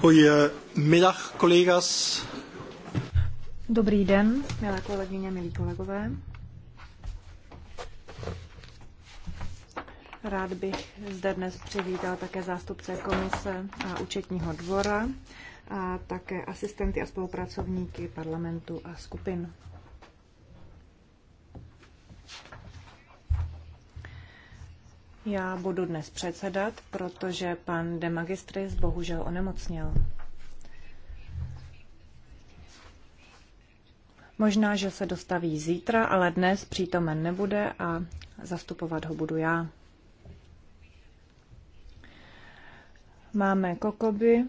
Goedemiddag, collega's. Dobrý den, milé kolegyně, milí kolegové. Rád bych zde dnes přivítal také zástupce komise a účetního dvora a také asistenty a spolupracovníky parlamentu a skupin. Já budu dnes předsedat, protože pan de Magistris bohužel onemocněl. Možná, že se dostaví zítra, ale dnes přítomen nebude a zastupovat ho budu já. Máme kokoby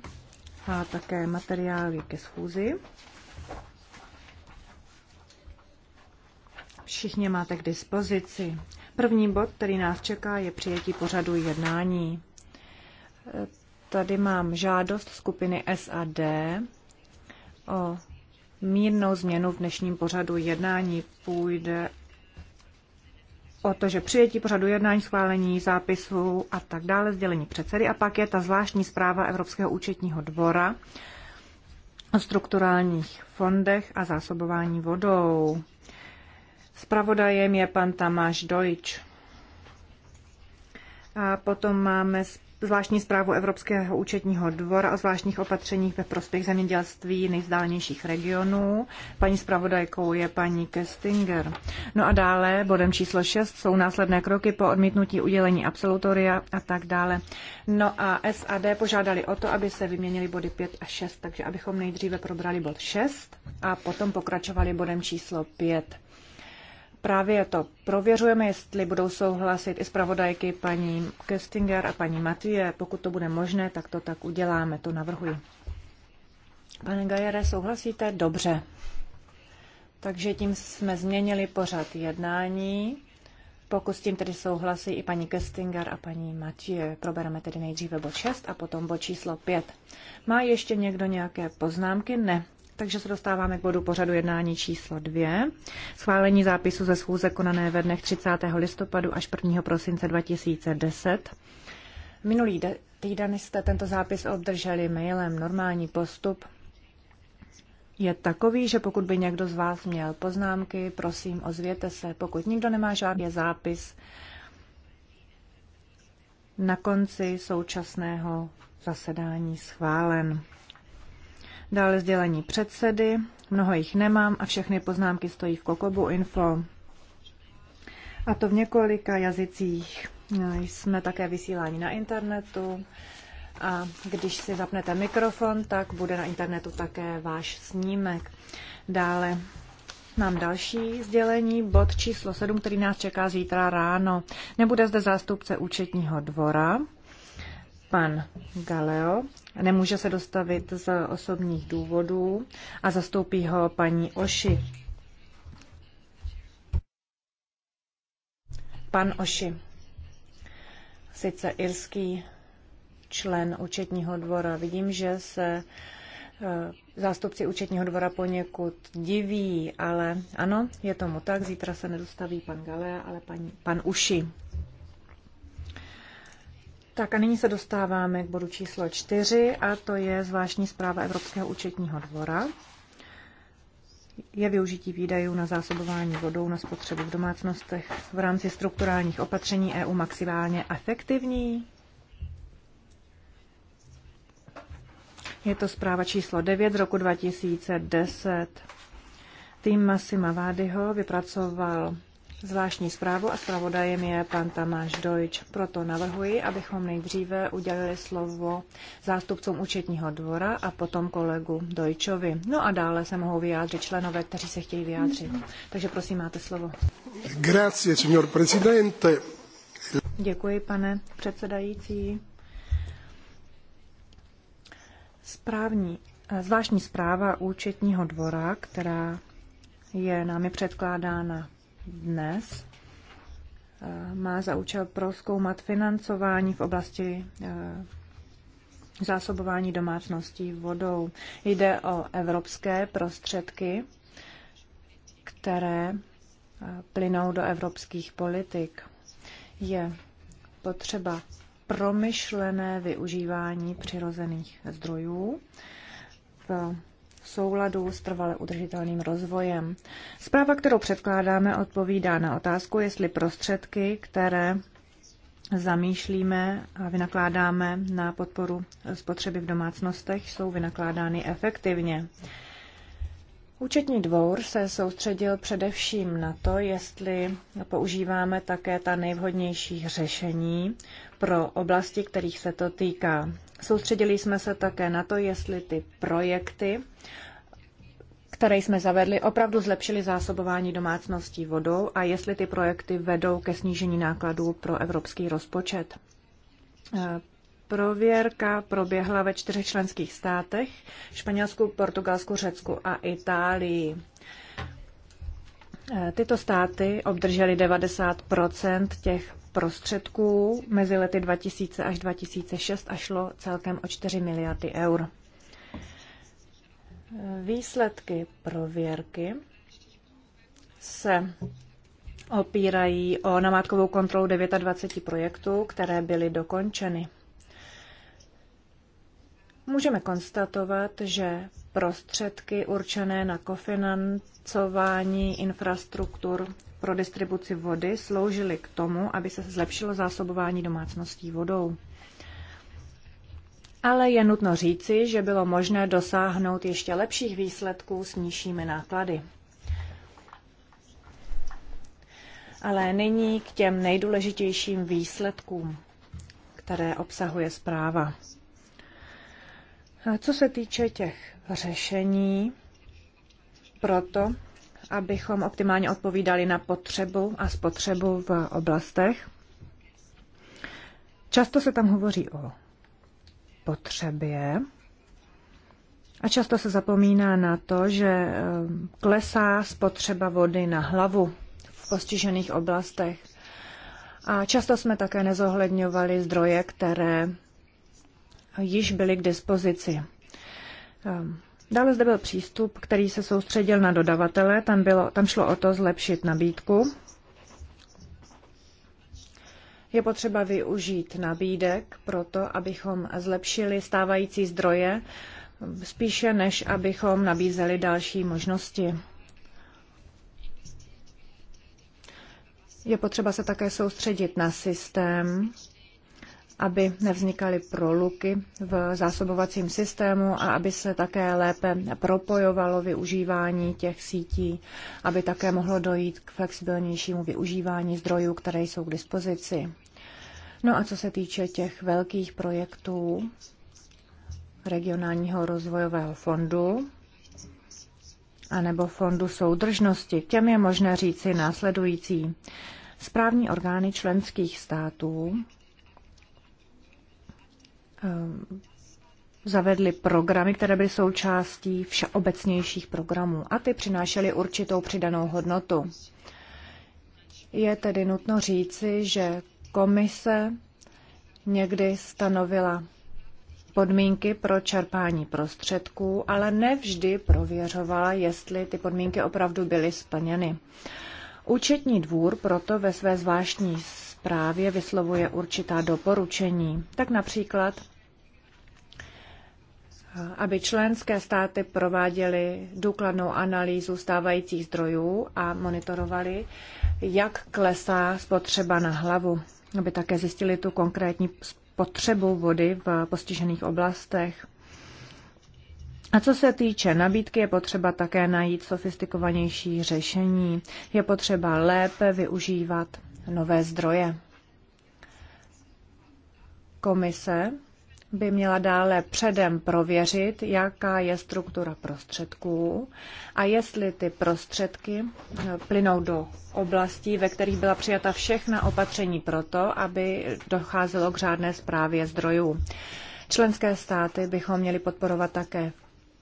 a také materiály ke schůzi. Všichni máte k dispozici. První bod, který nás čeká, je přijetí pořadu jednání. Tady mám žádost skupiny SAD o mírnou změnu v dnešním pořadu jednání. Půjde o to, že přijetí pořadu jednání, schválení zápisů a tak dále, sdělení předsedy. A pak je ta zvláštní zpráva Evropského účetního dvora o strukturálních fondech a zásobování vodou. Spravodajem je pan Tamáš Dojč. A potom máme zvláštní zprávu Evropského účetního dvora o zvláštních opatřeních ve prospěch zemědělství nejvzdálenějších regionů. Paní zpravodajkou je paní Kestinger. No a dále bodem číslo 6 jsou následné kroky po odmítnutí udělení absolutoria a tak dále. No a SAD požádali o to, aby se vyměnili body 5 a 6, takže abychom nejdříve probrali bod 6 a potom pokračovali bodem číslo 5. Právě to prověřujeme, jestli budou souhlasit i zpravodajky paní Kestinger a paní Matie. Pokud to bude možné, tak to tak uděláme, to navrhuji. Pane Gajere, souhlasíte? Dobře. Takže tím jsme změnili pořad jednání. Pokud s tím tedy souhlasí i paní Kestinger a paní Matěje, probereme tedy nejdříve bod 6 a potom bod číslo 5. Má ještě někdo nějaké poznámky? Ne. Takže se dostáváme k bodu pořadu jednání číslo 2. Schválení zápisu ze schůze konané ve dnech 30. listopadu až 1. prosince 2010. Minulý de- týden jste tento zápis obdrželi mailem. Normální postup je takový, že pokud by někdo z vás měl poznámky, prosím, ozvěte se. Pokud nikdo nemá žádný zápis, na konci současného zasedání schválen. Dále sdělení předsedy, mnoho jich nemám a všechny poznámky stojí v Kokobu Info. A to v několika jazycích. No, jsme také vysíláni na internetu a když si zapnete mikrofon, tak bude na internetu také váš snímek. Dále mám další sdělení, bod číslo 7, který nás čeká zítra ráno. Nebude zde zástupce účetního dvora, pan Galeo, nemůže se dostavit z osobních důvodů a zastoupí ho paní Oši. Pan Oši, sice irský člen účetního dvora. Vidím, že se eh, zástupci účetního dvora poněkud diví, ale ano, je tomu tak. Zítra se nedostaví pan Galea, ale paní, pan Uši. Tak a nyní se dostáváme k bodu číslo čtyři a to je zvláštní zpráva Evropského účetního dvora. Je využití výdajů na zásobování vodou na spotřebu v domácnostech v rámci strukturálních opatření EU maximálně efektivní? Je to zpráva číslo 9 z roku 2010. Tým Massima Vádyho vypracoval zvláštní zprávu a zpravodajem je pan Tamáš Dojč. Proto navrhuji, abychom nejdříve udělili slovo zástupcům účetního dvora a potom kolegu Dojčovi. No a dále se mohou vyjádřit členové, kteří se chtějí vyjádřit. Takže prosím, máte slovo. Grazie, signor presidente. Děkuji, pane předsedající. Správní, zvláštní zpráva účetního dvora, která je námi předkládána dnes eh, má za účel proskoumat financování v oblasti eh, zásobování domácností vodou. Jde o evropské prostředky, které eh, plynou do evropských politik. Je potřeba promyšlené využívání přirozených zdrojů v souladu s trvale udržitelným rozvojem. Zpráva, kterou předkládáme, odpovídá na otázku, jestli prostředky, které zamýšlíme a vynakládáme na podporu spotřeby v domácnostech, jsou vynakládány efektivně. Účetní dvor se soustředil především na to, jestli používáme také ta nejvhodnější řešení pro oblasti, kterých se to týká. Soustředili jsme se také na to, jestli ty projekty, které jsme zavedli, opravdu zlepšily zásobování domácností vodou a jestli ty projekty vedou ke snížení nákladů pro evropský rozpočet. Eh, prověrka proběhla ve čtyřech členských státech Španělsku, Portugalsku, Řecku a Itálii. Eh, tyto státy obdržely 90 těch prostředků mezi lety 2000 až 2006 a šlo celkem o 4 miliardy eur. Výsledky prověrky se opírají o namátkovou kontrolu 29 projektů, které byly dokončeny. Můžeme konstatovat, že prostředky určené na kofinancování infrastruktur pro distribuci vody sloužily k tomu, aby se zlepšilo zásobování domácností vodou. Ale je nutno říci, že bylo možné dosáhnout ještě lepších výsledků s nižšími náklady. Ale nyní k těm nejdůležitějším výsledkům, které obsahuje zpráva. A co se týče těch řešení, proto abychom optimálně odpovídali na potřebu a spotřebu v oblastech. Často se tam hovoří o potřebě a často se zapomíná na to, že eh, klesá spotřeba vody na hlavu v postižených oblastech. A často jsme také nezohledňovali zdroje, které již byly k dispozici. Ehm, Dále zde byl přístup, který se soustředil na dodavatele. Tam, bylo, tam šlo o to zlepšit nabídku. Je potřeba využít nabídek pro to, abychom zlepšili stávající zdroje, spíše než abychom nabízeli další možnosti. Je potřeba se také soustředit na systém, aby nevznikaly proluky v zásobovacím systému a aby se také lépe propojovalo využívání těch sítí, aby také mohlo dojít k flexibilnějšímu využívání zdrojů, které jsou k dispozici. No a co se týče těch velkých projektů regionálního rozvojového fondu, anebo Fondu soudržnosti. K těm je možné říci následující. Správní orgány členských států Ehm, zavedli programy, které byly součástí všeobecnějších programů a ty přinášely určitou přidanou hodnotu. Je tedy nutno říci, že komise někdy stanovila podmínky pro čerpání prostředků, ale nevždy prověřovala, jestli ty podmínky opravdu byly splněny. Účetní dvůr proto ve své zvláštní zprávě vyslovuje určitá doporučení. Tak například, aby členské státy prováděly důkladnou analýzu stávajících zdrojů a monitorovali, jak klesá spotřeba na hlavu, aby také zjistili tu konkrétní spotřebu vody v postižených oblastech. A co se týče nabídky, je potřeba také najít sofistikovanější řešení. Je potřeba lépe využívat nové zdroje. Komise by měla dále předem prověřit, jaká je struktura prostředků a jestli ty prostředky plynou do oblastí, ve kterých byla přijata všechna opatření proto, aby docházelo k řádné zprávě zdrojů. Členské státy bychom měli podporovat také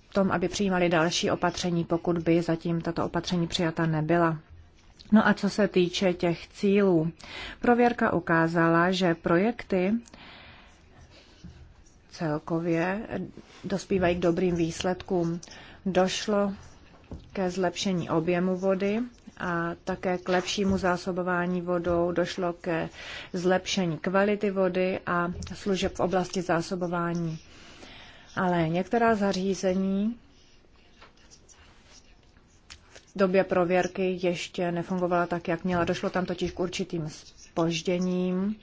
v tom, aby přijímali další opatření, pokud by zatím tato opatření přijata nebyla. No a co se týče těch cílů, prověrka ukázala, že projekty celkově dospívají k dobrým výsledkům. Došlo ke zlepšení objemu vody a také k lepšímu zásobování vodou, došlo ke zlepšení kvality vody a služeb v oblasti zásobování. Ale některá zařízení době prověrky ještě nefungovala tak, jak měla. Došlo tam totiž k určitým spožděním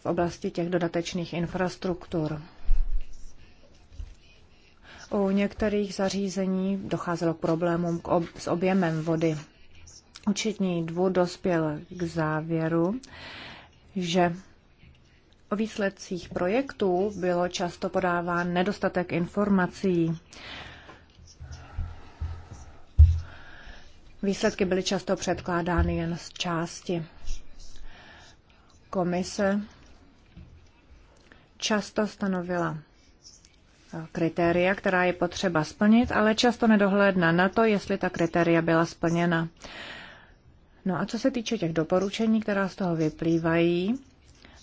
v oblasti těch dodatečných infrastruktur. U některých zařízení docházelo k problémům k ob- s objemem vody. Učitní dvůr dospěl k závěru, že o výsledcích projektů bylo často podáván nedostatek informací. Výsledky byly často předkládány jen z části. Komise často stanovila eh, kritéria, která je potřeba splnit, ale často nedohledna na to, jestli ta kritéria byla splněna. No a co se týče těch doporučení, která z toho vyplývají,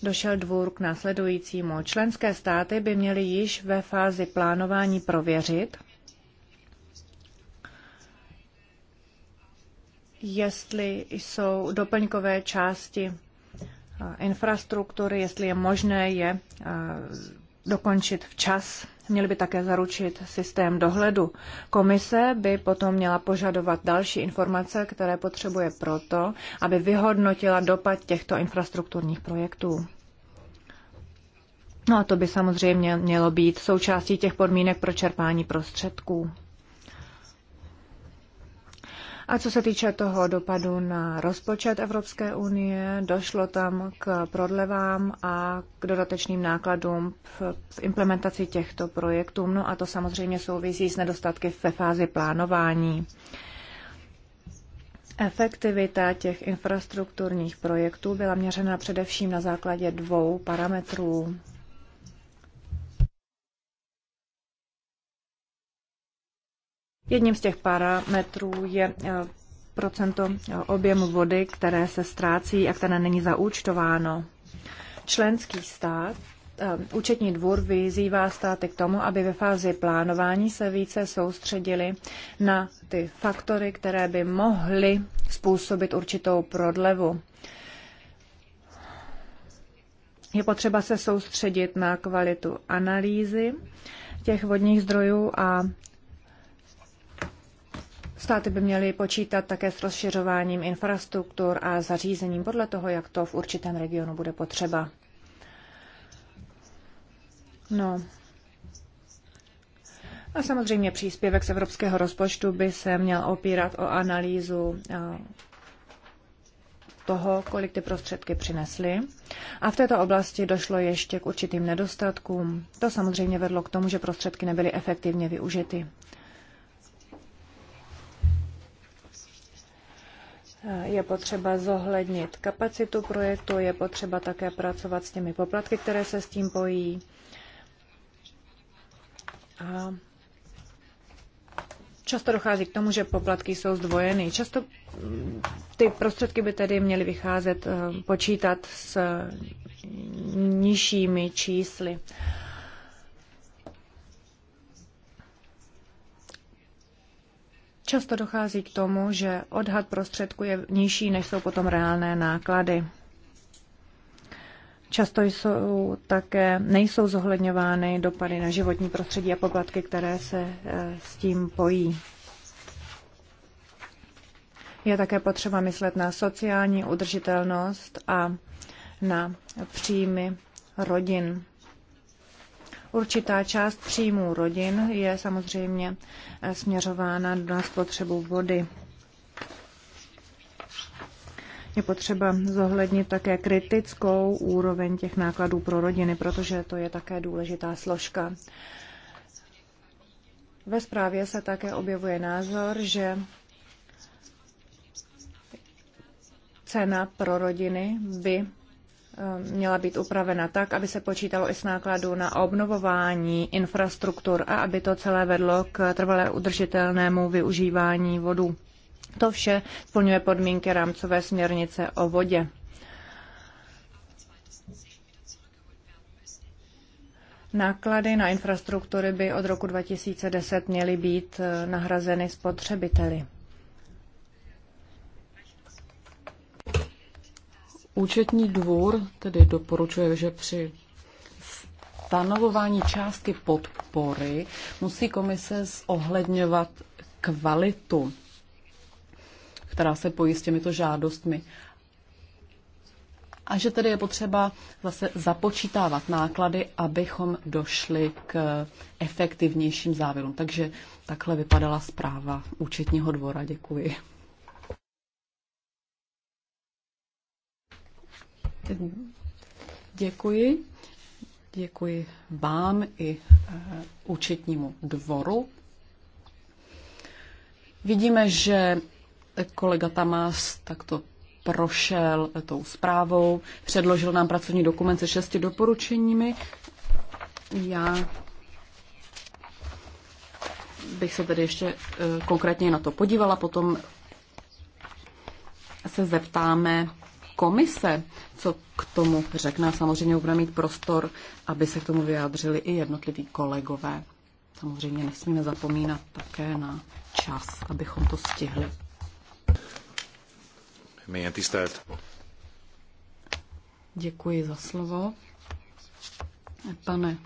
došel dvůr k následujícímu. Členské státy by měly již ve fázi plánování prověřit, jestli jsou doplňkové části eh, infrastruktury, jestli je možné je eh, dokončit včas. Měli by také zaručit systém dohledu. Komise by potom měla požadovat další informace, které potřebuje proto, aby vyhodnotila dopad těchto infrastrukturních projektů. No a to by samozřejmě mělo být součástí těch podmínek pro čerpání prostředků. A co se týče toho dopadu na rozpočet Evropské unie, došlo tam k prodlevám a k dodatečným nákladům v implementaci těchto projektů. No a to samozřejmě souvisí s nedostatky ve fázi plánování. Efektivita těch infrastrukturních projektů byla měřena především na základě dvou parametrů. Jedním z těch parametrů je eh, procento eh, objemu vody, které se ztrácí a které není zaúčtováno. Členský stát eh, Účetní dvůr vyzývá státy k tomu, aby ve fázi plánování se více soustředili na ty faktory, které by mohly způsobit určitou prodlevu. Je potřeba se soustředit na kvalitu analýzy těch vodních zdrojů a Státy by měly počítat také s rozšiřováním infrastruktur a zařízením podle toho, jak to v určitém regionu bude potřeba. No. A samozřejmě příspěvek z evropského rozpočtu by se měl opírat o analýzu eh, toho, kolik ty prostředky přinesly. A v této oblasti došlo ještě k určitým nedostatkům. To samozřejmě vedlo k tomu, že prostředky nebyly efektivně využity. Je potřeba zohlednit kapacitu projektu, je potřeba také pracovat s těmi poplatky, které se s tím pojí. A často dochází k tomu, že poplatky jsou zdvojeny. Často mm, ty prostředky by tedy měly vycházet, eh, počítat s nižšími čísly. Často dochází k tomu, že odhad prostředku je nižší, než jsou potom reálné náklady. Často jsou také, nejsou zohledňovány dopady na životní prostředí a poplatky, které se e, s tím pojí. Je také potřeba myslet na sociální udržitelnost a na příjmy rodin. Určitá část příjmů rodin je samozřejmě eh, směřována na spotřebu vody. Je potřeba zohlednit také kritickou úroveň těch nákladů pro rodiny, protože to je také důležitá složka. Ve zprávě se také objevuje názor, že cena pro rodiny by Eh, měla být upravena tak, aby se počítalo i s nákladů na obnovování infrastruktur a aby to celé vedlo k trvalé udržitelnému využívání vodu. To vše splňuje podmínky rámcové směrnice o vodě. Náklady na infrastruktury by od roku 2010 měly být eh, nahrazeny spotřebiteli. Účetní dvůr tedy doporučuje, že při stanovování částky podpory musí komise zohledňovat kvalitu, která se pojí s těmito žádostmi. A že tedy je potřeba zase započítávat náklady, abychom došli k efektivnějším závěrům. Takže takhle vypadala zpráva účetního dvora. Děkuji. Děkuji. Děkuji vám i eh, účetnímu dvoru. Vidíme, že kolega Tamás takto prošel tou zprávou, předložil nám pracovní dokument se šesti doporučeními. Já bych se tedy ještě eh, konkrétně na to podívala, potom se zeptáme komise, co k tomu řekne. Samozřejmě budeme mít prostor, aby se k tomu vyjádřili i jednotliví kolegové. Samozřejmě nesmíme zapomínat také na čas, abychom to stihli. Děkuji za slovo. Pane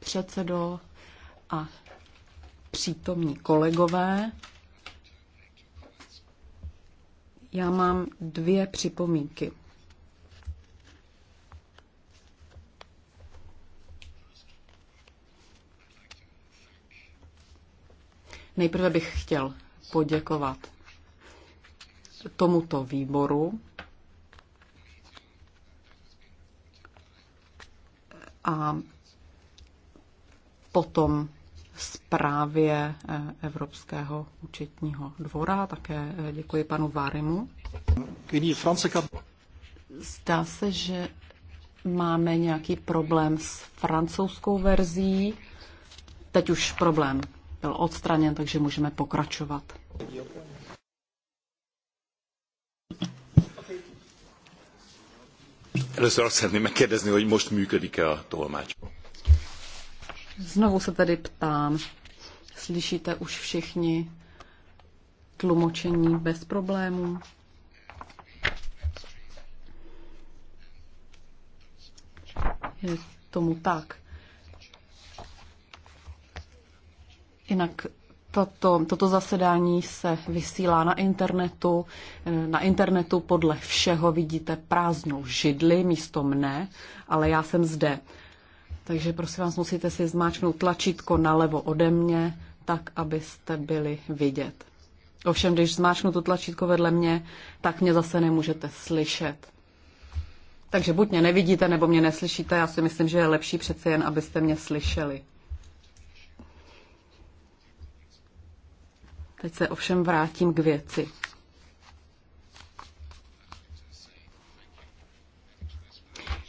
předsedo a přítomní kolegové, já mám dvě připomínky. Nejprve bych chtěl poděkovat tomuto výboru a potom zprávě eh, Evropského účetního dvora. Také eh, děkuji panu Várimu. Zdá se, že máme nějaký problém s francouzskou verzí. Teď už problém byl odstraněn, takže můžeme pokračovat. Először azt szeretném megkérdezni, hogy most működik-e a tolmács. Znovu se tedy ptám, slyšíte už všichni tlumočení bez problémů? Je tomu tak. Jinak toto, toto zasedání se vysílá na internetu. Na internetu podle všeho vidíte prázdnou židli místo mne, ale já jsem zde takže prosím vás, musíte si zmáčknout tlačítko nalevo ode mě, tak, abyste byli vidět. Ovšem, když zmáčknu to tlačítko vedle mě, tak mě zase nemůžete slyšet. Takže buď mě nevidíte, nebo mě neslyšíte. Já si myslím, že je lepší přece jen, abyste mě slyšeli. Teď se ovšem vrátím k věci.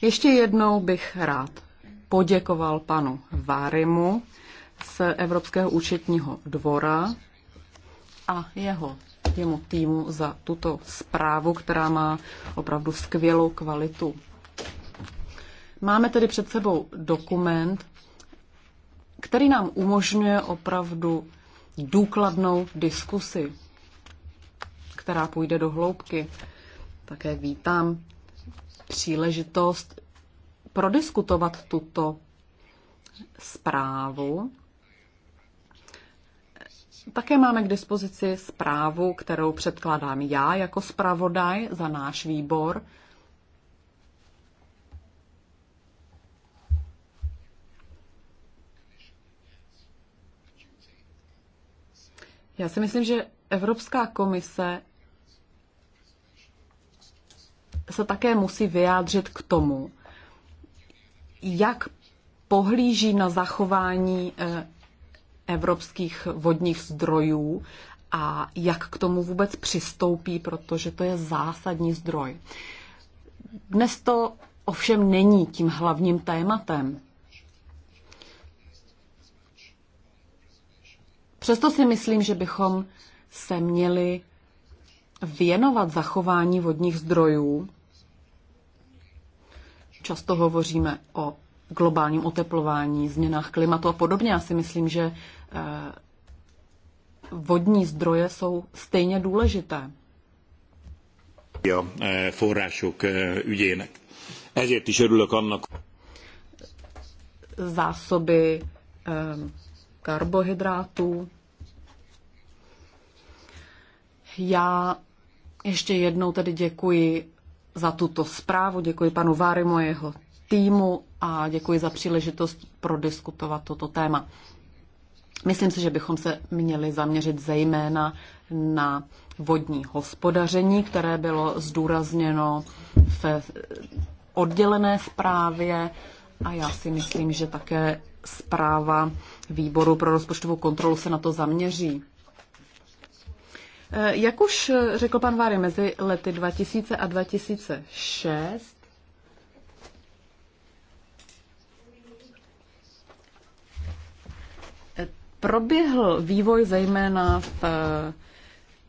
Ještě jednou bych rád poděkoval panu Várimu z Evropského účetního dvora a jeho jemu týmu za tuto zprávu, která má opravdu skvělou kvalitu. Máme tedy před sebou dokument, který nám umožňuje opravdu důkladnou diskusi, která půjde do hloubky. Také vítám příležitost prodiskutovat tuto zprávu. Také máme k dispozici zprávu, kterou předkládám já jako zpravodaj za náš výbor. Já si myslím, že Evropská komise se také musí vyjádřit k tomu, jak pohlíží na zachování eh, evropských vodních zdrojů a jak k tomu vůbec přistoupí, protože to je zásadní zdroj. Dnes to ovšem není tím hlavním tématem. Přesto si myslím, že bychom se měli věnovat zachování vodních zdrojů Často hovoříme o globálním oteplování, změnách klimatu a podobně. Já si myslím, že eh, vodní zdroje jsou stejně důležité. A eh, források eh, ügyének. Ezért is örülök annak. Zásoby karbohydrátů. Já ještě jednou tedy děkuji za tuto zprávu, děkuji panu Várimu a jeho týmu a děkuji za příležitost prodiskutovat toto téma. Myslím si, že bychom se měli zaměřit zejména na vodní hospodaření, které bylo zdůrazněno v oddělené zprávě a já si myslím, že také zpráva výboru pro rozpočtovou kontrolu se na to zaměří. Eh, jak už eh, řekl pan Vary, mezi lety 2000 a 2006 eh, proběhl vývoj zejména v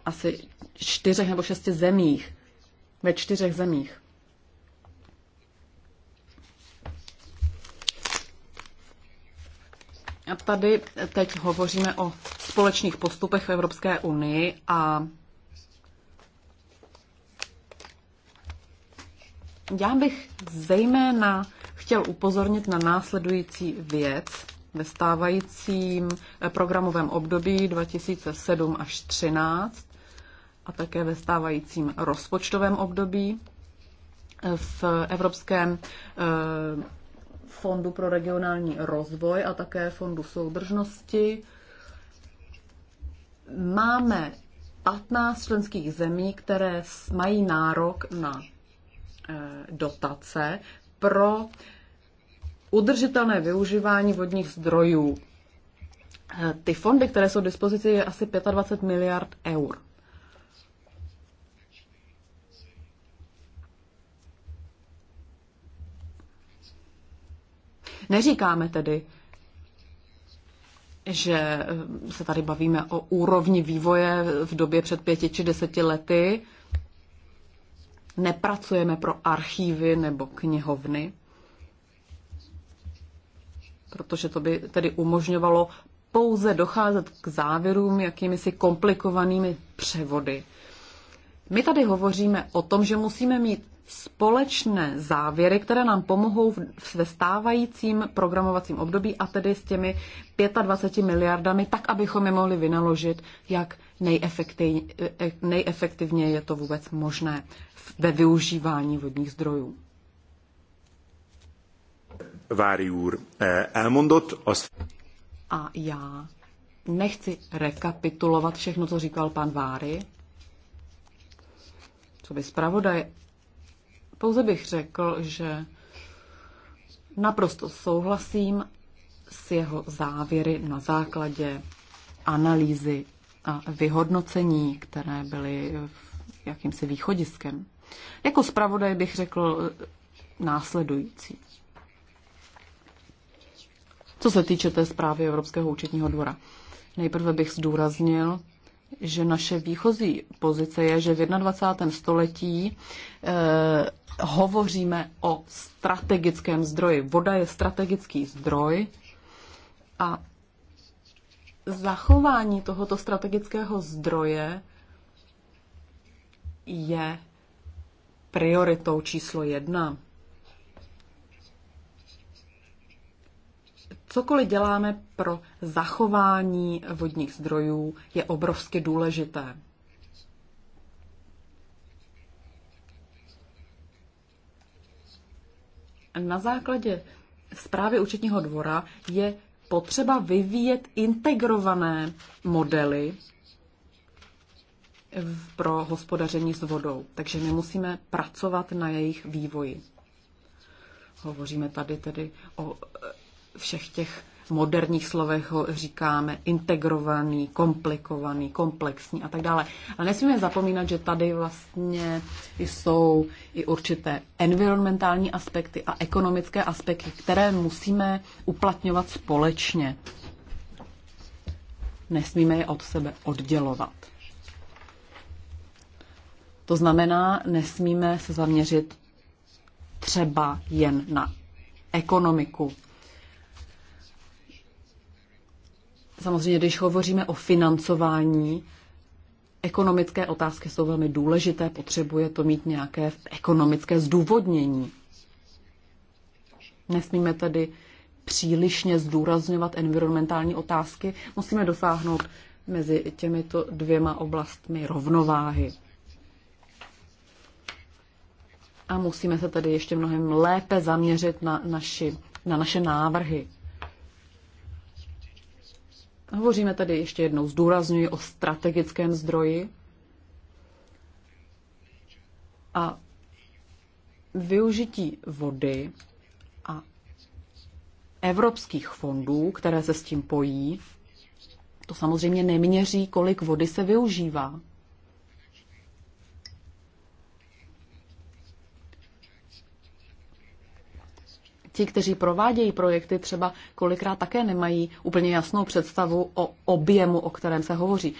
asi čtyřech nebo šesti zemích. Ve čtyřech zemích. Tady teď hovoříme o společných postupech v Evropské unii a já bych zejména chtěl upozornit na následující věc ve stávajícím programovém období 2007 až 2013 a také ve stávajícím rozpočtovém období v Evropském eh, Fondu pro regionální rozvoj a také Fondu soudržnosti máme 15 členských zemí, které mají nárok na eh, dotace pro udržitelné využívání vodních zdrojů. Eh, ty fondy, které jsou k dispozici, je asi 25 miliard eur. Neříkáme tedy, že eh, se tady bavíme o úrovni vývoje v době před pěti či deseti lety. Nepracujeme pro archívy nebo knihovny, protože to by tedy umožňovalo pouze docházet k závěrům jakými si komplikovanými převody. My tady hovoříme o tom, že musíme mít společné závěry, které nám pomohou ve stávajícím programovacím období a tedy s těmi 25 miliardami, tak abychom je mohli vynaložit, jak nejefektivně eh, eh, je to vůbec možné ve využívání vodních zdrojů. Vári úr, eh, A já nechci rekapitulovat všechno, co říkal pan Váry, co by zpravodaj, pouze bych řekl, že naprosto souhlasím s jeho závěry na základě analýzy a vyhodnocení, které byly jakýmsi východiskem. Jako zpravodaj bych řekl následující. Co se týče té zprávy Evropského účetního dvora. Nejprve bych zdůraznil, že naše výchozí pozice je, že v 21. století e, hovoříme o strategickém zdroji. Voda je strategický zdroj a zachování tohoto strategického zdroje je prioritou číslo jedna. cokoliv děláme pro zachování vodních zdrojů, je obrovsky důležité. Na základě zprávy účetního dvora je potřeba vyvíjet integrované modely pro hospodaření s vodou. Takže my musíme pracovat na jejich vývoji. Hovoříme tady tedy o všech těch moderních slovech ho říkáme integrovaný, komplikovaný, komplexní a tak dále. Ale nesmíme zapomínat, že tady vlastně jsou i určité environmentální aspekty a ekonomické aspekty, které musíme uplatňovat společně. Nesmíme je od sebe oddělovat. To znamená, nesmíme se zaměřit třeba jen na ekonomiku Samozřejmě, když hovoříme o financování, ekonomické otázky jsou velmi důležité, potřebuje to mít nějaké ekonomické zdůvodnění. Nesmíme tedy přílišně zdůrazňovat environmentální otázky, musíme dosáhnout mezi těmito dvěma oblastmi rovnováhy. A musíme se tedy ještě mnohem lépe zaměřit na, naši, na naše návrhy. Hovoříme tady ještě jednou, zdůraznuju o strategickém zdroji a využití vody a evropských fondů, které se s tím pojí, to samozřejmě neměří, kolik vody se využívá. ti, kteří provádějí projekty, třeba kolikrát také nemají úplně jasnou představu o objemu, o kterém se hovoří.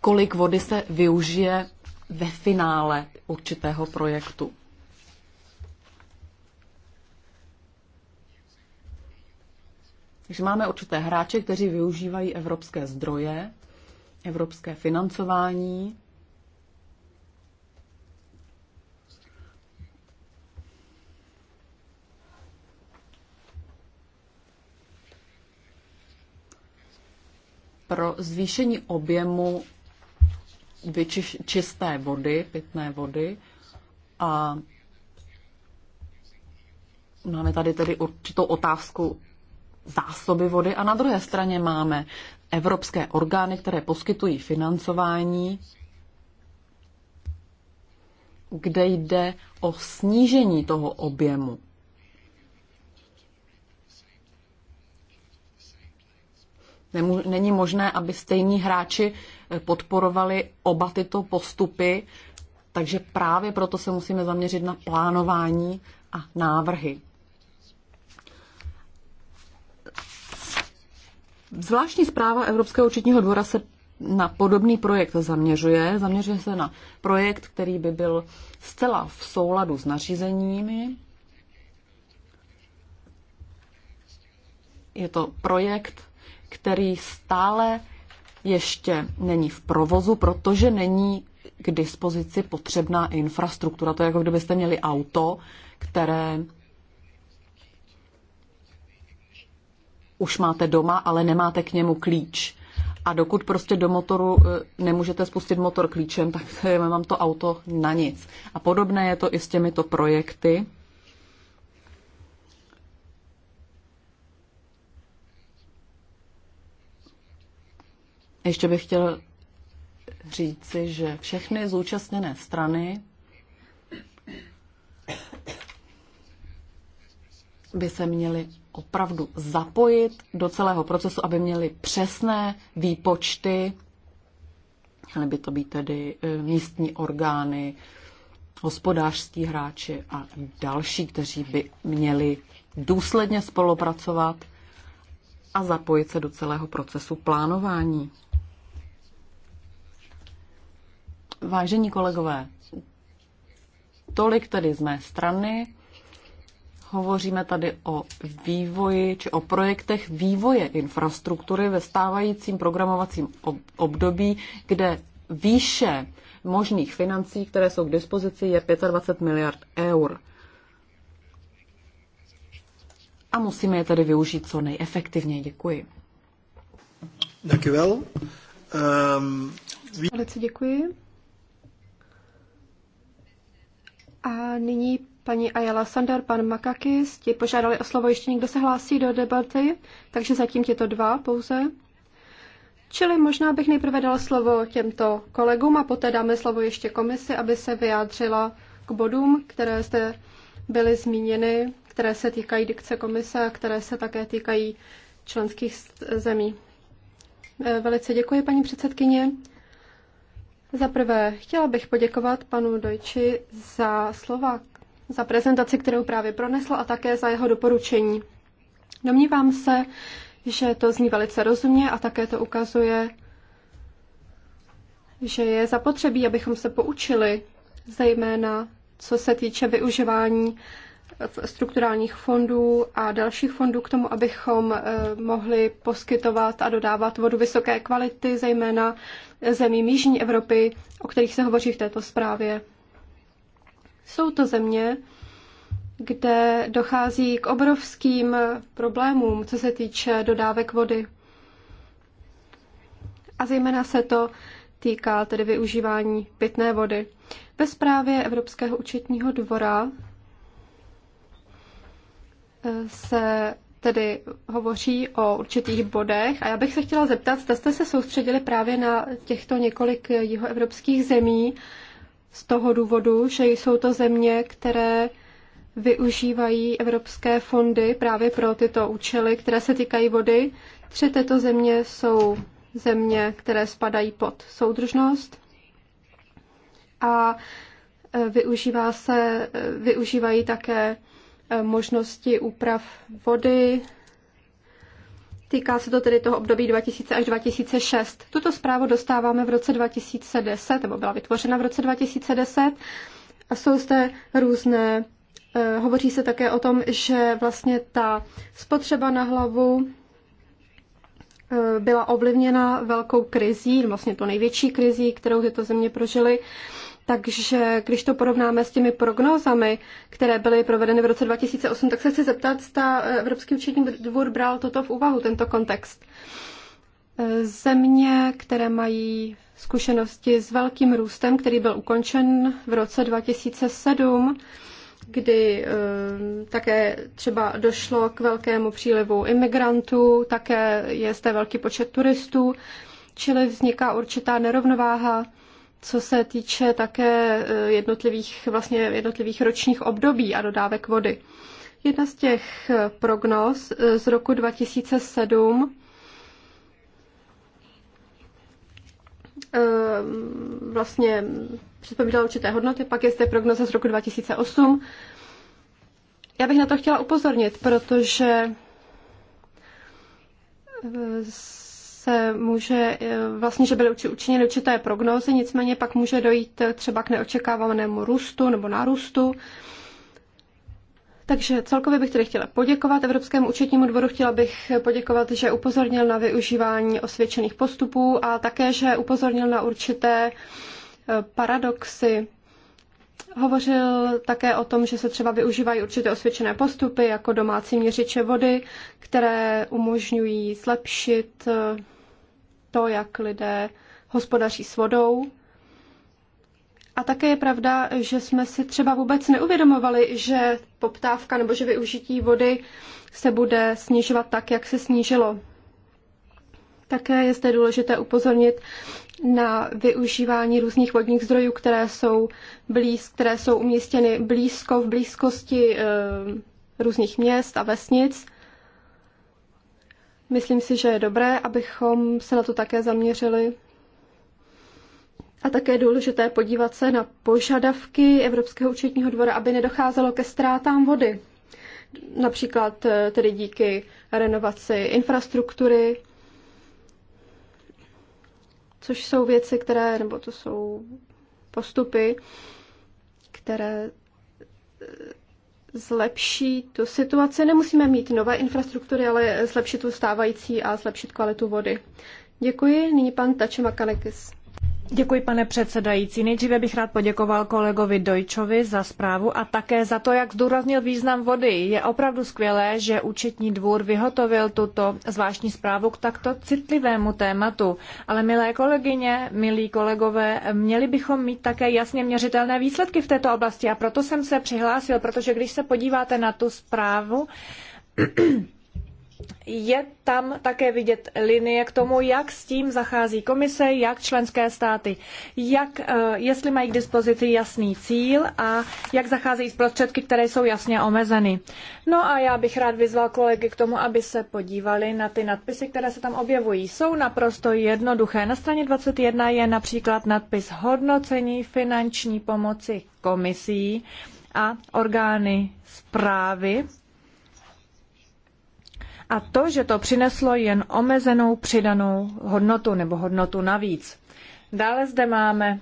Kolik vody se využije ve finále určitého projektu. Takže máme určité hráče, kteří využívají evropské zdroje, evropské financování pro zvýšení objemu čisté vody, pitné vody a máme tady tedy určitou otázku zásoby vody a na druhé straně máme evropské orgány, které poskytují financování, kde jde o snížení toho objemu. není možné, aby stejní hráči eh, podporovali oba tyto postupy, takže právě proto se musíme zaměřit na plánování a návrhy. Zvláštní zpráva Evropského účetního dvora se na podobný projekt zaměřuje. Zaměřuje se na projekt, který by byl zcela v souladu s nařízeními. Je to projekt který stále ještě není v provozu, protože není k dispozici potřebná infrastruktura. To je jako kdybyste měli auto, které už máte doma, ale nemáte k němu klíč. A dokud prostě do motoru e, nemůžete spustit motor klíčem, tak mám to auto na nic. A podobné je to i s těmito projekty. Ještě bych chtěl říci, že všechny zúčastněné strany by se měly opravdu zapojit do celého procesu, aby měli přesné výpočty, měly by to být tedy eh, místní orgány, hospodářští hráči a další, kteří by měli důsledně spolupracovat a zapojit se do celého procesu plánování. Vážení kolegové, tolik tedy z mé strany. Hovoříme tady o vývoji či o projektech vývoje infrastruktury ve stávajícím programovacím období, kde výše možných financí, které jsou k dispozici, je 25 miliard eur. A musíme je tedy využít co nejefektivněji. Děkuji. Děkuji. Um, Velice děkuji. A nyní paní Ayala Sander, pan Makakis, ti požádali o slovo, ještě někdo se hlásí do debaty, takže zatím těto dva pouze. Čili možná bych nejprve dal slovo těmto kolegům a poté dáme slovo ještě komisi, aby se vyjádřila k bodům, které zde byly zmíněny, které se týkají dikce komise a které se také týkají členských zemí. E, velice děkuji, paní předsedkyně. Za prvé, chtěla bych poděkovat panu Dojči za slova, za prezentaci, kterou právě pronesl a také za jeho doporučení. Domnívám se, že to zní velice rozumně a také to ukazuje, že je zapotřebí, abychom se poučili, zejména co se týče využívání strukturálních fondů a dalších fondů k tomu, abychom eh, mohli poskytovat a dodávat vodu vysoké kvality, zejména zemím Jižní Evropy, o kterých se hovoří v této zprávě. Jsou to země, kde dochází k obrovským problémům, co se týče dodávek vody. A zejména se to týká tedy využívání pitné vody. Ve zprávě Evropského účetního dvora se tedy hovoří o určitých bodech a já bych se chtěla zeptat, zda jste se soustředili právě na těchto několik jihoevropských zemí z toho důvodu, že jsou to země, které využívají evropské fondy právě pro tyto účely, které se týkají vody. Tři této země jsou země, které spadají pod soudržnost a e, využívá se, e, využívají také Eh, možnosti úprav vody. Týká se to tedy toho období 2000 až 2006. Tuto zprávu dostáváme v roce 2010, nebo byla vytvořena v roce 2010 a jsou zde různé eh, hovoří se také o tom, že vlastně ta spotřeba na hlavu eh, byla ovlivněna velkou krizí, vlastně to největší krizí, kterou tyto země prožily. Takže když to porovnáme s těmi prognózami, které byly provedeny v roce 2008, tak se chci zeptat, zda eh, Evropský účetní dvůr bral toto v úvahu, tento kontext. Eh, země, které mají zkušenosti s velkým růstem, který byl ukončen v roce 2007, kdy eh, také třeba došlo k velkému přílivu imigrantů, také je zde velký počet turistů, čili vzniká určitá nerovnováha co se týče také eh, jednotlivých, vlastně jednotlivých ročních období a dodávek vody. Jedna z těch eh, prognóz eh, z roku 2007 vlastně předpovídala určité hodnoty, pak je zde prognoza z roku 2008. Já bych na to chtěla upozornit, protože z se může, eh, vlastně, že byly učiněny určité prognózy, nicméně pak může dojít eh, třeba k neočekávanému růstu nebo nárůstu. Takže celkově bych tedy chtěla poděkovat Evropskému účetnímu dvoru, chtěla bych poděkovat, že upozornil na využívání osvědčených postupů a také, že upozornil na určité eh, paradoxy. Hovořil také o tom, že se třeba využívají určité osvědčené postupy, jako domácí měřiče vody, které umožňují zlepšit to, jak lidé hospodaří s vodou. A také je pravda, že jsme si třeba vůbec neuvědomovali, že poptávka nebo že využití vody se bude snižovat tak, jak se snížilo. Také je zde důležité upozornit na využívání různých vodních zdrojů, které jsou, blíz, které jsou umístěny blízko v blízkosti e, různých měst a vesnic. Myslím si, že je dobré, abychom se na to také zaměřili. A také je důležité podívat se na požadavky Evropského účetního dvora, aby nedocházelo ke ztrátám vody. Například eh, tedy díky renovaci infrastruktury, což jsou věci, které, nebo to jsou postupy, které eh, zlepší tu situaci. Nemusíme mít nové infrastruktury, ale zlepšit tu stávající a zlepšit kvalitu vody. Děkuji. Nyní pan Tače Kanekis. Děkuji, pane předsedající. Nejdříve bych rád poděkoval kolegovi Dojčovi za zprávu a také za to, jak zdůraznil význam vody. Je opravdu skvělé, že účetní dvůr vyhotovil tuto zvláštní zprávu k takto citlivému tématu. Ale milé kolegyně, milí kolegové, měli bychom mít také jasně měřitelné výsledky v této oblasti a proto jsem se přihlásil, protože když se podíváte na tu zprávu, je tam také vidět linie k tomu, jak s tím zachází komise, jak členské státy, jak, eh, jestli mají k dispozici jasný cíl a jak zacházejí s prostředky, které jsou jasně omezeny. No a já bych rád vyzval kolegy k tomu, aby se podívali na ty nadpisy, které se tam objevují. Jsou naprosto jednoduché. Na straně 21 je například nadpis hodnocení finanční pomoci komisí a orgány správy a to, že to přineslo jen omezenou přidanou hodnotu nebo hodnotu navíc. Dále zde máme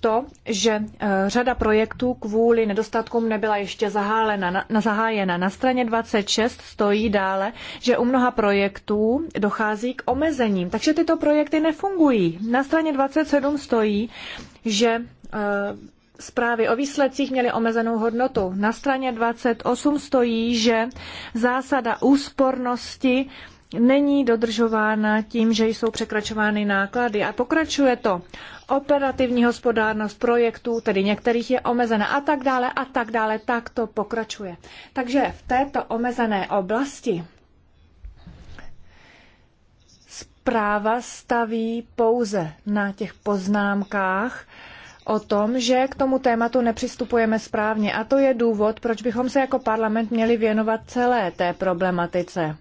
to, že e, řada projektů kvůli nedostatkům nebyla ještě zahálena, na, zahájena. Na straně 26 stojí dále, že u mnoha projektů dochází k omezením, takže tyto projekty nefungují. Na straně 27 stojí, že e, zprávy o výsledcích měly omezenou hodnotu. Na straně 28 stojí, že zásada úspornosti není dodržována tím, že jsou překračovány náklady. A pokračuje to. Operativní hospodárnost projektů, tedy některých je omezena a tak dále a tak dále, tak to pokračuje. Takže v této omezené oblasti zpráva staví pouze na těch poznámkách, o tom, že k tomu tématu nepřistupujeme správně. A to je důvod, proč bychom se jako parlament měli věnovat celé té problematice.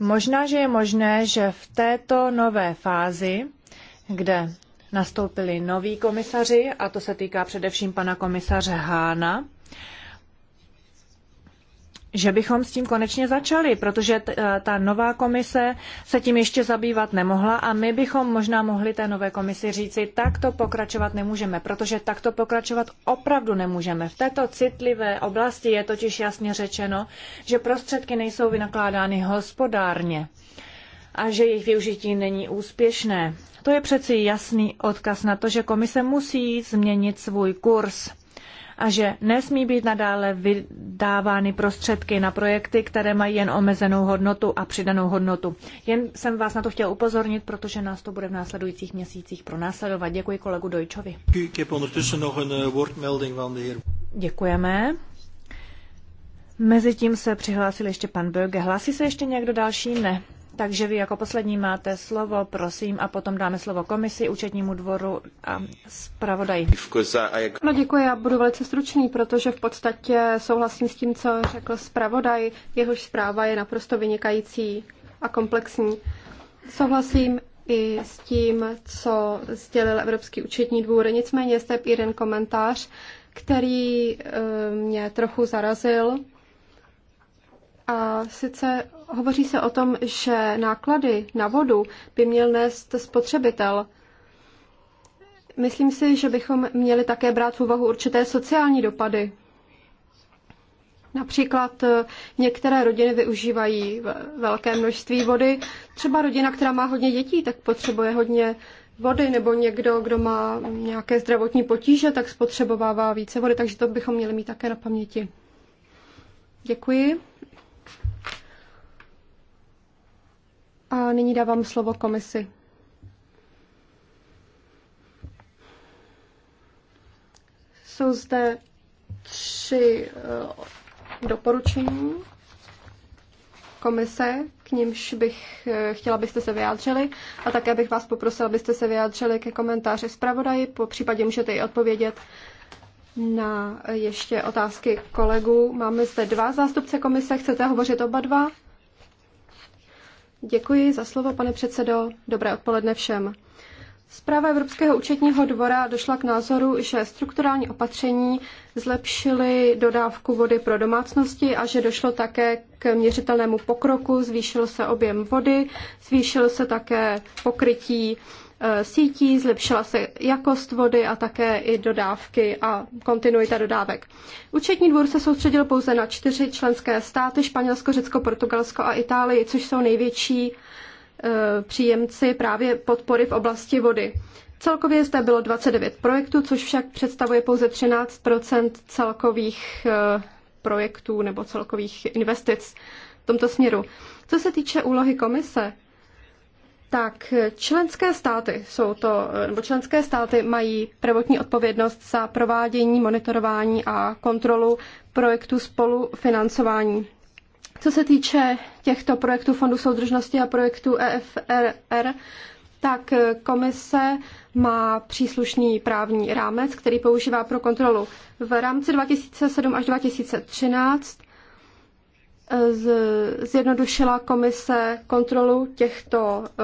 Možná, že je možné, že v této nové fázi, kde nastoupili noví komisaři, a to se týká především pana komisaře Hána, že bychom s tím konečně začali, protože eh, ta nová komise se tím ještě zabývat nemohla a my bychom možná mohli té nové komisi říci, to pokračovat nemůžeme, protože takto pokračovat opravdu nemůžeme. V této citlivé oblasti je totiž jasně řečeno, že prostředky nejsou vynakládány hospodárně a že jejich využití není úspěšné. To je přeci jasný odkaz na to, že komise musí změnit svůj kurz a že nesmí být nadále vydávány prostředky na projekty, které mají jen omezenou hodnotu a přidanou hodnotu. Jen jsem vás na to chtěl upozornit, protože nás to bude v následujících měsících pronásledovat. Děkuji kolegu Dojčovi. Děkujeme. Mezitím se přihlásil ještě pan Böge. Hlásí se ještě někdo další? Ne. Takže vy jako poslední máte slovo, prosím, a potom dáme slovo komisi, účetnímu dvoru a zpravodaji. No děkuji, já budu velice stručný, protože v podstatě souhlasím s tím, co řekl zpravodaj. Jehož zpráva je naprosto vynikající a komplexní. Souhlasím i s tím, co sdělil Evropský účetní dvůr. Nicméně je jeden komentář, který eh, mě trochu zarazil a sice hovoří se o tom, že náklady na vodu by měl nést spotřebitel. Myslím si, že bychom měli také brát v úvahu určité sociální dopady. Například eh, některé rodiny využívají velké množství vody. Třeba rodina, která má hodně dětí, tak potřebuje hodně vody, nebo někdo, kdo má nějaké zdravotní potíže, tak spotřebovává více vody, takže to bychom měli mít také na paměti. Děkuji. A nyní dávám slovo komisi. Jsou zde tři eh, doporučení komise, k nímž bych eh, chtěla, abyste se vyjádřili a také bych vás poprosila, abyste se vyjádřili ke komentáři zpravodaji, po případě můžete i odpovědět na ještě otázky kolegů. Máme zde dva zástupce komise. Chcete hovořit oba dva? Děkuji za slovo, pane předsedo. Dobré odpoledne všem. Zpráva Evropského účetního dvora došla k názoru, že strukturální opatření zlepšily dodávku vody pro domácnosti a že došlo také k měřitelnému pokroku, zvýšil se objem vody, zvýšil se také pokrytí Eh, sítí, zlepšila se jakost vody a také i dodávky a kontinuita dodávek. Účetní dvůr se soustředil pouze na čtyři členské státy, Španělsko, Řecko, Portugalsko a Itálii, což jsou největší eh, příjemci právě podpory v oblasti vody. Celkově zde bylo 29 projektů, což však představuje pouze 13 celkových eh, projektů nebo celkových investic v tomto směru. Co se týče úlohy komise, tak členské státy jsou to, nebo členské státy mají prvotní odpovědnost za provádění, monitorování a kontrolu projektů spolufinancování. Co se týče těchto projektů Fondu soudržnosti a projektů EFRR, tak komise má příslušný právní rámec, který používá pro kontrolu. V rámci 2007 až 2013 zjednodušila komise kontrolu těchto eh,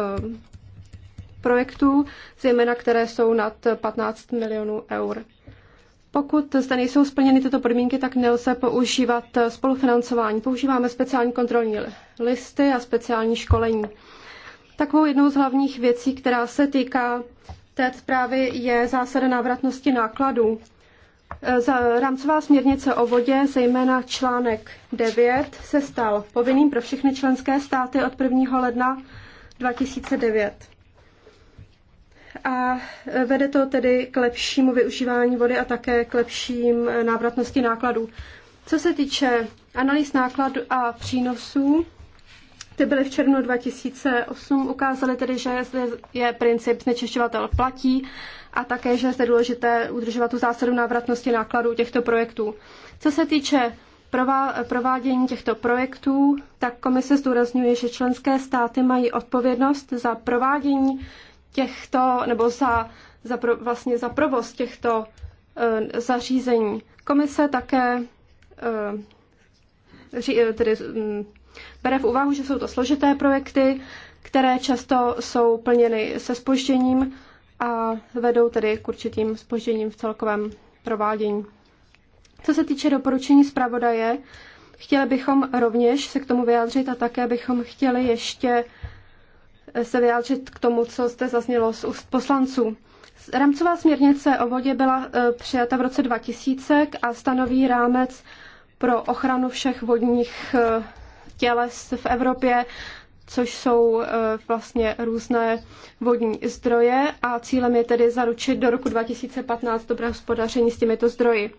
projektů, zejména které jsou nad 15 milionů eur. Pokud zde nejsou splněny tyto podmínky, tak nelze používat spolufinancování. Používáme speciální kontrolní listy a speciální školení. Takovou jednou z hlavních věcí, která se týká té zprávy, je zásada návratnosti nákladů. Eh, rámcová směrnice o vodě, zejména článek 9, se stal povinným pro všechny členské státy od 1. ledna 2009. A eh, vede to tedy k lepšímu využívání vody a také k lepším eh, návratnosti nákladů. Co se týče analýz nákladů a přínosů, ty byly v červnu 2008, ukázaly tedy, že je princip znečišťovatel platí a také, že je zde důležité udržovat tu zásadu návratnosti nákladů těchto projektů. Co se týče provádění těchto projektů, tak komise zdůrazňuje, že členské státy mají odpovědnost za provádění těchto, nebo za, za pro, vlastně za provoz těchto e, zařízení. Komise také e, ří, eh, tedy, m, mm, bere v úvahu, že jsou to složité projekty, které často jsou plněny se spožděním a vedou tedy k určitým spožděním v celkovém provádění. Co se týče doporučení zpravodaje, chtěli bychom rovněž se k tomu vyjádřit a také bychom chtěli ještě se vyjádřit k tomu, co zde zaznělo z úst poslanců. Rámcová směrnice o vodě byla e, přijata v roce 2000 a stanoví rámec pro ochranu všech vodních e, těles v Evropě což jsou eh, vlastně různé vodní zdroje a cílem je tedy zaručit do roku 2015 dobré hospodaření s těmito zdroji.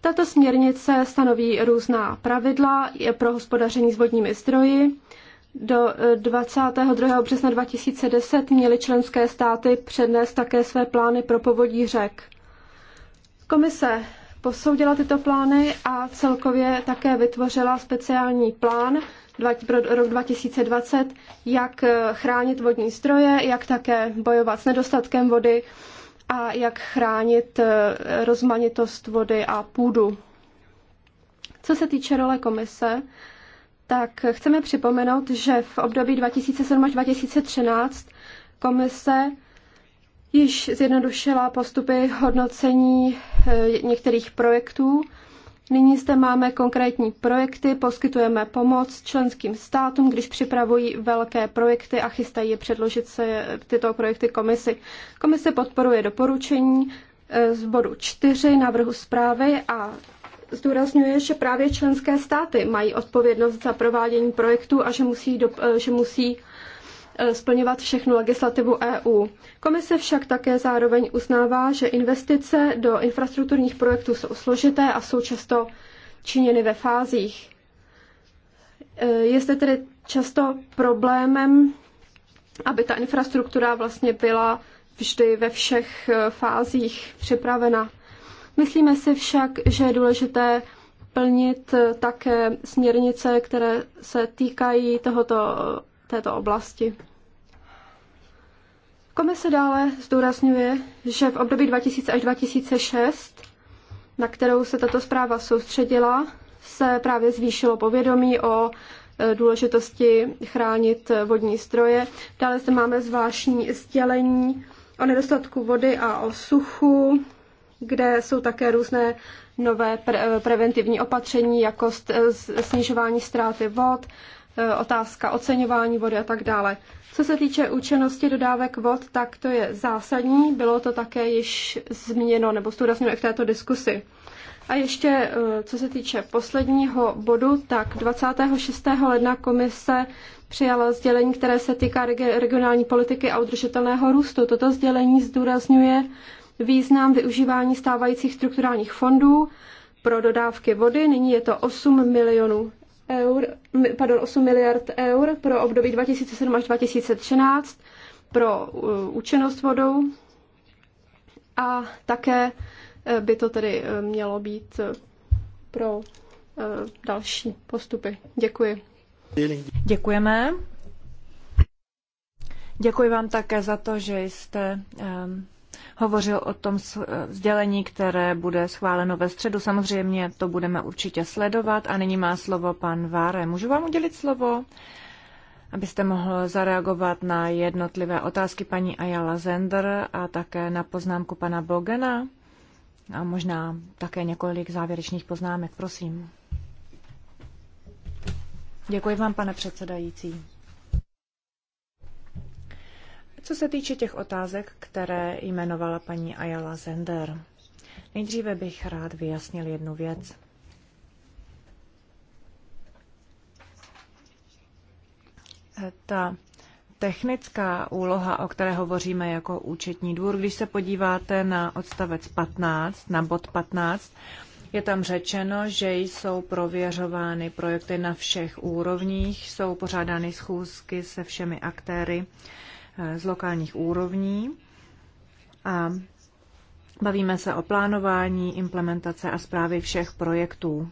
Tato směrnice stanoví různá pravidla pro hospodaření s vodními zdroji. Do 22. Eh, března 2010 měly členské státy přednést také své plány pro povodí řek. Komise posoudila tyto plány a celkově také vytvořila speciální plán pro rok 2020, jak eh, chránit vodní stroje, jak také bojovat s nedostatkem vody a jak chránit eh, rozmanitost vody a půdu. Co se týče role komise, tak chceme připomenout, že v období 2007 až 2013 komise již zjednodušila postupy hodnocení eh, některých projektů Nyní zde máme konkrétní projekty, poskytujeme pomoc členským státům, když připravují velké projekty a chystají je předložit se tyto projekty komisi. Komise podporuje doporučení eh, z bodu 4 návrhu zprávy a zdůrazňuje, že právě členské státy mají odpovědnost za provádění projektu a že musí, do, eh, že musí Eh, splňovat všechnu legislativu EU. Komise však také zároveň uznává, že investice do infrastrukturních projektů jsou složité a jsou často činěny ve fázích. Eh, je zde tedy často problémem, aby ta infrastruktura vlastně byla vždy ve všech eh, fázích připravena. Myslíme si však, že je důležité plnit také směrnice, které se týkají tohoto této oblasti. Komise dále zdůrazňuje, že v období 2000 až 2006, na kterou se tato zpráva soustředila, se právě zvýšilo povědomí o e, důležitosti chránit vodní stroje. Dále zde máme zvláštní sdělení o nedostatku vody a o suchu, kde jsou také různé nové pre- e, preventivní opatření, jako e, snižování ztráty vod, Eh, otázka oceňování vody a tak dále. Co se týče účinnosti dodávek vod, tak to je zásadní. Bylo to také již zmíněno nebo zdůrazněno i v této diskusi. A ještě, eh, co se týče posledního bodu, tak 26. ledna komise přijala sdělení, které se týká regionální politiky a udržitelného růstu. Toto sdělení zdůrazňuje význam využívání stávajících strukturálních fondů pro dodávky vody. Nyní je to 8 milionů eur, pardon, 8 miliard eur pro období 2007 až 2013 pro eh, účinnost vodou a také eh, by to tedy eh, mělo být pro další postupy. Děkuji. Děkujeme. Děkuji vám také za to, že jste um, hovořil o tom sdělení, které bude schváleno ve středu. Samozřejmě to budeme určitě sledovat a nyní má slovo pan Váre. Můžu vám udělit slovo? abyste mohl zareagovat na jednotlivé otázky paní Ayala Zender a také na poznámku pana Bogena a možná také několik závěrečných poznámek, prosím. Děkuji vám, pane předsedající. Co se týče těch otázek, které jmenovala paní Ayala Zender, nejdříve bych rád vyjasnil jednu věc. Ta technická úloha, o které hovoříme jako účetní dvůr, když se podíváte na odstavec 15, na bod 15, je tam řečeno, že jsou prověřovány projekty na všech úrovních, jsou pořádány schůzky se všemi aktéry Eh, z lokálních úrovní a bavíme se o plánování, implementace a zprávy všech projektů.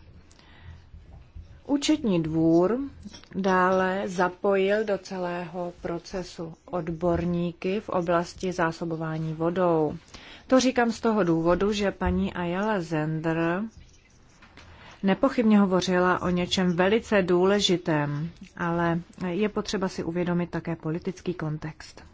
Účetní dvůr dále zapojil do celého procesu odborníky v oblasti zásobování vodou. To říkám z toho důvodu, že paní Ayala Zender nepochybně hovořila o něčem velice důležitém, ale je potřeba si uvědomit také politický kontext.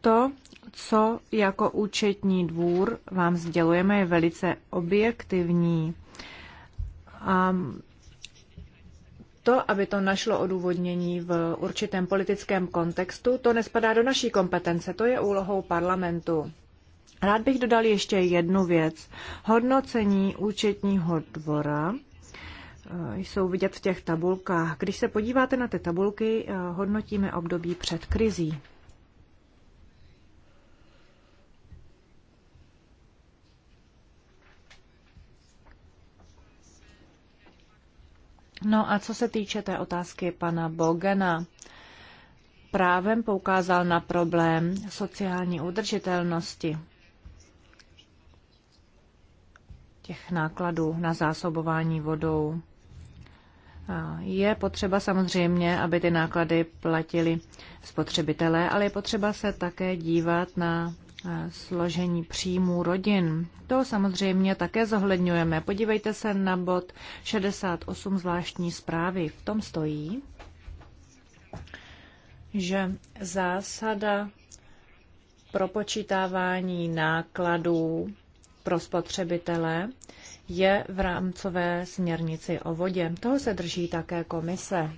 To, co jako účetní dvůr vám sdělujeme, je velice objektivní. A to, aby to našlo odůvodnění v určitém politickém kontextu, to nespadá do naší kompetence, to je úlohou parlamentu. Rád bych dodal ještě jednu věc. Hodnocení účetního dvora eh, jsou vidět v těch tabulkách. Když se podíváte na ty tabulky, eh, hodnotíme období před krizí. No a co se týče té otázky pana Bogena, právem poukázal na problém sociální udržitelnosti. těch nákladů na zásobování vodou. Je potřeba samozřejmě, aby ty náklady platili spotřebitelé, ale je potřeba se také dívat na e, složení příjmů rodin. To samozřejmě také zohledňujeme. Podívejte se na bod 68 zvláštní zprávy. V tom stojí, že zásada propočítávání nákladů pro spotřebitele je v rámcové směrnici o vodě. Toho se drží také komise.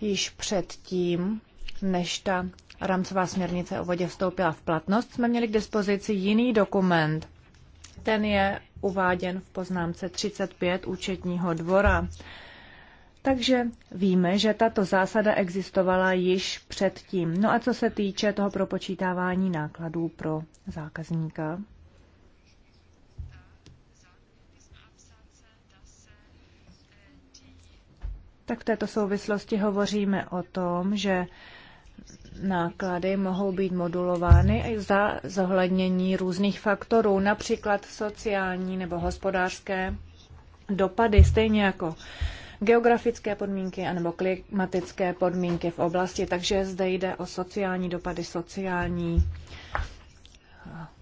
Již předtím, než ta rámcová směrnice o vodě vstoupila v platnost, jsme měli k dispozici jiný dokument. Ten je uváděn v poznámce 35 účetního dvora. Takže víme, že tato zásada existovala již předtím. No a co se týče toho propočítávání nákladů pro zákazníka? tak v této souvislosti hovoříme o tom, že náklady mohou být modulovány i za zohlednění různých faktorů, například sociální nebo hospodářské dopady, stejně jako geografické podmínky anebo klimatické podmínky v oblasti, takže zde jde o sociální dopady, sociální,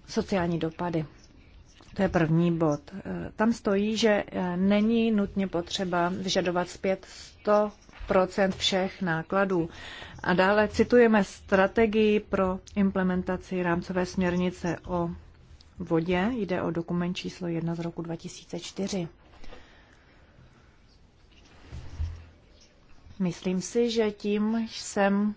sociální dopady. To je první bod. Eh, tam stojí, že eh, není nutně potřeba vyžadovat zpět 100 všech nákladů. A dále citujeme strategii pro implementaci rámcové směrnice o vodě. Jde o dokument číslo 1 z roku 2004. Myslím si, že tím jsem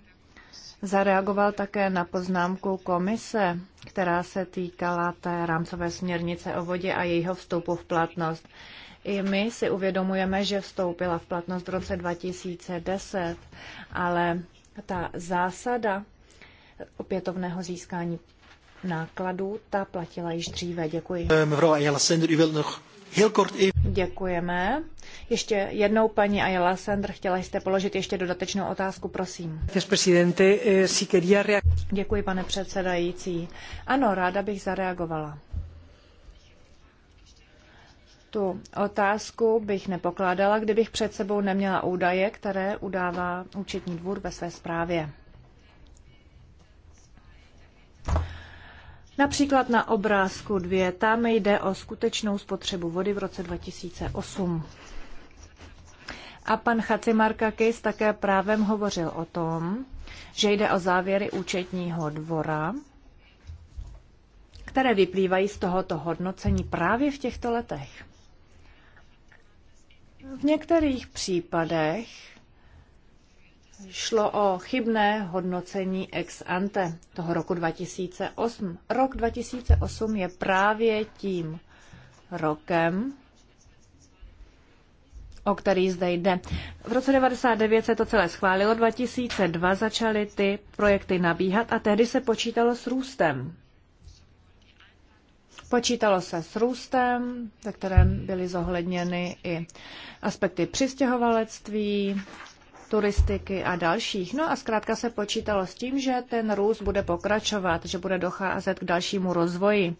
zareagoval také na poznámku komise, která se týkala té rámcové směrnice o vodě a jejího vstupu v platnost. I my si uvědomujeme, že vstoupila v platnost v roce 2010, ale ta zásada opětovného získání nákladů, ta platila již dříve. Děkuji. Mevrouw Ayala Sender, u wilt nog Děkujeme. Ještě jednou, paní Ayala Sandr, chtěla jste položit ještě dodatečnou otázku, prosím. Eh, Děkuji, pane předsedající. Ano, ráda bych zareagovala. Tu otázku bych nepokládala, kdybych před sebou neměla údaje, které udává účetní dvůr ve své zprávě. Například na obrázku 2, tam jde o skutečnou spotřebu vody v roce 2008. A pan Chacimarkakis také právem hovořil o tom, že jde o závěry účetního dvora, které vyplývají z tohoto hodnocení právě v těchto letech. V některých případech šlo o chybné hodnocení ex ante toho roku 2008. Rok 2008 je právě tím rokem, o který zde jde. V roce 99 se to celé schválilo, 2002 začaly ty projekty nabíhat a tehdy se počítalo s růstem. Počítalo se s růstem, ve kterém byly zohledněny i aspekty přistěhovalectví, turistiky a dalších. No a zkrátka se počítalo s tím, že ten růst bude pokračovat, že bude docházet k dalšímu rozvoji.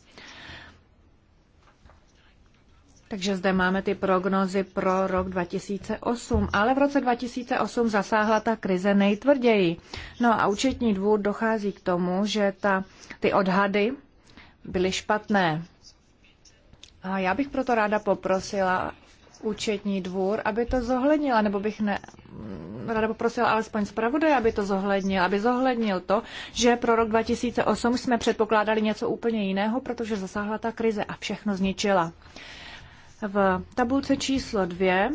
Takže zde máme ty prognozy pro rok 2008, ale v roce 2008 zasáhla ta krize nejtvrději. No a účetní dvůr dochází k tomu, že ta, ty odhady byly špatné. A já bych proto ráda poprosila účetní dvůr, aby to zohlednila, nebo bych ne, ráda poprosila alespoň zpravodaj, aby to zohlednil, aby zohlednil to, že pro rok 2008 jsme předpokládali něco úplně jiného, protože zasáhla ta krize a všechno zničila. V tabulce číslo 2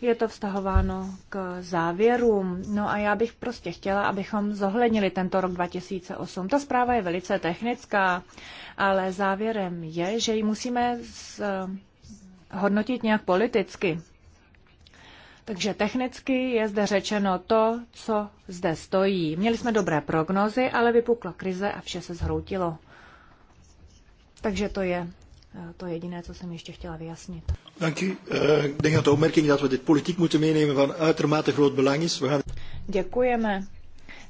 je to vztahováno k závěrům. No a já bych prostě chtěla, abychom zohlednili tento rok 2008. Ta zpráva je velice technická, ale závěrem je, že ji musíme hodnotit nějak politicky. Takže technicky je zde řečeno to, co zde stojí. Měli jsme dobré prognozy, ale vypukla krize a vše se zhroutilo. Takže to je eh, to jediné, co jsem ještě chtěla vyjasnit. Děkuji. u. Eh, denk dat de opmerking dat we dit politiek moeten meenemen van uitermate groot belang is. Děkujeme.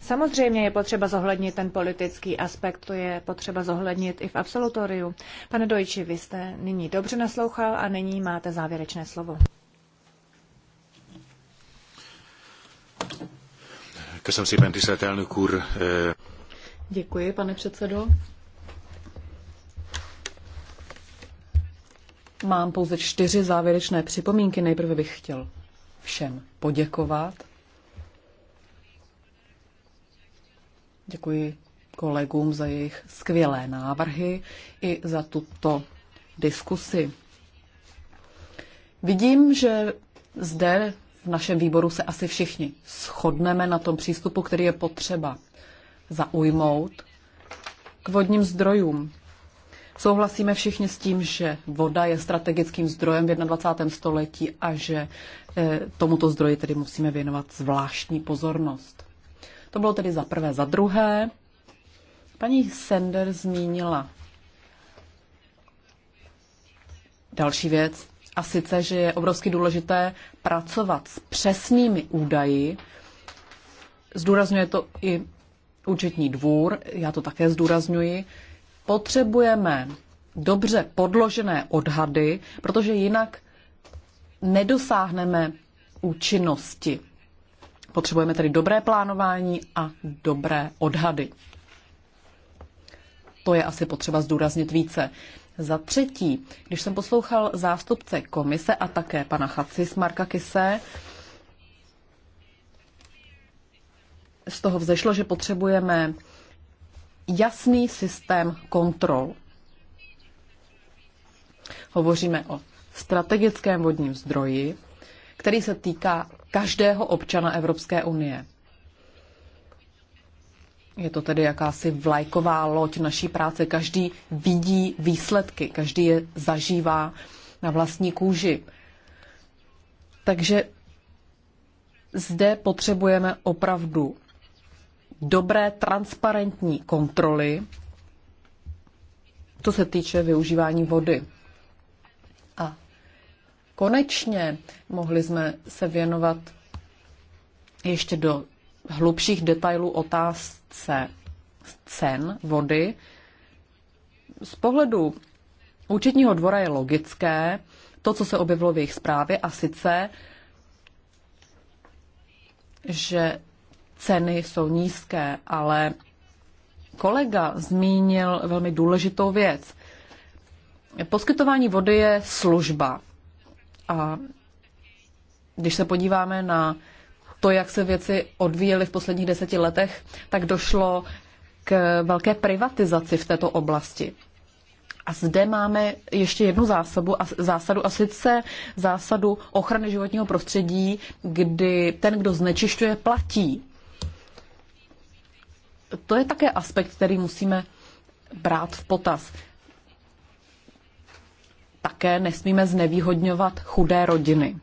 Samozřejmě je potřeba zohlednit ten politický aspekt, to je potřeba zohlednit i v absolutoriu. Pane Dojči, vy jste nyní dobře naslouchal a nyní máte závěrečné slovo. Eh, Děkuji, pane předsedo. Mám pouze čtyři závěrečné připomínky. Nejprve bych chtěl všem poděkovat Děkuji kolegům za jejich skvělé návrhy i za tuto diskusi. Vidím, že zde v našem výboru se asi všichni shodneme na tom přístupu, který je potřeba zaujmout k vodním zdrojům. Souhlasíme všichni s tím, že voda je strategickým zdrojem v 21. století a že eh, tomuto zdroji tedy musíme věnovat zvláštní pozornost. To bylo tedy za prvé. Za druhé, paní Sender zmínila další věc, a sice, že je obrovsky důležité pracovat s přesnými údaji. Zdůrazňuje to i účetní dvůr, já to také zdůrazňuji. Potřebujeme dobře podložené odhady, protože jinak nedosáhneme účinnosti. Potřebujeme tedy dobré plánování a dobré odhady. To je asi potřeba zdůraznit více. Za třetí, když jsem poslouchal zástupce komise a také pana Chacis Marka Kise, z toho vzešlo, že potřebujeme jasný systém kontrol. Hovoříme o strategickém vodním zdroji, který se týká každého občana Evropské unie. Je to tedy jakási vlajková loď naší práce. Každý vidí výsledky, každý je zažívá na vlastní kůži. Takže zde potřebujeme opravdu dobré transparentní kontroly, co se týče využívání vody konečně mohli jsme se věnovat ještě do hlubších detailů otázce cen vody. Z pohledu účetního dvora je logické to, co se objevilo v jejich zprávě, a sice, že ceny jsou nízké, ale kolega zmínil velmi důležitou věc. Poskytování vody je služba. A když se podíváme na to, jak se věci odvíjely v posledních deseti letech, tak došlo k velké privatizaci v této oblasti. A zde máme ještě jednu zásadu a, zásadu, a sice zásadu ochrany životního prostředí, kdy ten, kdo znečišťuje, platí. To je také aspekt, který musíme brát v potaz také nesmíme znevýhodňovat chudé rodiny.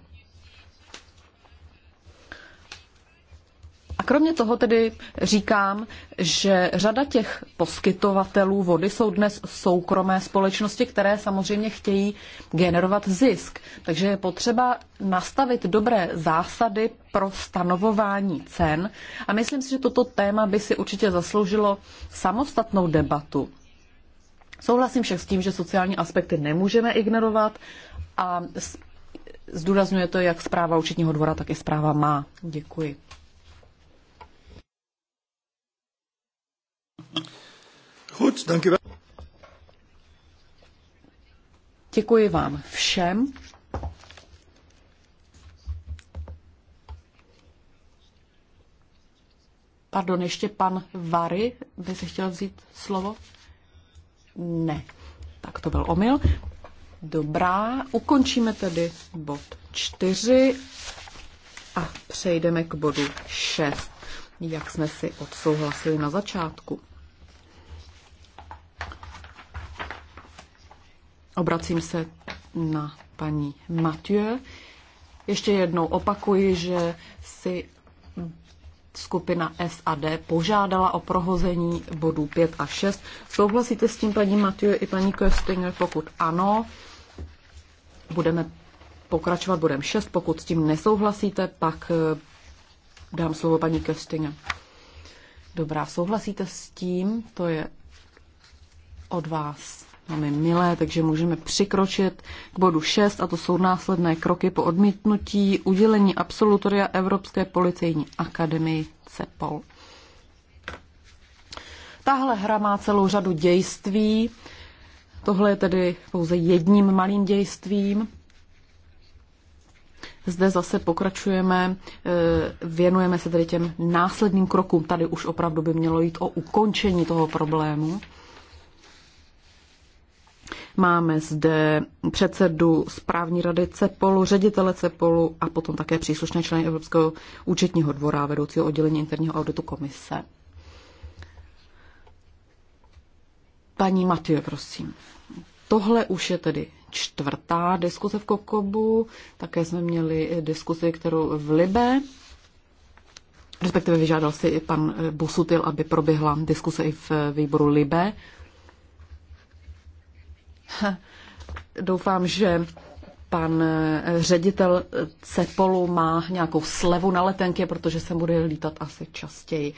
A kromě toho tedy říkám, že řada těch poskytovatelů vody jsou dnes soukromé společnosti, které samozřejmě chtějí generovat zisk. Takže je potřeba nastavit dobré zásady pro stanovování cen a myslím si, že toto téma by si určitě zasloužilo samostatnou debatu. Souhlasím však s tím, že sociální aspekty nemůžeme ignorovat a zdůrazňuje to jak zpráva účetního dvora, tak i zpráva má. Děkuji. Děkuji vám všem. Pardon, ještě pan Vary by se chtěl vzít slovo. Ne. Tak to byl omyl. Dobrá, ukončíme tedy bod 4 a přejdeme k bodu 6, jak jsme si odsouhlasili na začátku. Obracím se na paní Mathieu. Ještě jednou opakuji, že si skupina SAD požádala o prohození bodů 5 a 6. Souhlasíte s tím, paní Matiu i paní Köstinger? Pokud ano, budeme pokračovat bodem 6. Pokud s tím nesouhlasíte, pak eh, dám slovo paní Köstinger. Dobrá, souhlasíte s tím? To je od vás velmi milé, takže můžeme přikročit k bodu 6 a to jsou následné kroky po odmítnutí udělení absolutoria Evropské policejní akademii CEPOL. Tahle hra má celou řadu dějství. Tohle je tedy pouze jedním malým dějstvím. Zde zase pokračujeme, eh, věnujeme se tedy těm následným krokům. Tady už opravdu by mělo jít o ukončení toho problému. Máme zde předsedu správní rady CEPOLu, ředitele CEPOLu a potom také příslušné členy Evropského účetního dvora vedoucího oddělení interního auditu komise. Paní Matěje, prosím. Tohle už je tedy čtvrtá diskuze v Kokobu. Také jsme měli diskuzi, kterou v Libe respektive vyžádal si i pan Busutil, aby proběhla diskuse i v výboru Libe. Doufám, že pan eh, ředitel Cepolu má nějakou slevu na letenky, protože se bude lítat asi častěji.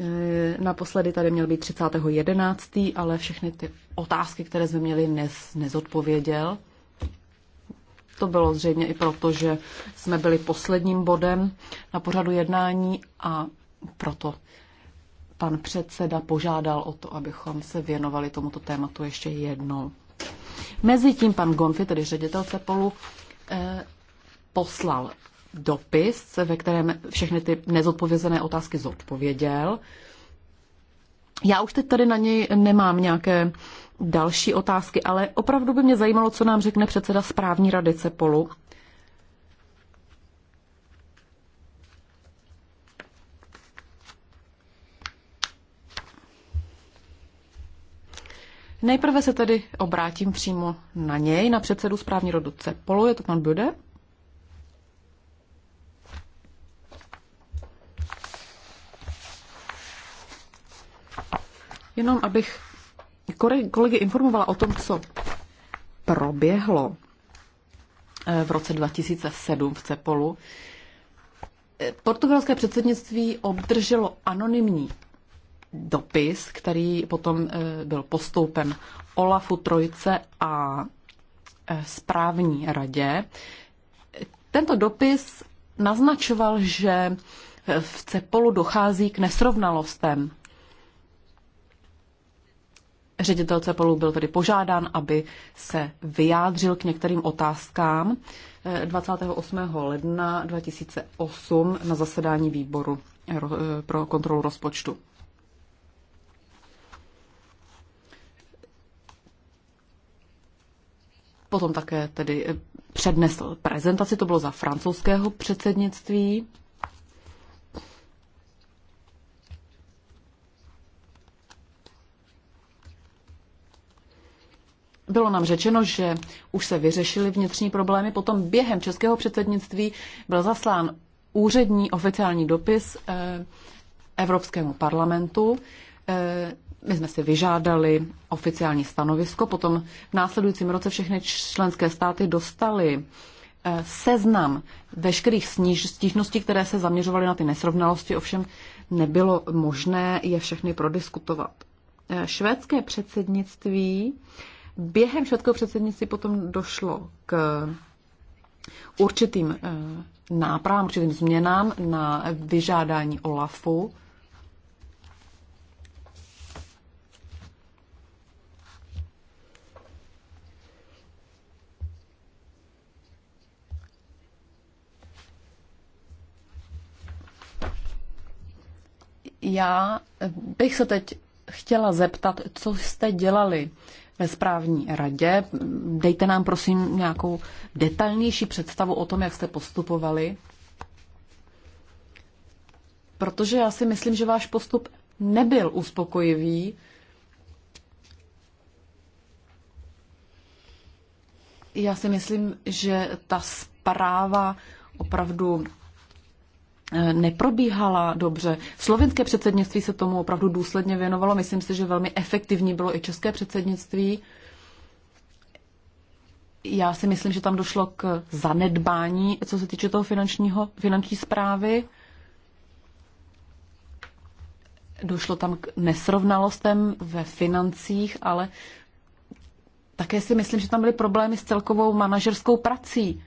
Eh, naposledy tady měl být 30.11., ale všechny ty otázky, které jsme měli, nez, nezodpověděl. To bylo zřejmě i proto, že jsme byli posledním bodem na pořadu jednání a proto pan předseda požádal o to, abychom se věnovali tomuto tématu ještě jednou. Mezitím pan Gonfi, tedy ředitel Cepolu, eh, poslal dopis, ve kterém všechny ty nezodpovězené otázky zodpověděl. Já už teď tady na něj nemám nějaké další otázky, ale opravdu by mě zajímalo, co nám řekne předseda správní rady Cepolu Nejprve se tedy obrátím přímo na něj, na předsedu správní rodu Cepolu, je to pan Bude. Jenom abych kolegy informovala o tom, co proběhlo eh, v roce 2007 v Cepolu. Eh, portugalské předsednictví obdrželo anonymní dopis, který potom eh, byl postoupen Olafu Trojce a eh, správní radě. Tento dopis naznačoval, že eh, v Cepolu dochází k nesrovnalostem. Ředitel Cepolu byl tedy požádán, aby se vyjádřil k některým otázkám 28. ledna 2008 na zasedání výboru pro kontrolu rozpočtu. Potom také tedy eh, přednesl prezentaci, to bylo za francouzského předsednictví. Bylo nám řečeno, že už se vyřešily vnitřní problémy. Potom během českého předsednictví byl zaslán úřední oficiální dopis eh, Evropskému parlamentu, eh, my jsme si vyžádali oficiální stanovisko, potom v následujícím roce všechny členské státy dostaly eh, seznam veškerých stížností, které se zaměřovaly na ty nesrovnalosti, ovšem nebylo možné je všechny prodiskutovat. Eh, švédské předsednictví, během švédského předsednictví potom došlo k určitým eh, nápravám, určitým změnám na vyžádání OLAFu. Já bych se teď chtěla zeptat, co jste dělali ve správní radě. Dejte nám prosím nějakou detailnější představu o tom, jak jste postupovali. Protože já si myslím, že váš postup nebyl uspokojivý. Já si myslím, že ta zpráva opravdu neprobíhala dobře. Slovenské předsednictví se tomu opravdu důsledně věnovalo. Myslím si, že velmi efektivní bylo i české předsednictví. Já si myslím, že tam došlo k zanedbání, co se týče toho finančního, finanční zprávy. Došlo tam k nesrovnalostem ve financích, ale také si myslím, že tam byly problémy s celkovou manažerskou prací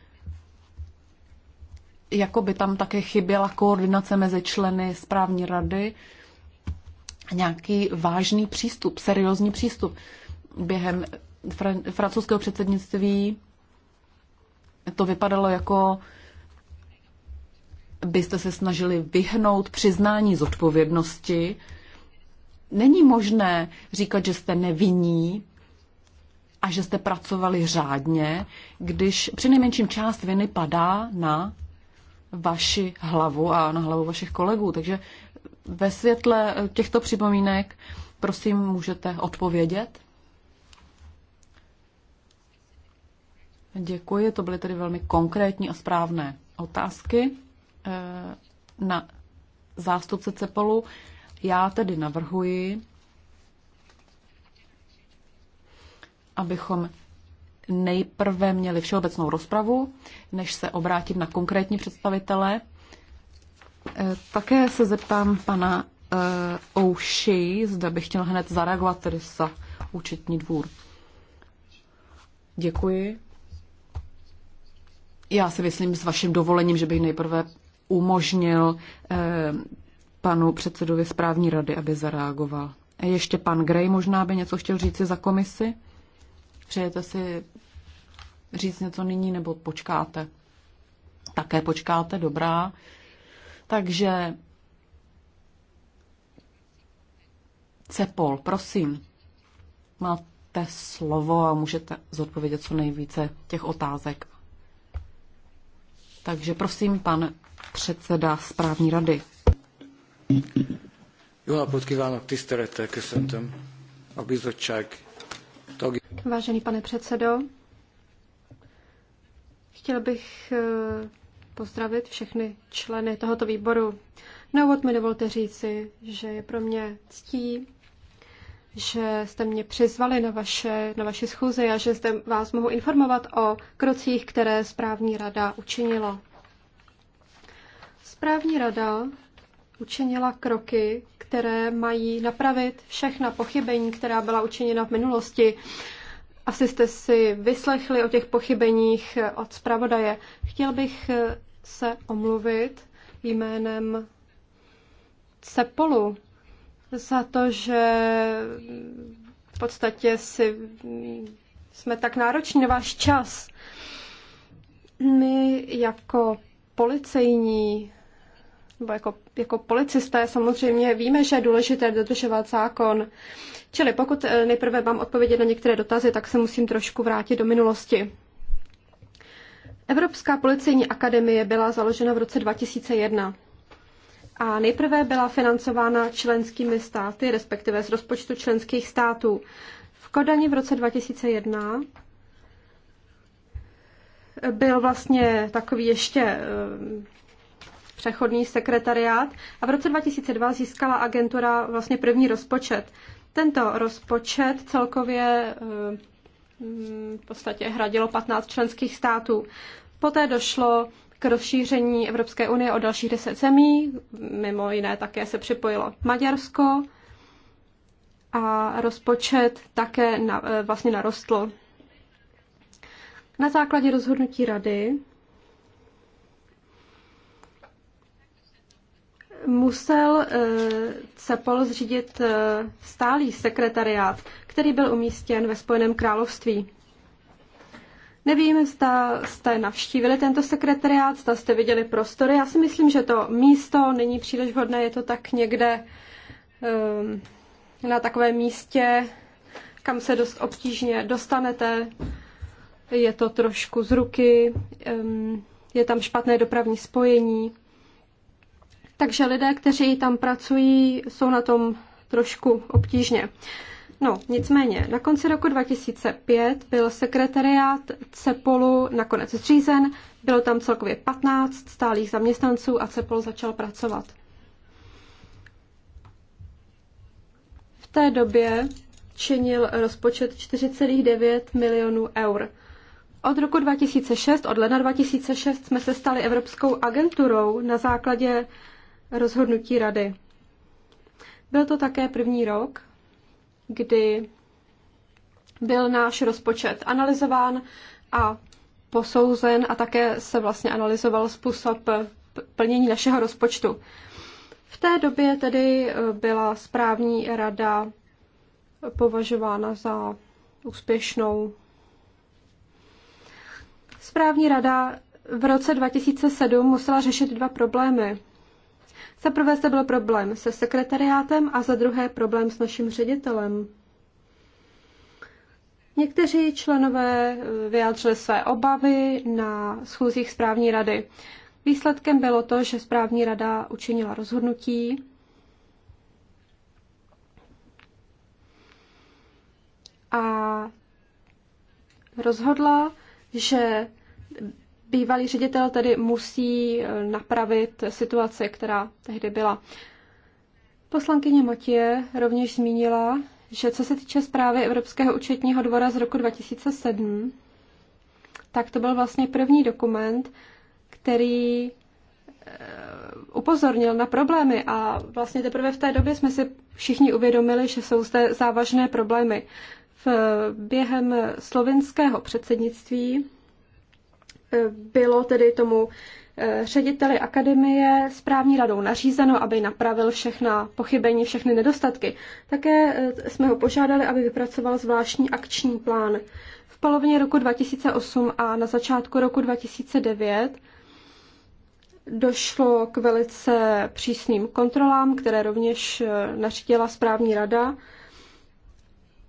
jako by tam také chyběla koordinace mezi členy správní rady, nějaký vážný přístup, seriózní přístup. Během fr- francouzského předsednictví to vypadalo jako byste se snažili vyhnout přiznání zodpovědnosti. Není možné říkat, že jste nevinní a že jste pracovali řádně, když přinejmenším část viny padá na vaši hlavu a na hlavu vašich kolegů. Takže ve světle těchto připomínek, prosím, můžete odpovědět. Děkuji, to byly tedy velmi konkrétní a správné otázky eh, na zástupce Cepolu. Já tedy navrhuji, abychom nejprve měli všeobecnou rozpravu, než se obrátím na konkrétní představitele. E, také se zeptám pana uh, Ouši, zda bych chtěl hned zareagovat tedy za účetní dvůr. Děkuji. Já si myslím s vaším dovolením, že bych nejprve umožnil eh, panu předsedovi správní rady, aby zareagoval. Ještě pan Grey, možná by něco chtěl říci za komisi. Přejete si říct něco nyní nebo počkáte? Také počkáte, dobrá. Takže Cepol, prosím, máte slovo a můžete zodpovědět co nejvíce těch otázek. Takže prosím, pan předseda správní rady. a napot kívánok, tisztelettel köszöntöm jsem tam tagja. Vážený pane předsedo, Chtěl bych eh, pozdravit všechny členy tohoto výboru. Na úvod mi dovolte říci, že je pro mě ctí, že jste mě přizvali na, vaše, na vaši schůze a že zde vás mohu informovat o krocích, které správní rada učinila. Správní rada učinila kroky, které mají napravit všechna pochybení, která byla učiněna v minulosti. Asi jste si vyslechli o těch pochybeních od zpravodaje. Chtěl bych se omluvit jménem Cepolu za to, že v podstatě si jsme tak nároční na váš čas. My jako policejní nebo jako, jako policisté samozřejmě víme, že je důležité dodržovat zákon. Čili pokud eh, nejprve mám odpovědět na některé dotazy, tak se musím trošku vrátit do minulosti. Evropská policejní akademie byla založena v roce 2001 a nejprve byla financována členskými státy, respektive z rozpočtu členských států. V Kodani v roce 2001 byl vlastně takový ještě eh, přechodný sekretariát a v roce 2002 získala agentura vlastně první rozpočet. Tento rozpočet celkově eh, v podstatě hradilo 15 členských států. Poté došlo k rozšíření Evropské unie o dalších 10 zemí, mimo jiné také se připojilo Maďarsko a rozpočet také na, eh, vlastně narostl. Na základě rozhodnutí rady musel eh, CEPOL zřídit eh, stálý sekretariát, který byl umístěn ve Spojeném království. Nevím, zda jste navštívili tento sekretariát, zda jste viděli prostory. Já si myslím, že to místo není příliš vhodné, je to tak někde ehm, na takovém místě, kam se dost obtížně dostanete. Je to trošku z ruky, ehm, je tam špatné dopravní spojení takže lidé, kteří tam pracují, jsou na tom trošku obtížně. No, nicméně, na konci roku 2005 byl sekretariát CEPOLu nakonec zřízen, bylo tam celkově 15 stálých zaměstnanců a CEPOL začal pracovat. V té době činil rozpočet 4,9 milionů eur. Od roku 2006, od ledna 2006, jsme se stali Evropskou agenturou na základě rozhodnutí rady. Byl to také první rok, kdy byl náš rozpočet analyzován a posouzen a také se vlastně analyzoval způsob plnění našeho rozpočtu. V té době tedy eh, byla správní rada považována za úspěšnou. Správní rada v roce 2007 musela řešit dva problémy. Za prvé zde byl problém se sekretariátem a za druhé problém s naším ředitelem. Někteří členové eh, vyjádřili své obavy na schůzích správní rady. Výsledkem bylo to, že správní rada učinila rozhodnutí, a rozhodla, že Bývalý ředitel tedy musí eh, napravit situaci, která tehdy byla. Poslankyně Motě rovněž zmínila, že co se týče zprávy Evropského účetního dvora z roku 2007, tak to byl vlastně první dokument, který eh, upozornil na problémy a vlastně teprve v té době jsme si všichni uvědomili, že jsou zde závažné problémy. V, během slovinského předsednictví bylo tedy tomu eh, řediteli akademie správní radou nařízeno, aby napravil všechna pochybení, všechny nedostatky. Také eh, jsme ho požádali, aby vypracoval zvláštní akční plán. V polovině roku 2008 a na začátku roku 2009 došlo k velice přísným kontrolám, které rovněž eh, nařídila správní rada.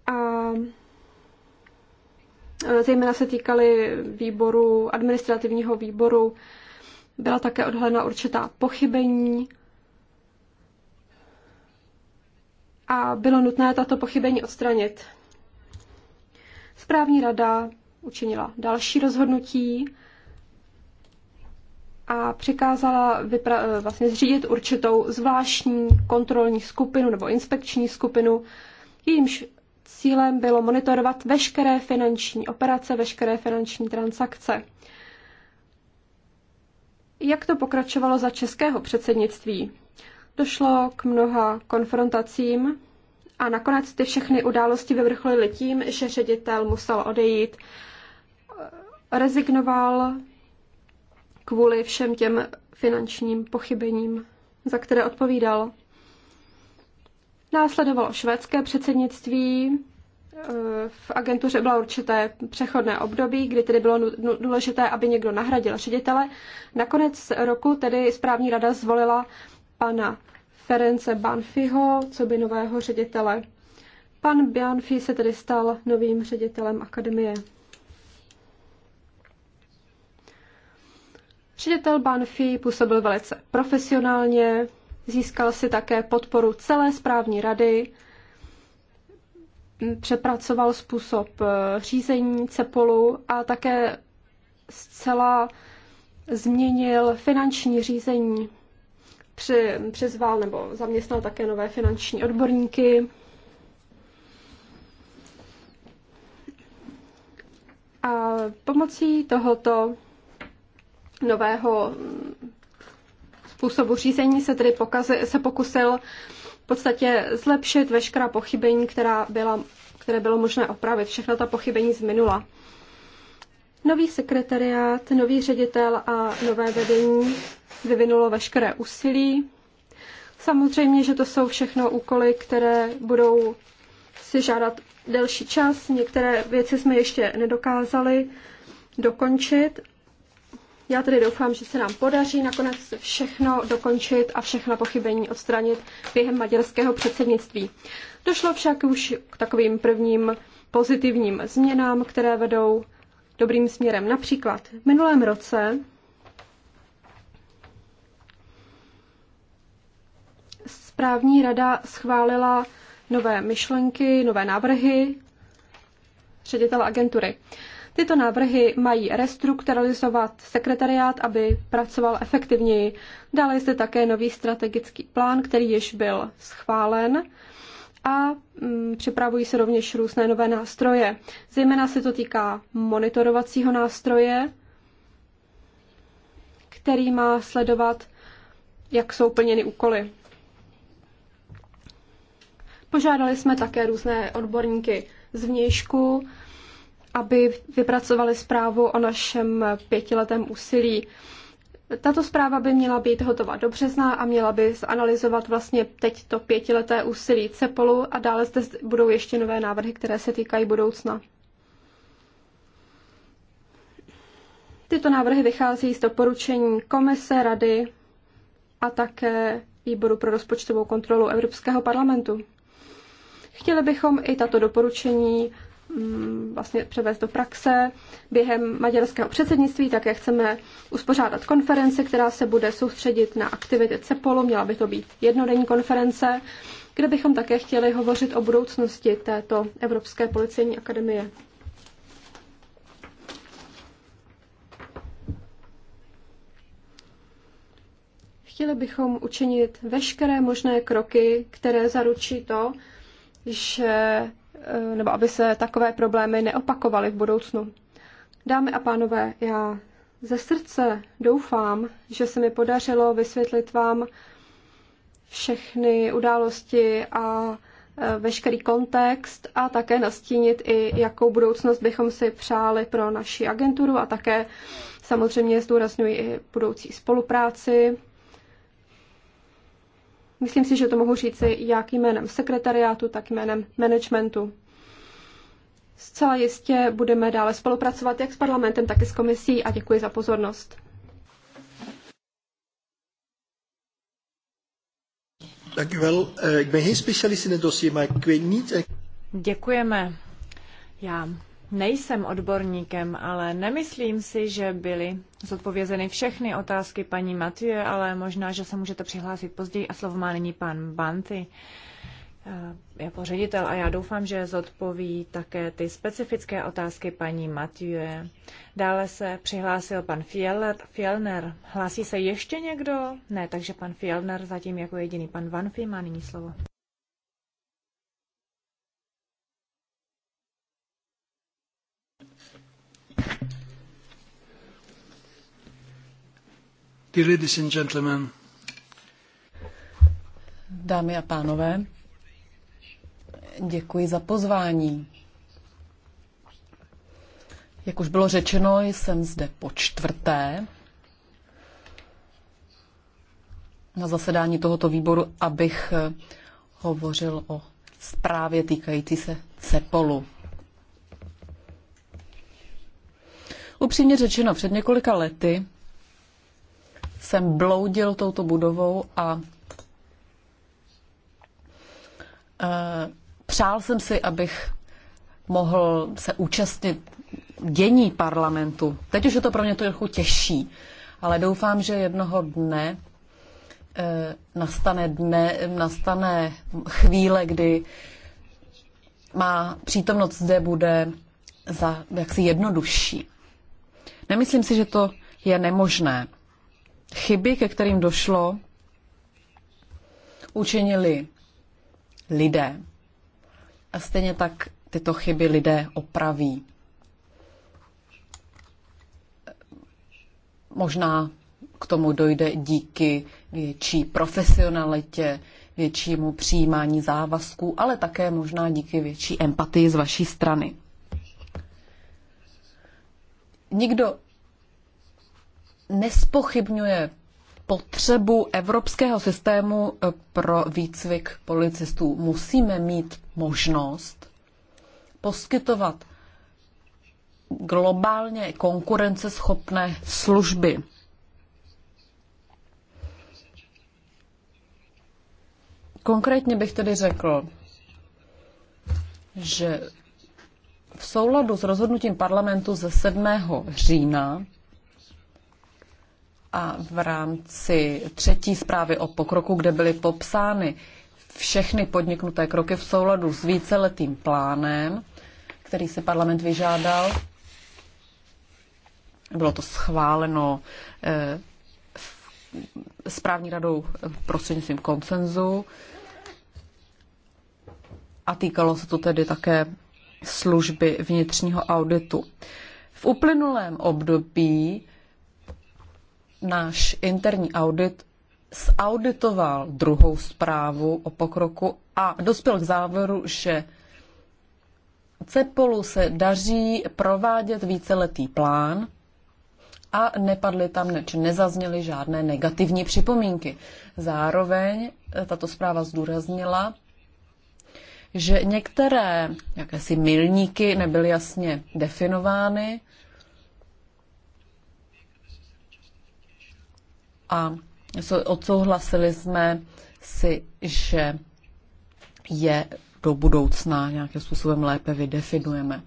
A Eh, zejména se týkaly výboru, administrativního výboru. Byla také odhalena určitá pochybení a bylo nutné tato pochybení odstranit. Správní rada učinila další rozhodnutí a přikázala vypra- eh, vlastně zřídit určitou zvláštní kontrolní skupinu nebo inspekční skupinu, jejímž cílem bylo monitorovat veškeré finanční operace, veškeré finanční transakce. Jak to pokračovalo za českého předsednictví? Došlo k mnoha konfrontacím a nakonec ty všechny události vyvrcholily tím, že ředitel musel odejít. Rezignoval kvůli všem těm finančním pochybením, za které odpovídal. Následovalo švédské předsednictví, eh, v agentuře bylo určité přechodné období, kdy tedy bylo důležité, aby někdo nahradil ředitele. Nakonec roku tedy správní rada zvolila pana Ference Banfiho, co by nového ředitele. Pan Banfi se tedy stal novým ředitelem akademie. Ředitel Banfi působil velice profesionálně, Získal si také podporu celé správní rady, přepracoval způsob eh, řízení CEPOLu a také zcela změnil finanční řízení. Při, přizval nebo zaměstnal také nové finanční odborníky. A pomocí tohoto nového způsobu řízení se tedy pokaz, se pokusil v podstatě zlepšit veškerá pochybení, která byla, které bylo možné opravit, všechna ta pochybení z minula. Nový sekretariát, nový ředitel a nové vedení vyvinulo veškeré úsilí. Samozřejmě, že to jsou všechno úkoly, které budou si žádat delší čas. Některé věci jsme ještě nedokázali dokončit, já tedy doufám, že se nám podaří nakonec všechno dokončit a všechna pochybení odstranit během maďarského předsednictví. Došlo však už k takovým prvním pozitivním změnám, které vedou dobrým směrem. Například v minulém roce správní rada schválila nové myšlenky, nové návrhy ředitele agentury. Tyto návrhy mají restrukturalizovat sekretariát, aby pracoval efektivněji. Dále je zde také nový strategický plán, který již byl schválen a mm, připravují se rovněž různé nové nástroje. Zejména se to týká monitorovacího nástroje, který má sledovat, jak jsou plněny úkoly. Požádali jsme také různé odborníky z vnějšku, aby vypracovali zprávu o našem pětiletém úsilí. Tato zpráva by měla být hotová do března a měla by zanalizovat vlastně teď to pětileté úsilí CEPOLu a dále zde budou ještě nové návrhy, které se týkají budoucna. Tyto návrhy vychází z doporučení Komise, Rady a také Výboru pro rozpočtovou kontrolu Evropského parlamentu. Chtěli bychom i tato doporučení Mm, vlastně převést do praxe během maďarského předsednictví. Také chceme uspořádat konferenci, která se bude soustředit na aktivity CEPOLu. Měla by to být jednodenní konference, kde bychom také chtěli hovořit o budoucnosti této Evropské policejní akademie. Chtěli bychom učinit veškeré možné kroky, které zaručí to, že Eh, nebo aby se takové problémy neopakovaly v budoucnu. Dámy a pánové, já ze srdce doufám, že se mi podařilo vysvětlit vám všechny události a eh, veškerý kontext a také nastínit i, jakou budoucnost bychom si přáli pro naši agenturu a také samozřejmě zdůrazňuji i budoucí spolupráci Myslím si, že to mohu říci jak jménem sekretariátu, tak jménem managementu. Zcela jistě budeme dále spolupracovat jak s parlamentem, tak i s komisí a děkuji za pozornost. Eh, eh, Děkujeme. Já Nejsem odborníkem, ale nemyslím si, že byly zodpovězeny všechny otázky paní Matěje, ale možná, že se můžete přihlásit později a slovo má nyní pan Banty eh, jako ředitel a já doufám, že zodpoví také ty specifické otázky paní Matěje. Dále se přihlásil pan Fjellner. Hlásí se ještě někdo? Ne, takže pan Fjellner zatím jako jediný. Pan Vanfi má nyní slovo. Dámy a pánové, děkuji za pozvání. Jak už bylo řečeno, jsem zde po čtvrté na zasedání tohoto výboru, abych hovořil o zprávě týkající se CEPOLu. Upřímně řečeno, před několika lety jsem bloudil touto budovou a eh, přál jsem si, abych mohl se účastnit dění parlamentu. Teď už je to pro mě trochu těžší, ale doufám, že jednoho dne eh, nastane, dne, nastane chvíle, kdy má přítomnost zde bude za jaksi jednodušší. Nemyslím si, že to je nemožné. Chyby, ke kterým došlo, učinili lidé. A stejně tak tyto chyby lidé opraví. Možná k tomu dojde díky větší profesionalitě, většímu přijímání závazků, ale také možná díky větší empatii z vaší strany. Nikdo nespochybňuje potřebu evropského systému eh, pro výcvik policistů. Musíme mít možnost poskytovat globálně konkurenceschopné služby. Konkrétně bych tedy řekl, že v souladu s rozhodnutím parlamentu ze 7. října a v rámci třetí zprávy o pokroku, kde byly popsány všechny podniknuté kroky v souladu s víceletým plánem, který si parlament vyžádal. Bylo to schváleno eh, správní radou prostřednictvím koncenzu a týkalo se to tedy také služby vnitřního auditu. V uplynulém období náš interní audit zauditoval druhou zprávu o pokroku a dospěl k závěru, že CEPOLu se daří provádět víceletý plán a nepadly tam, neč nezazněly žádné negativní připomínky. Zároveň eh, tato zpráva zdůraznila, že některé jakési milníky nebyly jasně definovány a odsouhlasili jsme si, že je do budoucna nějakým způsobem lépe vydefinujeme.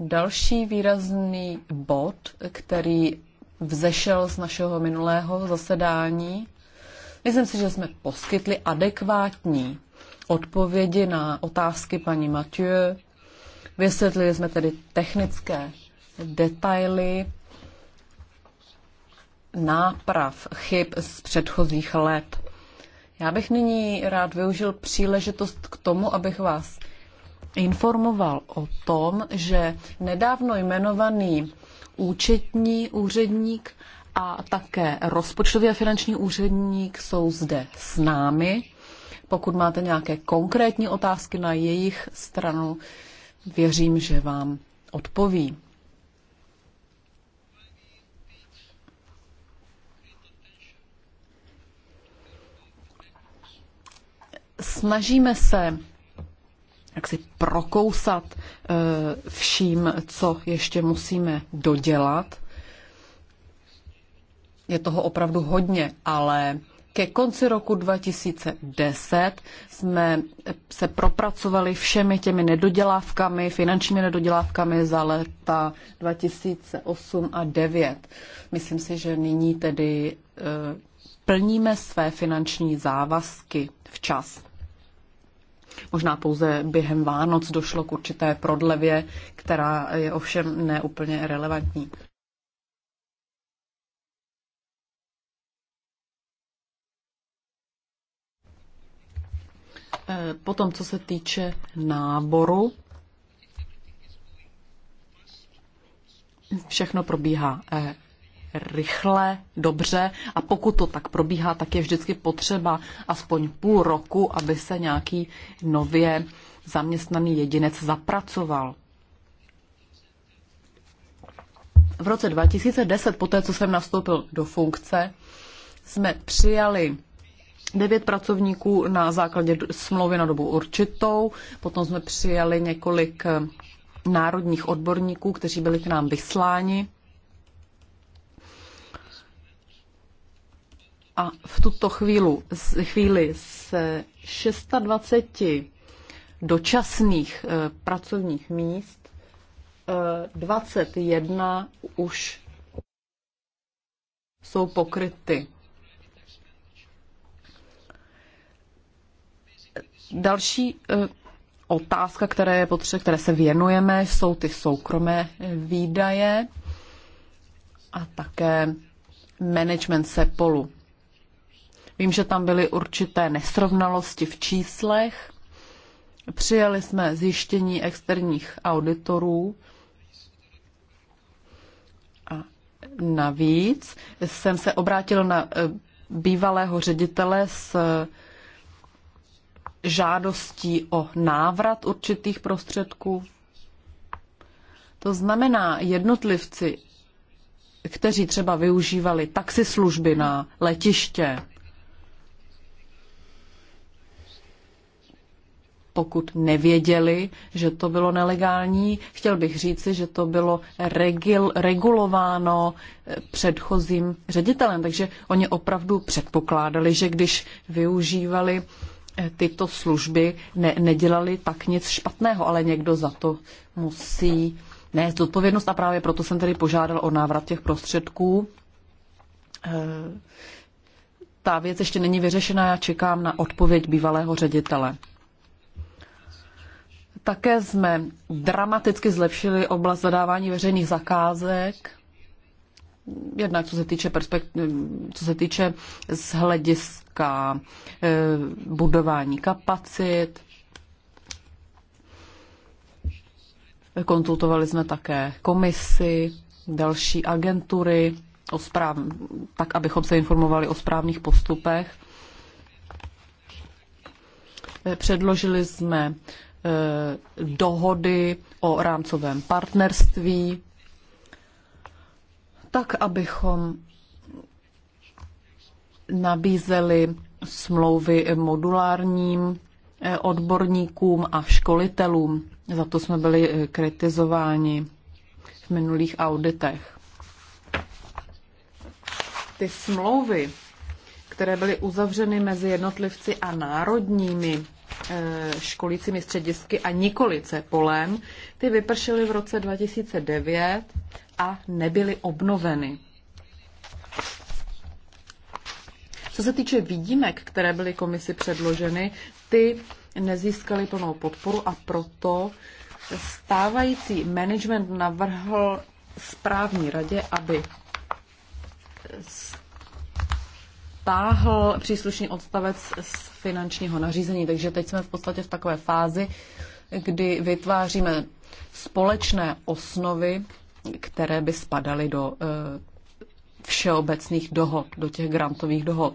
Další výrazný bod, který vzešel z našeho minulého zasedání, myslím si, že jsme poskytli adekvátní odpovědi na otázky paní Mathieu. Vysvětlili jsme tedy technické detaily náprav chyb z předchozích let. Já bych nyní rád využil příležitost k tomu, abych vás informoval o tom, že nedávno jmenovaný účetní úředník a také rozpočtový a finanční úředník jsou zde s námi. Pokud máte nějaké konkrétní otázky na jejich stranu, věřím, že vám odpoví. snažíme se jak si prokousat eh, vším, co ještě musíme dodělat. Je toho opravdu hodně, ale ke konci roku 2010 jsme se propracovali všemi těmi nedodělávkami, finančními nedodělávkami za leta 2008 a 2009. Myslím si, že nyní tedy eh, plníme své finanční závazky včas. Možná pouze během Vánoc došlo k určité prodlevě, která je ovšem neúplně relevantní. Eh, potom, co se týče náboru, všechno probíhá eh, rychle, dobře a pokud to tak probíhá, tak je vždycky potřeba aspoň půl roku, aby se nějaký nově zaměstnaný jedinec zapracoval. V roce 2010, po té, co jsem nastoupil do funkce, jsme přijali devět pracovníků na základě smlouvy na dobu určitou, potom jsme přijali několik eh, národních odborníků, kteří byli k nám vysláni a v tuto chvíli, chvíli se 26 dočasných eh, pracovních míst 21 eh, už jsou pokryty. Další eh, otázka, které, je potřeba, které se věnujeme, jsou ty soukromé výdaje a také management SEPOLu. Vím, že tam byly určité nesrovnalosti v číslech. Přijali jsme zjištění externích auditorů. A navíc jsem se obrátil na eh, bývalého ředitele s eh, žádostí o návrat určitých prostředků. To znamená, jednotlivci, kteří třeba využívali taxislužby na letiště pokud nevěděli, že to bylo nelegální. Chtěl bych říci, že to bylo regil, regulováno eh, předchozím ředitelem, takže oni opravdu předpokládali, že když využívali eh, tyto služby, ne, nedělali tak nic špatného, ale někdo za to musí nést odpovědnost a právě proto jsem tedy požádal o návrat těch prostředků. Eh, ta věc ještě není vyřešena, já čekám na odpověď bývalého ředitele. Také jsme dramaticky zlepšili oblast zadávání veřejných zakázek, jednak co se týče, perspekt, co se týče z hlediska e, budování kapacit. Konzultovali jsme také komisy, další agentury, o správ, tak abychom se informovali o správných postupech. E, předložili jsme Eh, dohody o rámcovém partnerství, tak abychom nabízeli smlouvy modulárním eh, odborníkům a školitelům. Za to jsme byli eh, kritizováni v minulých auditech. Ty smlouvy, které byly uzavřeny mezi jednotlivci a národními Eh, školícími středisky a nikoli polem Ty vypršely v roce 2009 a nebyly obnoveny. Co se týče výjimek, které byly komisi předloženy, ty nezískaly plnou podporu a proto stávající management navrhl správní radě, aby stáhl příslušný odstavec z finančního nařízení. Takže teď jsme v podstatě v takové fázi, kdy vytváříme společné osnovy, které by spadaly do eh, všeobecných dohod, do těch grantových dohod.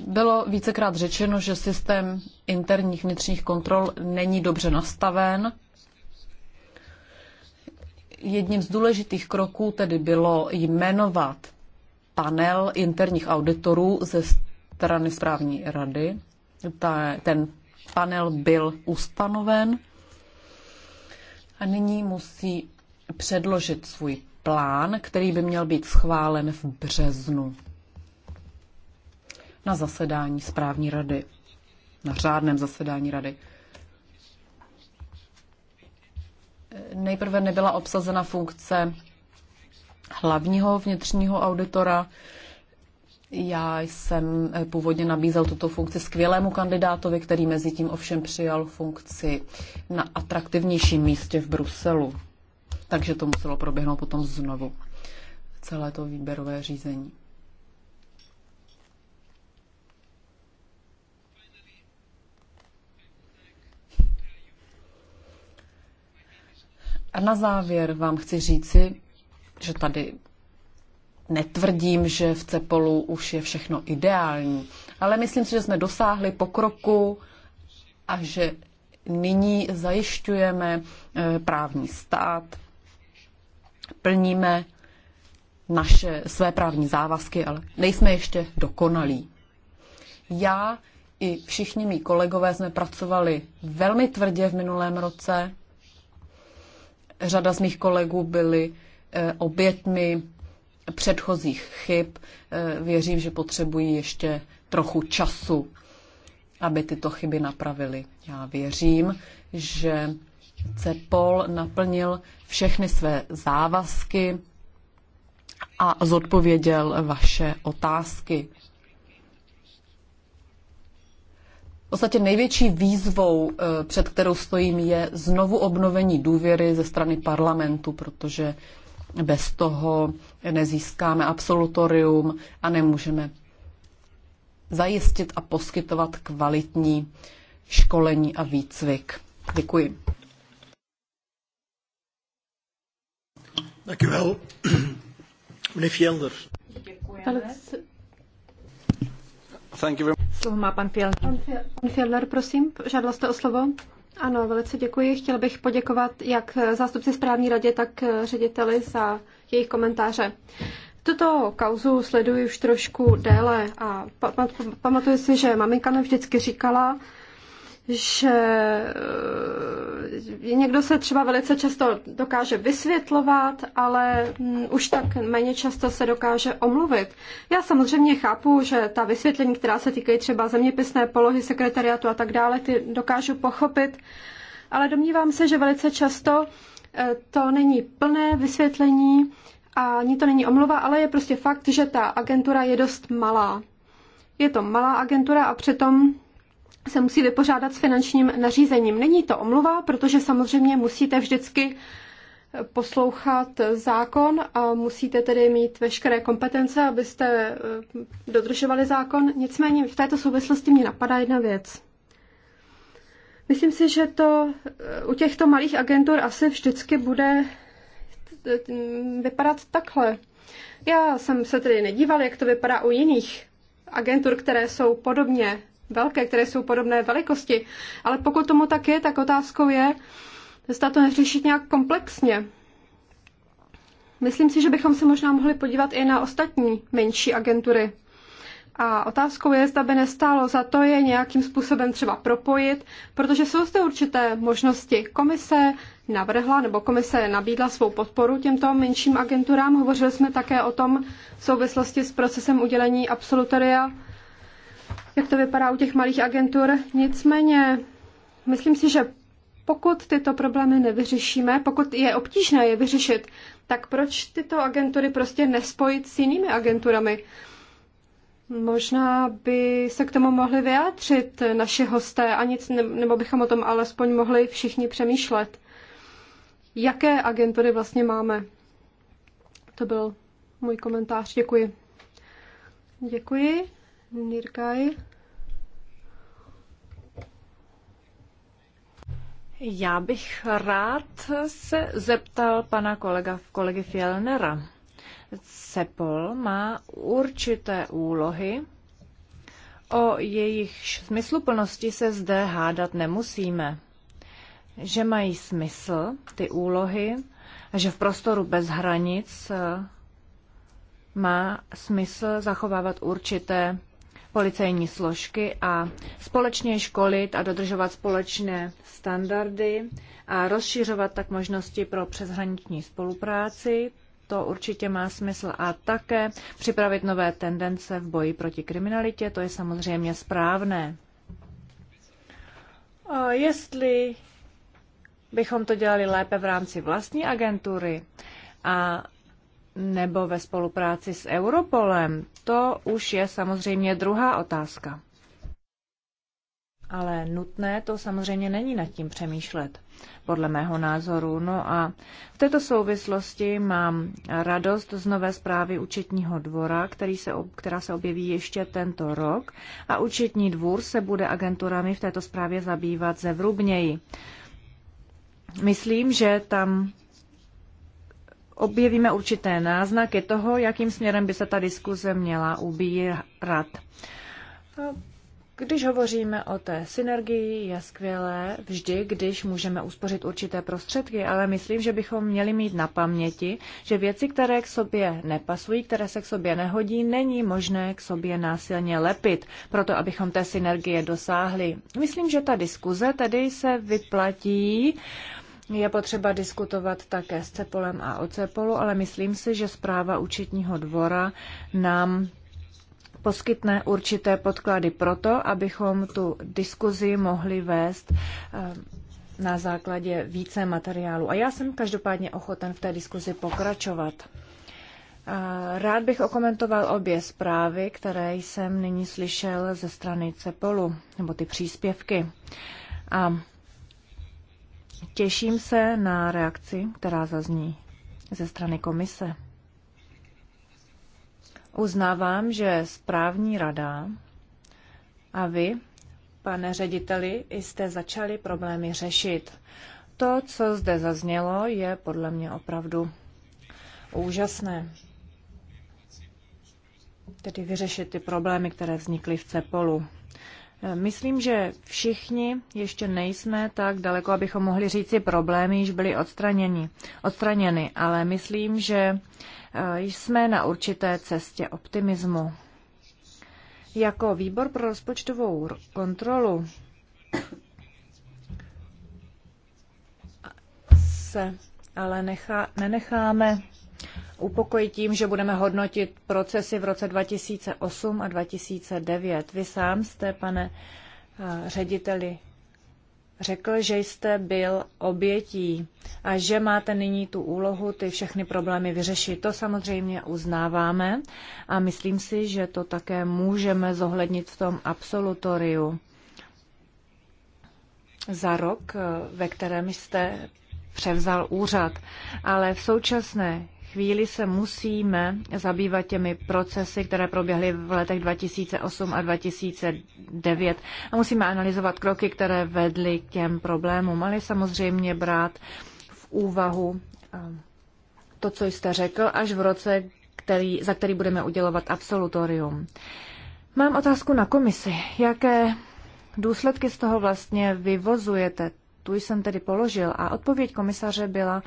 Bylo vícekrát řečeno, že systém interních vnitřních kontrol není dobře nastaven. Jedním z důležitých kroků tedy bylo jmenovat panel interních auditorů ze strany správní rady. Ta, ten panel byl ustanoven a nyní musí předložit svůj plán, který by měl být schválen v březnu na zasedání správní rady, na řádném zasedání rady. Nejprve nebyla obsazena funkce hlavního vnitřního auditora. Já jsem eh, původně nabízel tuto funkci skvělému kandidátovi, který mezi tím ovšem přijal funkci na atraktivnějším místě v Bruselu. Takže to muselo proběhnout potom znovu. Celé to výběrové řízení. A na závěr vám chci říci, že tady netvrdím, že v Cepolu už je všechno ideální, ale myslím si, že jsme dosáhli pokroku a že nyní zajišťujeme eh, právní stát, plníme naše své právní závazky, ale nejsme ještě dokonalí. Já i všichni mý kolegové jsme pracovali velmi tvrdě v minulém roce. Řada z mých kolegů byli Eh, obětmi předchozích chyb. Eh, věřím, že potřebují ještě trochu času, aby tyto chyby napravili. Já věřím, že CEPOL naplnil všechny své závazky a zodpověděl vaše otázky. V podstatě největší výzvou, eh, před kterou stojím, je znovu obnovení důvěry ze strany parlamentu, protože bez toho nezískáme absolutorium a nemůžeme zajistit a poskytovat kvalitní školení a výcvik. Děkuji. Děkuji. Děkuji. wel. Děkuji. Děkuji. Slovo má pan Fjellner. Pan Fjellner, prosím, žádal jste o slovo. Ano, velice děkuji. Chtěl bych poděkovat jak zástupci správní radě, tak řediteli za jejich komentáře. Tuto kauzu sleduji už trošku déle a pamatuju si, že maminka mi vždycky říkala, že eh, někdo se třeba velice často dokáže vysvětlovat, ale mm, už tak méně často se dokáže omluvit. Já samozřejmě chápu, že ta vysvětlení, která se týkají třeba zeměpisné polohy sekretariátu a tak dále, ty dokážu pochopit, ale domnívám se, že velice často eh, to není plné vysvětlení a ani to není omluva, ale je prostě fakt, že ta agentura je dost malá. Je to malá agentura a přitom se musí vypořádat s finančním nařízením. Není to omluva, protože samozřejmě musíte vždycky poslouchat zákon a musíte tedy mít veškeré kompetence, abyste eh, dodržovali zákon. Nicméně v této souvislosti mě napadá jedna věc. Myslím si, že to eh, u těchto malých agentur asi vždycky bude eh, vypadat takhle. Já jsem se tedy nedíval, jak to vypadá u jiných agentur, které jsou podobně velké, které jsou podobné velikosti. Ale pokud tomu tak je, tak otázkou je, zda to neřešit nějak komplexně. Myslím si, že bychom se možná mohli podívat i na ostatní menší agentury. A otázkou je, zda by nestálo za to je nějakým způsobem třeba propojit, protože jsou zde určité možnosti. Komise navrhla nebo komise nabídla svou podporu těmto menším agenturám. Hovořili jsme také o tom v souvislosti s procesem udělení absolutoria jak to vypadá u těch malých agentur. Nicméně, myslím si, že pokud tyto problémy nevyřešíme, pokud je obtížné je vyřešit, tak proč tyto agentury prostě nespojit s jinými agenturami? Možná by se k tomu mohli vyjádřit naši hosté, a nic, nebo bychom o tom alespoň mohli všichni přemýšlet. Jaké agentury vlastně máme? To byl můj komentář. Děkuji. Děkuji. Nirkai. Já bych rád se zeptal pana kolega, kolegy Fjellnera. CEPOL má určité úlohy, o jejich smysluplnosti se zde hádat nemusíme. Že mají smysl ty úlohy a že v prostoru bez hranic eh, má smysl zachovávat určité policejní složky a společně školit a dodržovat společné standardy a rozšiřovat tak možnosti pro přeshraniční spolupráci. To určitě má smysl a také připravit nové tendence v boji proti kriminalitě, to je samozřejmě správné. A jestli bychom to dělali lépe v rámci vlastní agentury a nebo ve spolupráci s Europolem, to už je samozřejmě druhá otázka. Ale nutné to samozřejmě není nad tím přemýšlet, podle mého názoru. No a v této souvislosti mám radost z nové zprávy účetního dvora, který se, která se objeví ještě tento rok. A účetní dvůr se bude agenturami v této zprávě zabývat zevrubněji. Myslím, že tam objevíme určité náznaky toho, jakým směrem by se ta diskuze měla ubírat. No, když hovoříme o té synergii, je skvělé vždy, když můžeme uspořit určité prostředky, ale myslím, že bychom měli mít na paměti, že věci, které k sobě nepasují, které se k sobě nehodí, není možné k sobě násilně lepit, proto abychom té synergie dosáhli. Myslím, že ta diskuze tedy se vyplatí je potřeba diskutovat také s Cepolem a o Cepolu, ale myslím si, že zpráva účetního dvora nám poskytne určité podklady pro to, abychom tu diskuzi mohli vést eh, na základě více materiálu. A já jsem každopádně ochoten v té diskuzi pokračovat. Rád bych okomentoval obě zprávy, které jsem nyní slyšel ze strany Cepolu, nebo ty příspěvky. A Těším se na reakci, která zazní ze strany komise. Uznávám, že správní rada a vy, pane řediteli, jste začali problémy řešit. To, co zde zaznělo, je podle mě opravdu úžasné. Tedy vyřešit ty problémy, které vznikly v Cepolu. Myslím, že všichni ještě nejsme tak daleko, abychom mohli říci, problémy již byly odstraněni, odstraněny, ale myslím, že eh, jsme na určité cestě optimismu. Jako výbor pro rozpočtovou kontrolu se ale nechá, nenecháme upokojit tím, že budeme hodnotit procesy v roce 2008 a 2009. Vy sám jste, pane eh, řediteli, řekl, že jste byl obětí a že máte nyní tu úlohu ty všechny problémy vyřešit. To samozřejmě uznáváme a myslím si, že to také můžeme zohlednit v tom absolutoriu za rok, eh, ve kterém jste převzal úřad. Ale v současné chvíli se musíme zabývat těmi procesy, které proběhly v letech 2008 a 2009 a musíme analyzovat kroky, které vedly k těm problémům, ale samozřejmě brát v úvahu eh, to, co jste řekl, až v roce, který, za který budeme udělovat absolutorium. Mám otázku na komisi. Jaké důsledky z toho vlastně vyvozujete? Tu jsem tedy položil a odpověď komisaře byla,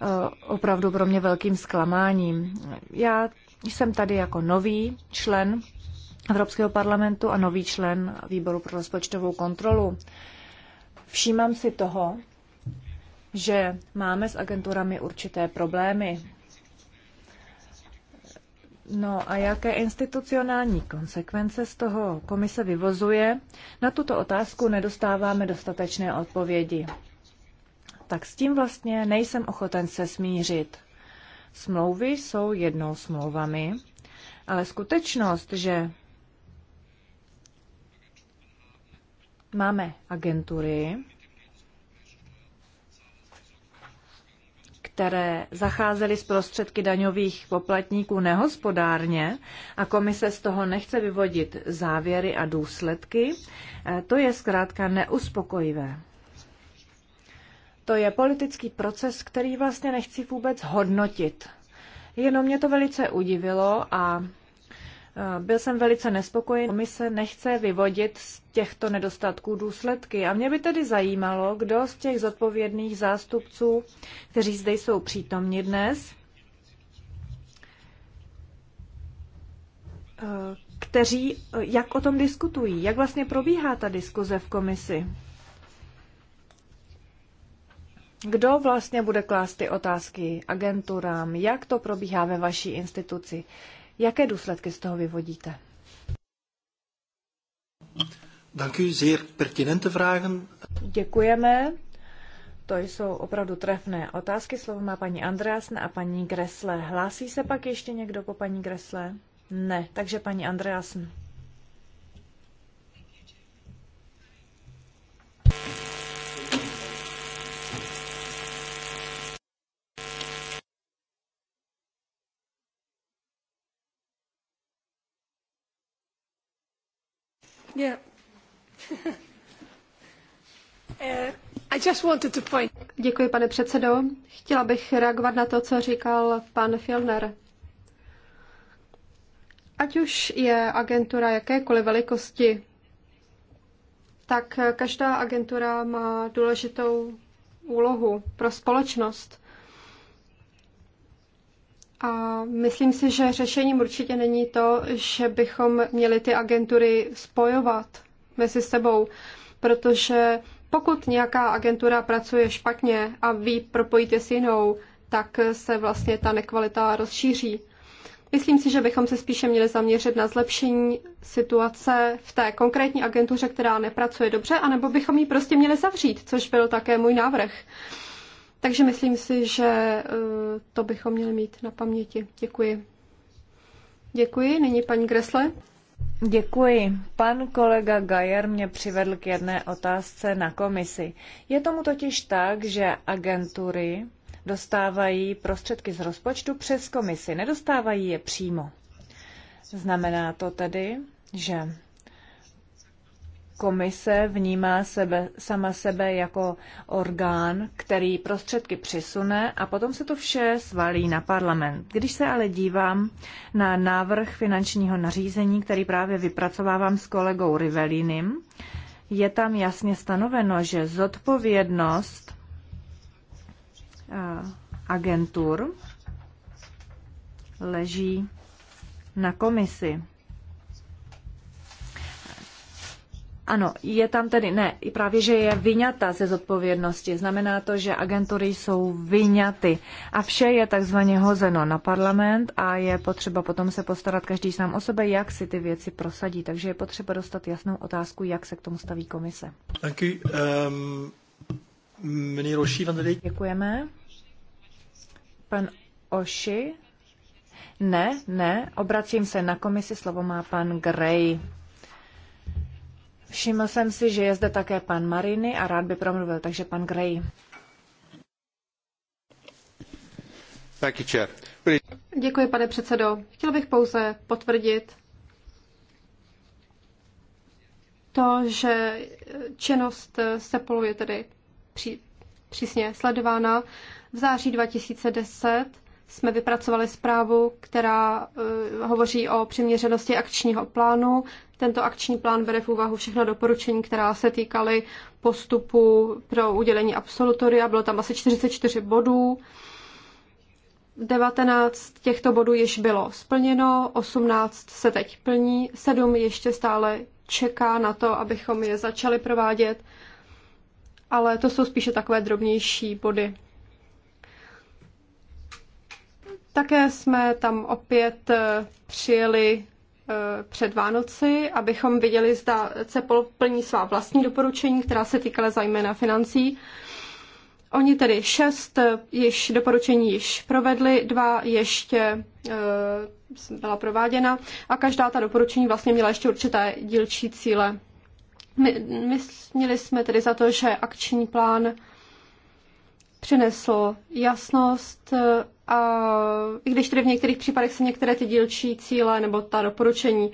Eh, opravdu pro mě velkým zklamáním. Já jsem tady jako nový člen Evropského parlamentu a nový člen výboru pro rozpočtovou kontrolu. Všímám si toho, že máme s agenturami určité problémy. No a jaké institucionální konsekvence z toho komise vyvozuje? Na tuto otázku nedostáváme dostatečné odpovědi tak s tím vlastně nejsem ochoten se smířit. Smlouvy jsou jednou smlouvami, ale skutečnost, že máme agentury, které zacházely s prostředky daňových poplatníků nehospodárně a komise z toho nechce vyvodit závěry a důsledky, eh, to je zkrátka neuspokojivé. To je politický proces, který vlastně nechci vůbec hodnotit. Jenom mě to velice udivilo a byl jsem velice nespokojen. Komise nechce vyvodit z těchto nedostatků důsledky. A mě by tedy zajímalo, kdo z těch zodpovědných zástupců, kteří zde jsou přítomni dnes, e, kteří, e, jak o tom diskutují, jak vlastně probíhá ta diskuze v komisi. Kdo vlastně bude klást ty otázky agenturám? Jak to probíhá ve vaší instituci? Jaké důsledky z toho vyvodíte? Dank u, pertinente vragen. Děkujeme. To jsou opravdu trefné otázky. Slovo má paní Andreasne a paní Gresle. Hlásí se pak ještě někdo po paní Gresle? Ne, takže paní Andreasen. Uh, Děkuji, pane předsedo. Chtěla bych reagovat na to, co říkal pan Fjellner. Ať už je agentura jakékoliv velikosti, tak každá agentura má důležitou úlohu pro společnost. A myslím si, že řešením určitě není to, že bychom měli ty agentury spojovat mezi sebou, protože pokud nějaká agentura pracuje špatně a vy propojíte s jinou, tak se vlastně ta nekvalita rozšíří. Myslím si, že bychom se spíše měli zaměřit na zlepšení situace v té konkrétní agentuře, která nepracuje dobře, anebo bychom ji prostě měli zavřít, což byl také můj návrh. Takže myslím si, že eh, to bychom měli mít na paměti. Děkuji. Děkuji. Nyní paní Gresle. Děkuji. Pan kolega Gajer mě přivedl k jedné otázce na komisi. Je tomu totiž tak, že agentury dostávají prostředky z rozpočtu přes komisi, nedostávají je přímo. Znamená to tedy, že komise vnímá sebe, sama sebe jako orgán, který prostředky přisune a potom se to vše svalí na parlament. Když se ale dívám na návrh finančního nařízení, který právě vypracovávám s kolegou Rivelinem, je tam jasně stanoveno, že zodpovědnost eh, agentur leží na komisi. Ano, je tam tedy ne, i právě, že je vyňata ze zodpovědnosti. Znamená to, že agentury jsou vyňaty a vše je takzvaně hozeno na parlament a je potřeba potom se postarat každý sám o sebe, jak si ty věci prosadí. Takže je potřeba dostat jasnou otázku, jak se k tomu staví komise. Um, Děkuji. Děkujeme. Pan Oši? Ne, ne, obracím se na komisi, slovo má pan Gray. Všiml jsem si, že je zde také pan Mariny a rád by promluvil, takže pan Gray. Děkuji, pane předsedo. Chtěl bych pouze potvrdit to, že činnost Sepolu je tedy přísně sledována. V září 2010 jsme vypracovali zprávu, která eh, hovoří o přiměřenosti akčního plánu. Tento akční plán bere v úvahu všechna doporučení, která se týkaly postupu pro udělení absolutoria. Bylo tam asi 44 bodů. 19 těchto bodů již bylo splněno, 18 se teď plní, 7 ještě stále čeká na to, abychom je začali provádět, ale to jsou spíše takové drobnější body. Také jsme tam opět eh, přijeli eh, před Vánoci, abychom viděli, zda CEPOL plní svá vlastní doporučení, která se týkala zejména financí. Oni tedy šest eh, již doporučení již provedli, dva ještě byla prováděna a každá ta doporučení vlastně měla ještě určité dílčí cíle. My, my měli jsme tedy za to, že akční plán přinesl jasnost, a i když tedy v některých případech se některé ty dílčí cíle nebo ta doporučení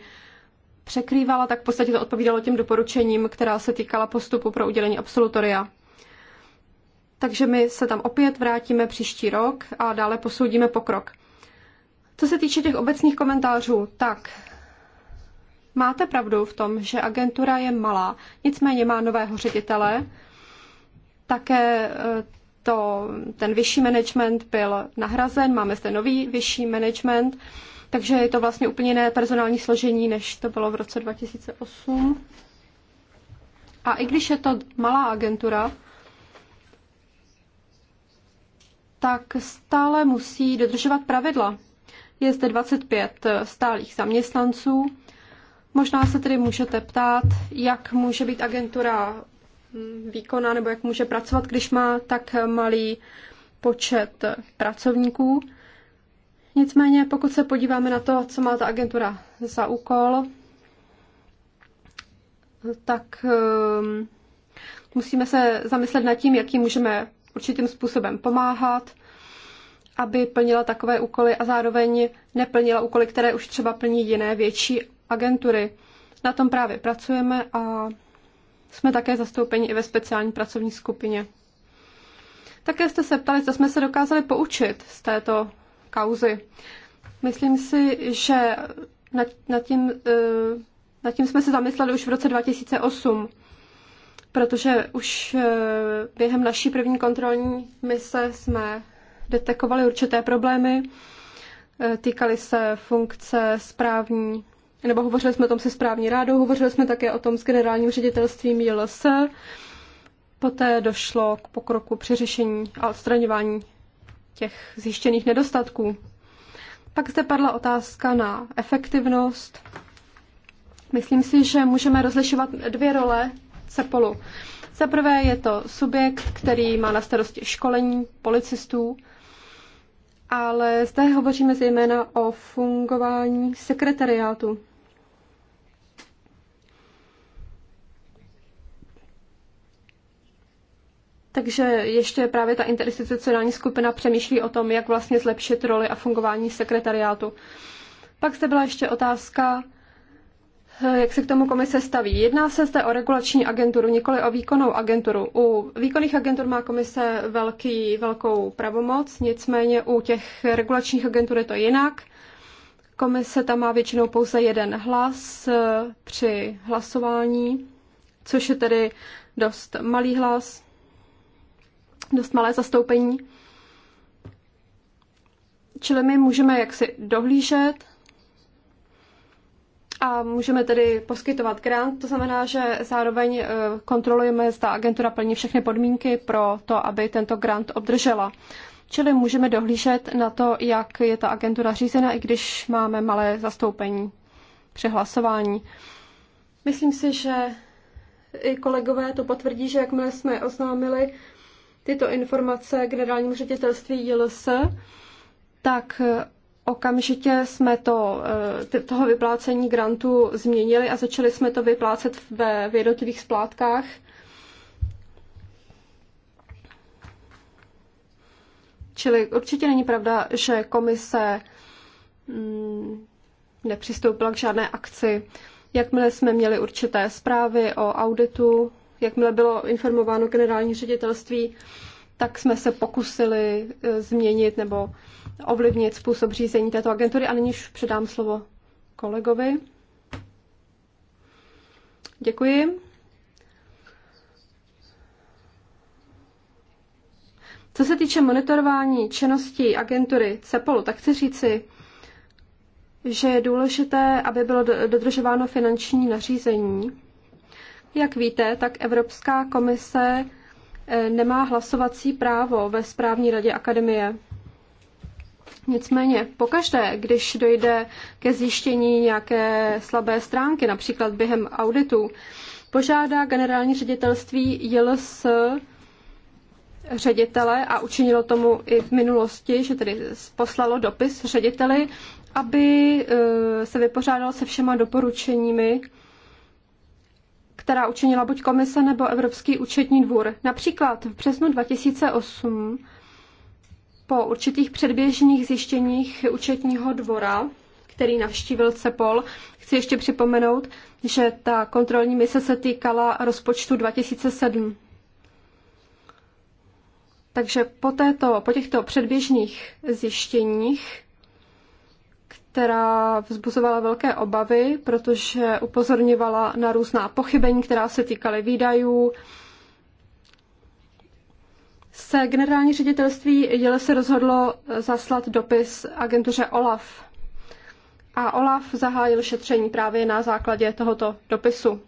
překrývala, tak v podstatě to odpovídalo těm doporučením, která se týkala postupu pro udělení absolutoria. Takže my se tam opět vrátíme příští rok a dále posoudíme pokrok. Co se týče těch obecných komentářů, tak máte pravdu v tom, že agentura je malá, nicméně má nového ředitele, také eh, to, ten vyšší management byl nahrazen, máme zde nový vyšší management, takže je to vlastně úplně jiné personální složení, než to bylo v roce 2008. A i když je to malá agentura, tak stále musí dodržovat pravidla. Je zde 25 stálých zaměstnanců. Možná se tedy můžete ptát, jak může být agentura výkona nebo jak může pracovat, když má tak malý počet pracovníků. Nicméně, pokud se podíváme na to, co má ta agentura za úkol, tak ehm, musíme se zamyslet nad tím, jakým můžeme určitým způsobem pomáhat, aby plnila takové úkoly a zároveň neplnila úkoly, které už třeba plní jiné větší agentury. Na tom právě pracujeme a jsme také zastoupeni i ve speciální pracovní skupině. Také jste se ptali, co jsme se dokázali poučit z této kauzy. Myslím si, že nad, nad, tím, eh, nad tím jsme se zamysleli už v roce 2008, protože už eh, během naší první kontrolní mise jsme detekovali určité problémy, eh, týkaly se funkce správní nebo hovořili jsme o tom se správní rádou, hovořili jsme také o tom s generálním ředitelstvím JLS. Poté došlo k pokroku při řešení a odstraňování těch zjištěných nedostatků. Pak zde padla otázka na efektivnost. Myslím si, že můžeme rozlišovat dvě role CEPOLu. Za prvé je to subjekt, který má na starosti školení policistů, ale zde hovoříme zejména o fungování sekretariátu. Takže ještě právě ta interinstitucionální skupina přemýšlí o tom, jak vlastně zlepšit roli a fungování sekretariátu. Pak zde byla ještě otázka, eh, jak se k tomu komise staví. Jedná se zde o regulační agenturu, nikoli o výkonnou agenturu. U výkonných agentur má komise velký, velkou pravomoc, nicméně u těch regulačních agentur je to jinak. Komise tam má většinou pouze jeden hlas eh, při hlasování, což je tedy dost malý hlas dost malé zastoupení. Čili my můžeme jaksi dohlížet a můžeme tedy poskytovat grant. To znamená, že zároveň eh, kontrolujeme, zda agentura plní všechny podmínky pro to, aby tento grant obdržela. Čili můžeme dohlížet na to, jak je ta agentura řízena, i když máme malé zastoupení při hlasování. Myslím si, že i kolegové to potvrdí, že jakmile jsme oznámili tyto informace generálnímu ředitelství JLS, tak eh, okamžitě jsme to, eh, toho vyplácení grantu změnili a začali jsme to vyplácet ve, v jednotlivých splátkách. Čili určitě není pravda, že komise mm, nepřistoupila k žádné akci. Jakmile jsme měli určité zprávy o auditu, jakmile bylo informováno generální ředitelství, tak jsme se pokusili e, změnit nebo ovlivnit způsob řízení této agentury. A nyní už předám slovo kolegovi. Děkuji. Co se týče monitorování činnosti agentury CEPOL, tak chci říci, že je důležité, aby bylo dodržováno finanční nařízení. Jak víte, tak Evropská komise eh, nemá hlasovací právo ve správní radě akademie. Nicméně, pokaždé, když dojde ke zjištění nějaké slabé stránky, například během auditu, požádá generální ředitelství JLS ředitele a učinilo tomu i v minulosti, že tedy poslalo dopis řediteli, aby eh, se vypořádal se všema doporučeními, která učinila buď komise nebo Evropský účetní dvůr. Například v březnu 2008 po určitých předběžných zjištěních účetního dvora, který navštívil CEPOL, chci ještě připomenout, že ta kontrolní mise se týkala rozpočtu 2007. Takže po, této, po těchto předběžných zjištěních která vzbuzovala velké obavy, protože upozorňovala na různá pochybení, která se týkaly výdajů. Se generální ředitelství Jele se rozhodlo zaslat dopis agentuře OLAF. A OLAF zahájil šetření právě na základě tohoto dopisu.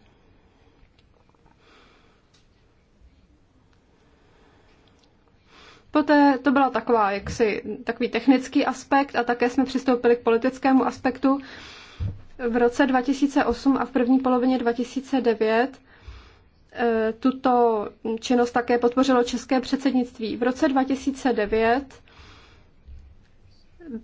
Poté to byla taková, jaksi, takový technický aspekt a také jsme přistoupili k politickému aspektu. V roce 2008 a v první polovině 2009 eh, tuto činnost také podpořilo české předsednictví. V roce 2009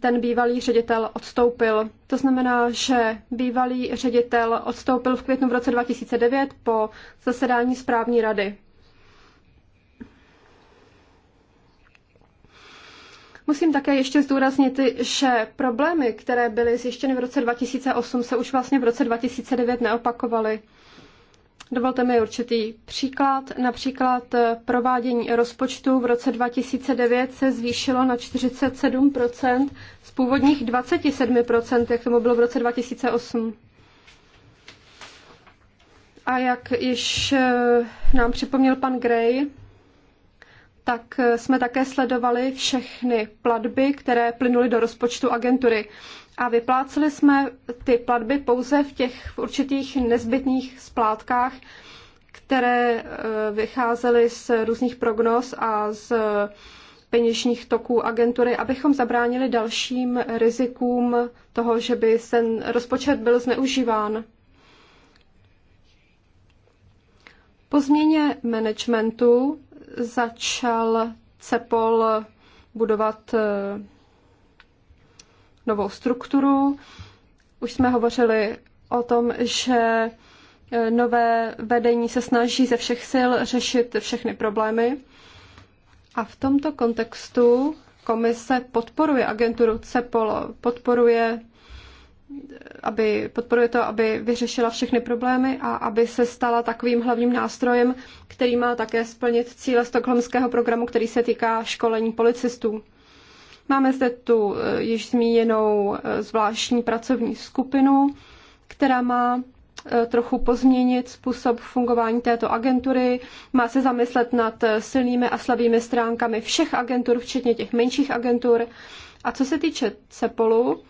ten bývalý ředitel odstoupil. To znamená, že bývalý ředitel odstoupil v květnu v roce 2009 po zasedání správní rady. Musím také ještě zdůraznit, že problémy, které byly zjištěny v roce 2008, se už vlastně v roce 2009 neopakovaly. Dovolte mi určitý příklad. Například provádění rozpočtu v roce 2009 se zvýšilo na 47% z původních 27%, jak tomu bylo v roce 2008. A jak již eh, nám připomněl pan Gray, tak jsme také sledovali všechny platby, které plynuly do rozpočtu agentury. A vypláceli jsme ty platby pouze v těch v určitých nezbytných splátkách, které eh, vycházely z různých prognóz a z peněžních toků agentury, abychom zabránili dalším rizikům toho, že by ten rozpočet byl zneužíván. Po změně managementu začal CEPOL budovat eh, novou strukturu. Už jsme hovořili o tom, že eh, nové vedení se snaží ze všech sil řešit všechny problémy. A v tomto kontextu komise podporuje agenturu CEPOL, podporuje aby podporuje to, aby vyřešila všechny problémy a aby se stala takovým hlavním nástrojem, který má také splnit cíle stokholmského programu, který se týká školení policistů. Máme zde tu eh, již zmíněnou eh, zvláštní pracovní skupinu, která má eh, trochu pozměnit způsob fungování této agentury, má se zamyslet nad silnými a slabými stránkami všech agentur, včetně těch menších agentur. A co se týče CEPOLu,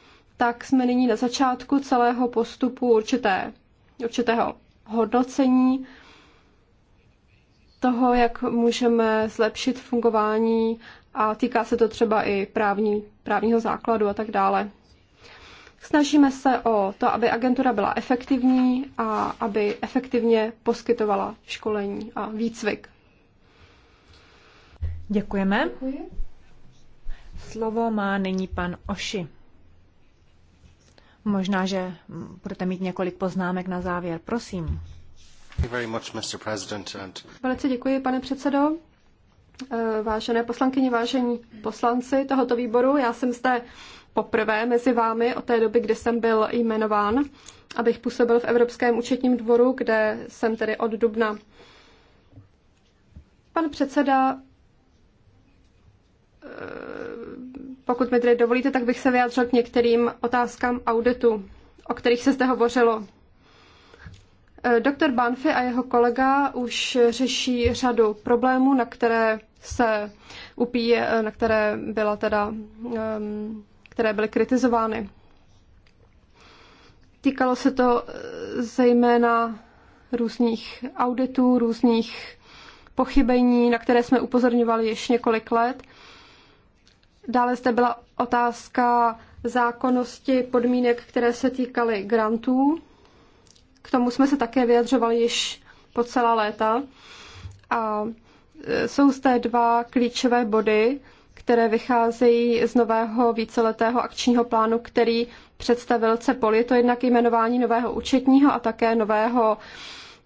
tak jsme nyní na začátku celého postupu určité, určitého hodnocení toho, jak můžeme zlepšit fungování a týká se to třeba i právní, právního základu a tak dále. Snažíme se o to, aby agentura byla efektivní a aby efektivně poskytovala školení a výcvik. Děkujeme. Děkuji. Slovo má nyní pan Oši. Možná, že budete mít několik poznámek na závěr. Prosím. Velice děkuji, pane předsedo. Eh, vážené poslankyně, vážení poslanci tohoto výboru, já jsem zde poprvé mezi vámi od té doby, kdy jsem byl jmenován, abych působil v Evropském účetním dvoru, kde jsem tedy od dubna. Pan předseda eh, pokud mi tedy dovolíte, tak bych se vyjádřil k některým otázkám auditu, o kterých se zde hovořilo. Eh, doktor Banfi a jeho kolega už řeší řadu problémů, na které se upíje, eh, na které, byla teda, ehm, které byly kritizovány. Týkalo se to eh, zejména různých auditů, různých pochybení, na které jsme upozorňovali ještě několik let – Dále zde byla otázka zákonnosti podmínek, které se týkaly grantů. K tomu jsme se také vyjadřovali již po celá léta. A e, jsou zde dva klíčové body, které vycházejí z nového víceletého akčního plánu, který představil CEPOL. Je to jednak jmenování nového účetního a také nového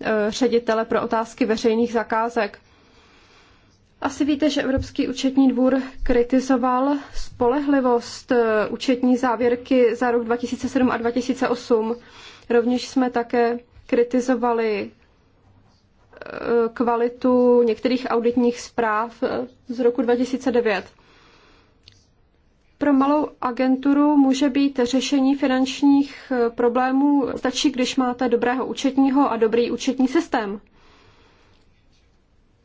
e, ředitele pro otázky veřejných zakázek. Asi víte, že Evropský účetní dvůr kritizoval spolehlivost eh, účetní závěrky za rok 2007 a 2008. Rovněž jsme také kritizovali eh, kvalitu některých auditních zpráv eh, z roku 2009. Pro malou agenturu může být řešení finančních problémů stačí, když máte dobrého účetního a dobrý účetní systém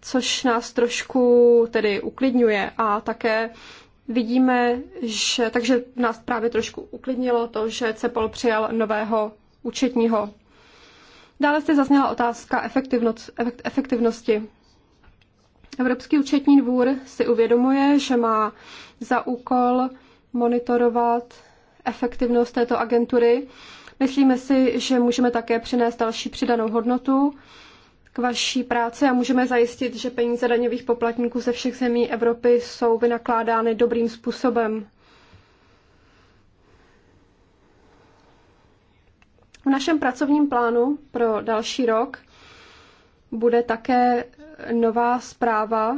což nás trošku tedy uklidňuje a také vidíme, že, takže nás právě trošku uklidnilo to, že CEPOL přijal nového účetního. Dále se zazněla otázka efektivnost, efektivnosti. Evropský účetní dvůr si uvědomuje, že má za úkol monitorovat efektivnost této agentury. Myslíme si, že můžeme také přinést další přidanou hodnotu k vaší práci a můžeme zajistit, že peníze daňových poplatníků ze všech zemí Evropy jsou vynakládány dobrým způsobem. V našem pracovním plánu pro další rok bude také nová zpráva,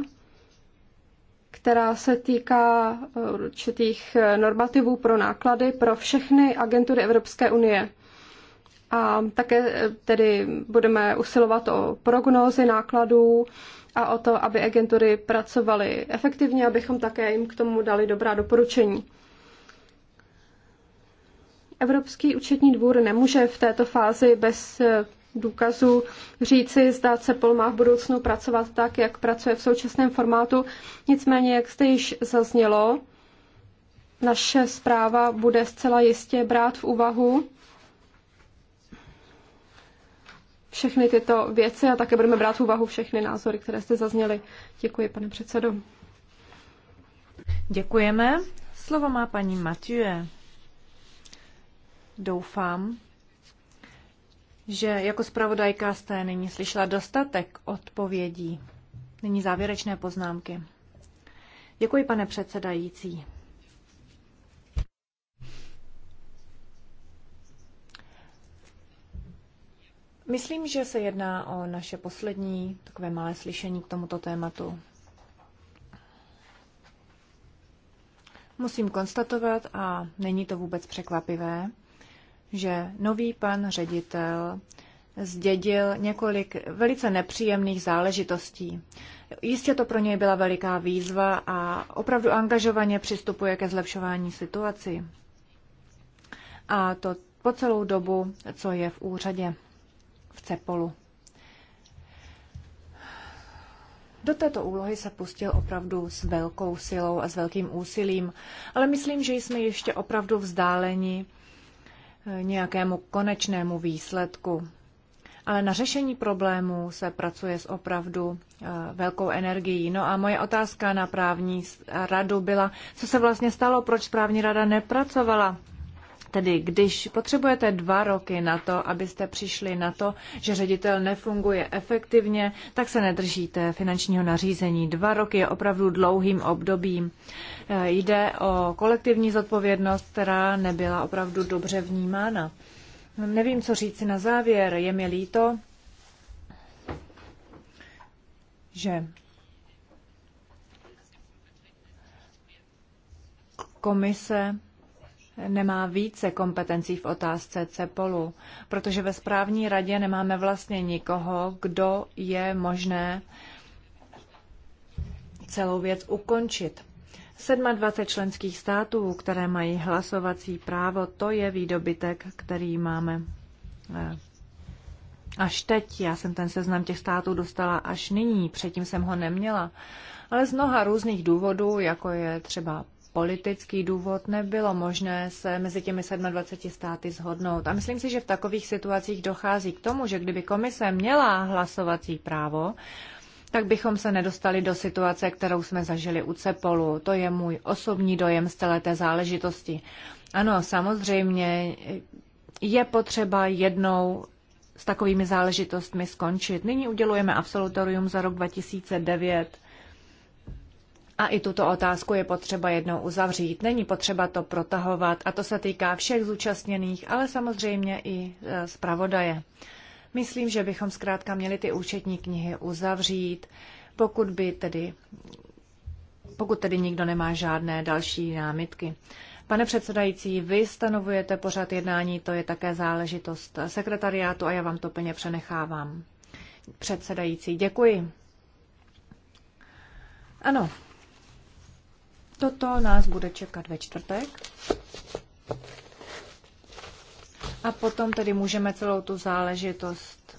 která se týká eh, určitých eh, normativů pro náklady pro všechny agentury Evropské unie a také eh, tedy budeme usilovat o prognózy nákladů a o to, aby agentury pracovaly efektivně, abychom také jim k tomu dali dobrá doporučení. Evropský účetní dvůr nemůže v této fázi bez eh, důkazu říci, zda CEPOL má v budoucnu pracovat tak, jak pracuje v současném formátu. Nicméně, jak jste již zaznělo, naše zpráva bude zcela jistě brát v úvahu všechny tyto věci a také budeme brát v úvahu všechny názory, které jste zazněli. Děkuji, pane předsedo. Děkujeme. Slovo má paní Matěje. Doufám, že jako zpravodajka jste nyní slyšela dostatek odpovědí. Nyní závěrečné poznámky. Děkuji, pane předsedající. Myslím, že se jedná o naše poslední takové malé slyšení k tomuto tématu. Musím konstatovat, a není to vůbec překvapivé, že nový pan ředitel zdědil několik velice nepříjemných záležitostí. Jistě to pro něj byla veliká výzva a opravdu angažovaně přistupuje ke zlepšování situaci. A to po celou dobu, co je v úřadě v Cepolu. Do této úlohy se pustil opravdu s velkou silou a s velkým úsilím, ale myslím, že jsme ještě opravdu vzdáleni eh, nějakému konečnému výsledku. Ale na řešení problémů se pracuje s opravdu eh, velkou energií. No a moje otázka na právní radu byla, co se vlastně stalo, proč právní rada nepracovala Tedy když potřebujete dva roky na to, abyste přišli na to, že ředitel nefunguje efektivně, tak se nedržíte finančního nařízení. Dva roky je opravdu dlouhým obdobím. Eh, jde o kolektivní zodpovědnost, která nebyla opravdu dobře vnímána. Nevím, co říci na závěr. Je mi líto, že komise nemá více kompetencí v otázce CEPOLu, protože ve správní radě nemáme vlastně nikoho, kdo je možné celou věc ukončit. 27 členských států, které mají hlasovací právo, to je výdobytek, který máme eh, až teď. Já jsem ten seznam těch států dostala až nyní, předtím jsem ho neměla. Ale z mnoha různých důvodů, jako je třeba politický důvod nebylo možné se mezi těmi 27 státy zhodnout. A myslím si, že v takových situacích dochází k tomu, že kdyby komise měla hlasovací právo, tak bychom se nedostali do situace, kterou jsme zažili u Cepolu. To je můj osobní dojem z celé té záležitosti. Ano, samozřejmě je potřeba jednou s takovými záležitostmi skončit. Nyní udělujeme absolutorium za rok 2009. A i tuto otázku je potřeba jednou uzavřít. Není potřeba to protahovat a to se týká všech zúčastněných, ale samozřejmě i e, zpravodaje. Myslím, že bychom zkrátka měli ty účetní knihy uzavřít, pokud by tedy pokud tedy nikdo nemá žádné další námitky. Pane předsedající, vy stanovujete pořad jednání, to je také záležitost sekretariátu a já vám to plně přenechávám. Předsedající, děkuji. Ano, Toto nás bude čekat ve čtvrtek. A potom tedy můžeme celou tu záležitost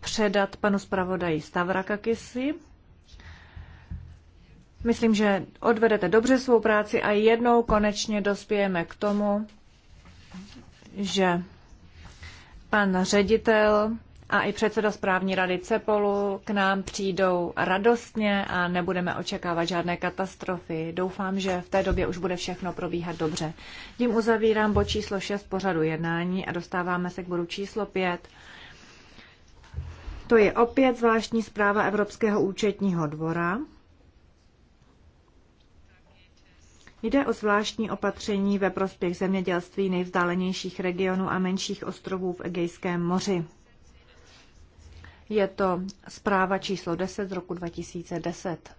předat panu zpravodaji Stavrakakisi. Myslím, že odvedete dobře svou práci a jednou konečně dospějeme k tomu, že pan ředitel a i předseda správní rady Cepolu k nám přijdou radostně a nebudeme očekávat žádné katastrofy. Doufám, že v té době už bude všechno probíhat dobře. Tím uzavírám bod číslo 6 pořadu jednání a dostáváme se k bodu číslo 5. To je opět zvláštní zpráva Evropského účetního dvora. Jde o zvláštní opatření ve prospěch zemědělství nejvzdálenějších regionů a menších ostrovů v Egejském moři. Je to zpráva číslo 10 z roku 2010.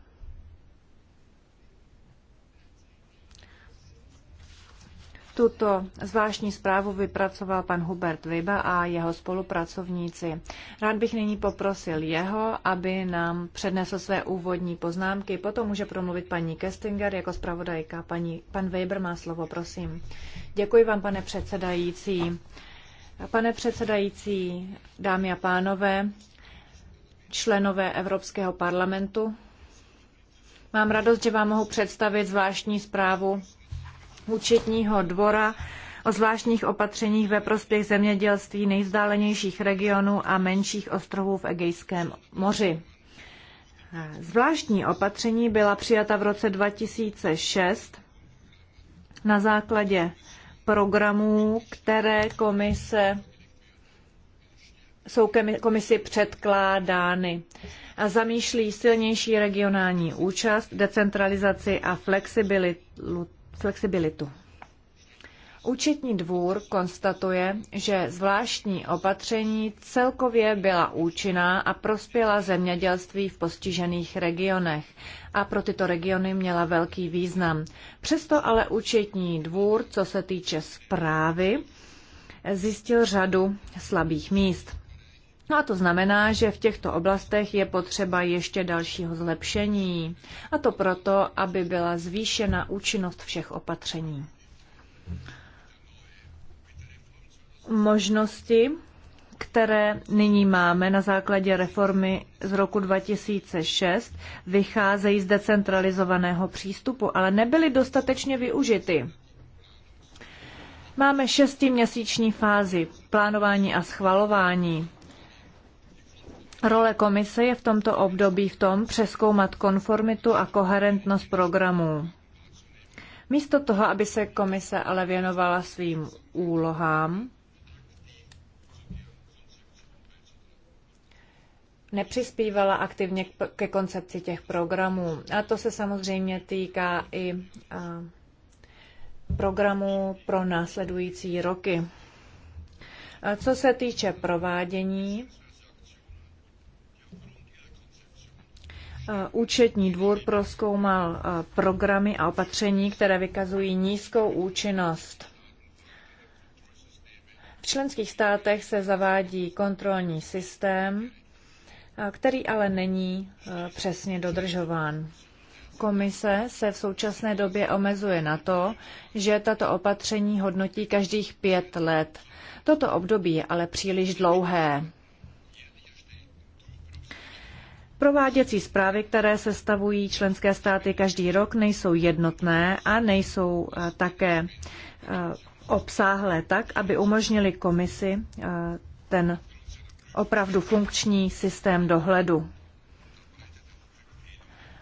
Tuto zvláštní zprávu vypracoval pan Hubert Weber a jeho spolupracovníci. Rád bych nyní poprosil jeho, aby nám přednesl své úvodní poznámky. Potom může promluvit paní Kestinger jako zpravodajka. Paní, pan Weber má slovo, prosím. Děkuji vám, pane předsedající. Pane předsedající, dámy a pánové, členové Evropského parlamentu. Mám radost, že vám mohu představit zvláštní zprávu účetního dvora o zvláštních opatřeních ve prospěch zemědělství nejvzdálenějších regionů a menších ostrovů v Egejském moři. Zvláštní opatření byla přijata v roce 2006 na základě programů, které komise jsou komisi předkládány. A zamýšlí silnější regionální účast, decentralizaci a flexibilitu. Účetní dvůr konstatuje, že zvláštní opatření celkově byla účinná a prospěla zemědělství v postižených regionech a pro tyto regiony měla velký význam. Přesto ale účetní dvůr, co se týče zprávy, zjistil řadu slabých míst. No a to znamená, že v těchto oblastech je potřeba ještě dalšího zlepšení. A to proto, aby byla zvýšena účinnost všech opatření. Možnosti, které nyní máme na základě reformy z roku 2006, vycházejí z decentralizovaného přístupu, ale nebyly dostatečně využity. Máme šestiměsíční fázi plánování a schvalování. Role komise je v tomto období v tom přeskoumat konformitu a koherentnost programů. Místo toho, aby se komise ale věnovala svým úlohám, nepřispívala aktivně ke koncepci těch programů. A to se samozřejmě týká i programů pro následující roky. A co se týče provádění, Eh, účetní dvůr proskoumal eh, programy a opatření, které vykazují nízkou účinnost. V členských státech se zavádí kontrolní systém, eh, který ale není přesně dodržován. Komise se v současné době omezuje na to, že tato opatření hodnotí každých pět let. Toto období je ale příliš dlouhé. Prováděcí zprávy, které sestavují členské státy každý rok, nejsou jednotné a nejsou eh, také eh, obsáhlé tak, aby umožnili komisi eh, ten opravdu funkční systém dohledu.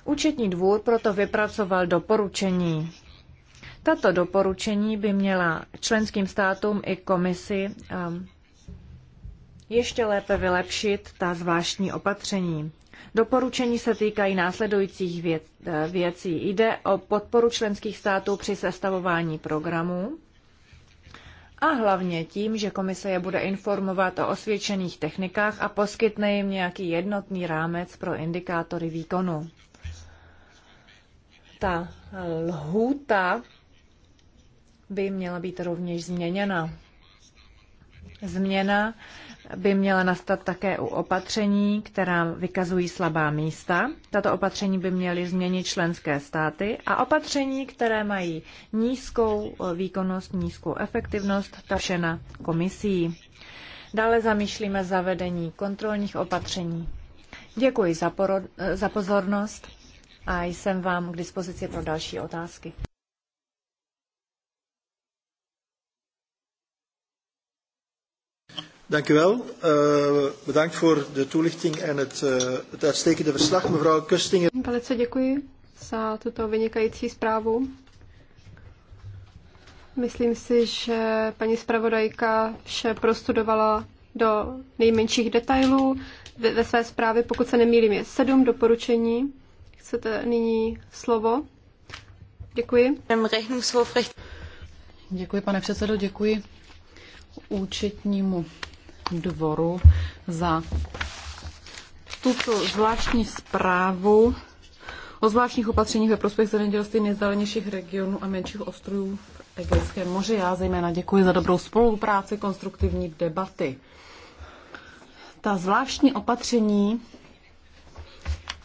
Účetní dvůr proto vypracoval doporučení. Tato doporučení by měla členským státům i komisi ještě lépe vylepšit ta zvláštní opatření. Doporučení se týkají následujících eh, věcí. Jde o podporu členských států při sestavování programů a hlavně tím, že komise je bude informovat o osvědčených technikách a poskytne jim nějaký jednotný rámec pro indikátory výkonu. Ta eh, lhůta by měla být rovněž změněna. Změna by měla nastat také u opatření, která vykazují slabá místa. Tato opatření by měly změnit členské státy a opatření, které mají nízkou výkonnost, nízkou efektivnost, tašena komisí. Dále zamýšlíme zavedení kontrolních opatření. Děkuji za, za pozornost a jsem vám k dispozici pro další otázky. Dank u wel. Uh, bedankt voor de toelichting en het, uh, het uitstekende verslag, mevrouw Kustingen. Velice děkuji za tuto vynikající zprávu. Myslím si, že paní zpravodajka vše prostudovala do nejmenších detailů. Ve, ve své zprávě, pokud se nemýlím, je sedm doporučení. Chcete nyní slovo? Děkuji. Děkuji, pane předsedo, děkuji účetnímu dvoru za tuto zvláštní zprávu o zvláštních opatřeních ve prospěch zemědělství nejzdálenějších regionů a menších ostrovů v Egejském moři. Já zejména děkuji za dobrou spolupráci, konstruktivní debaty. Ta zvláštní opatření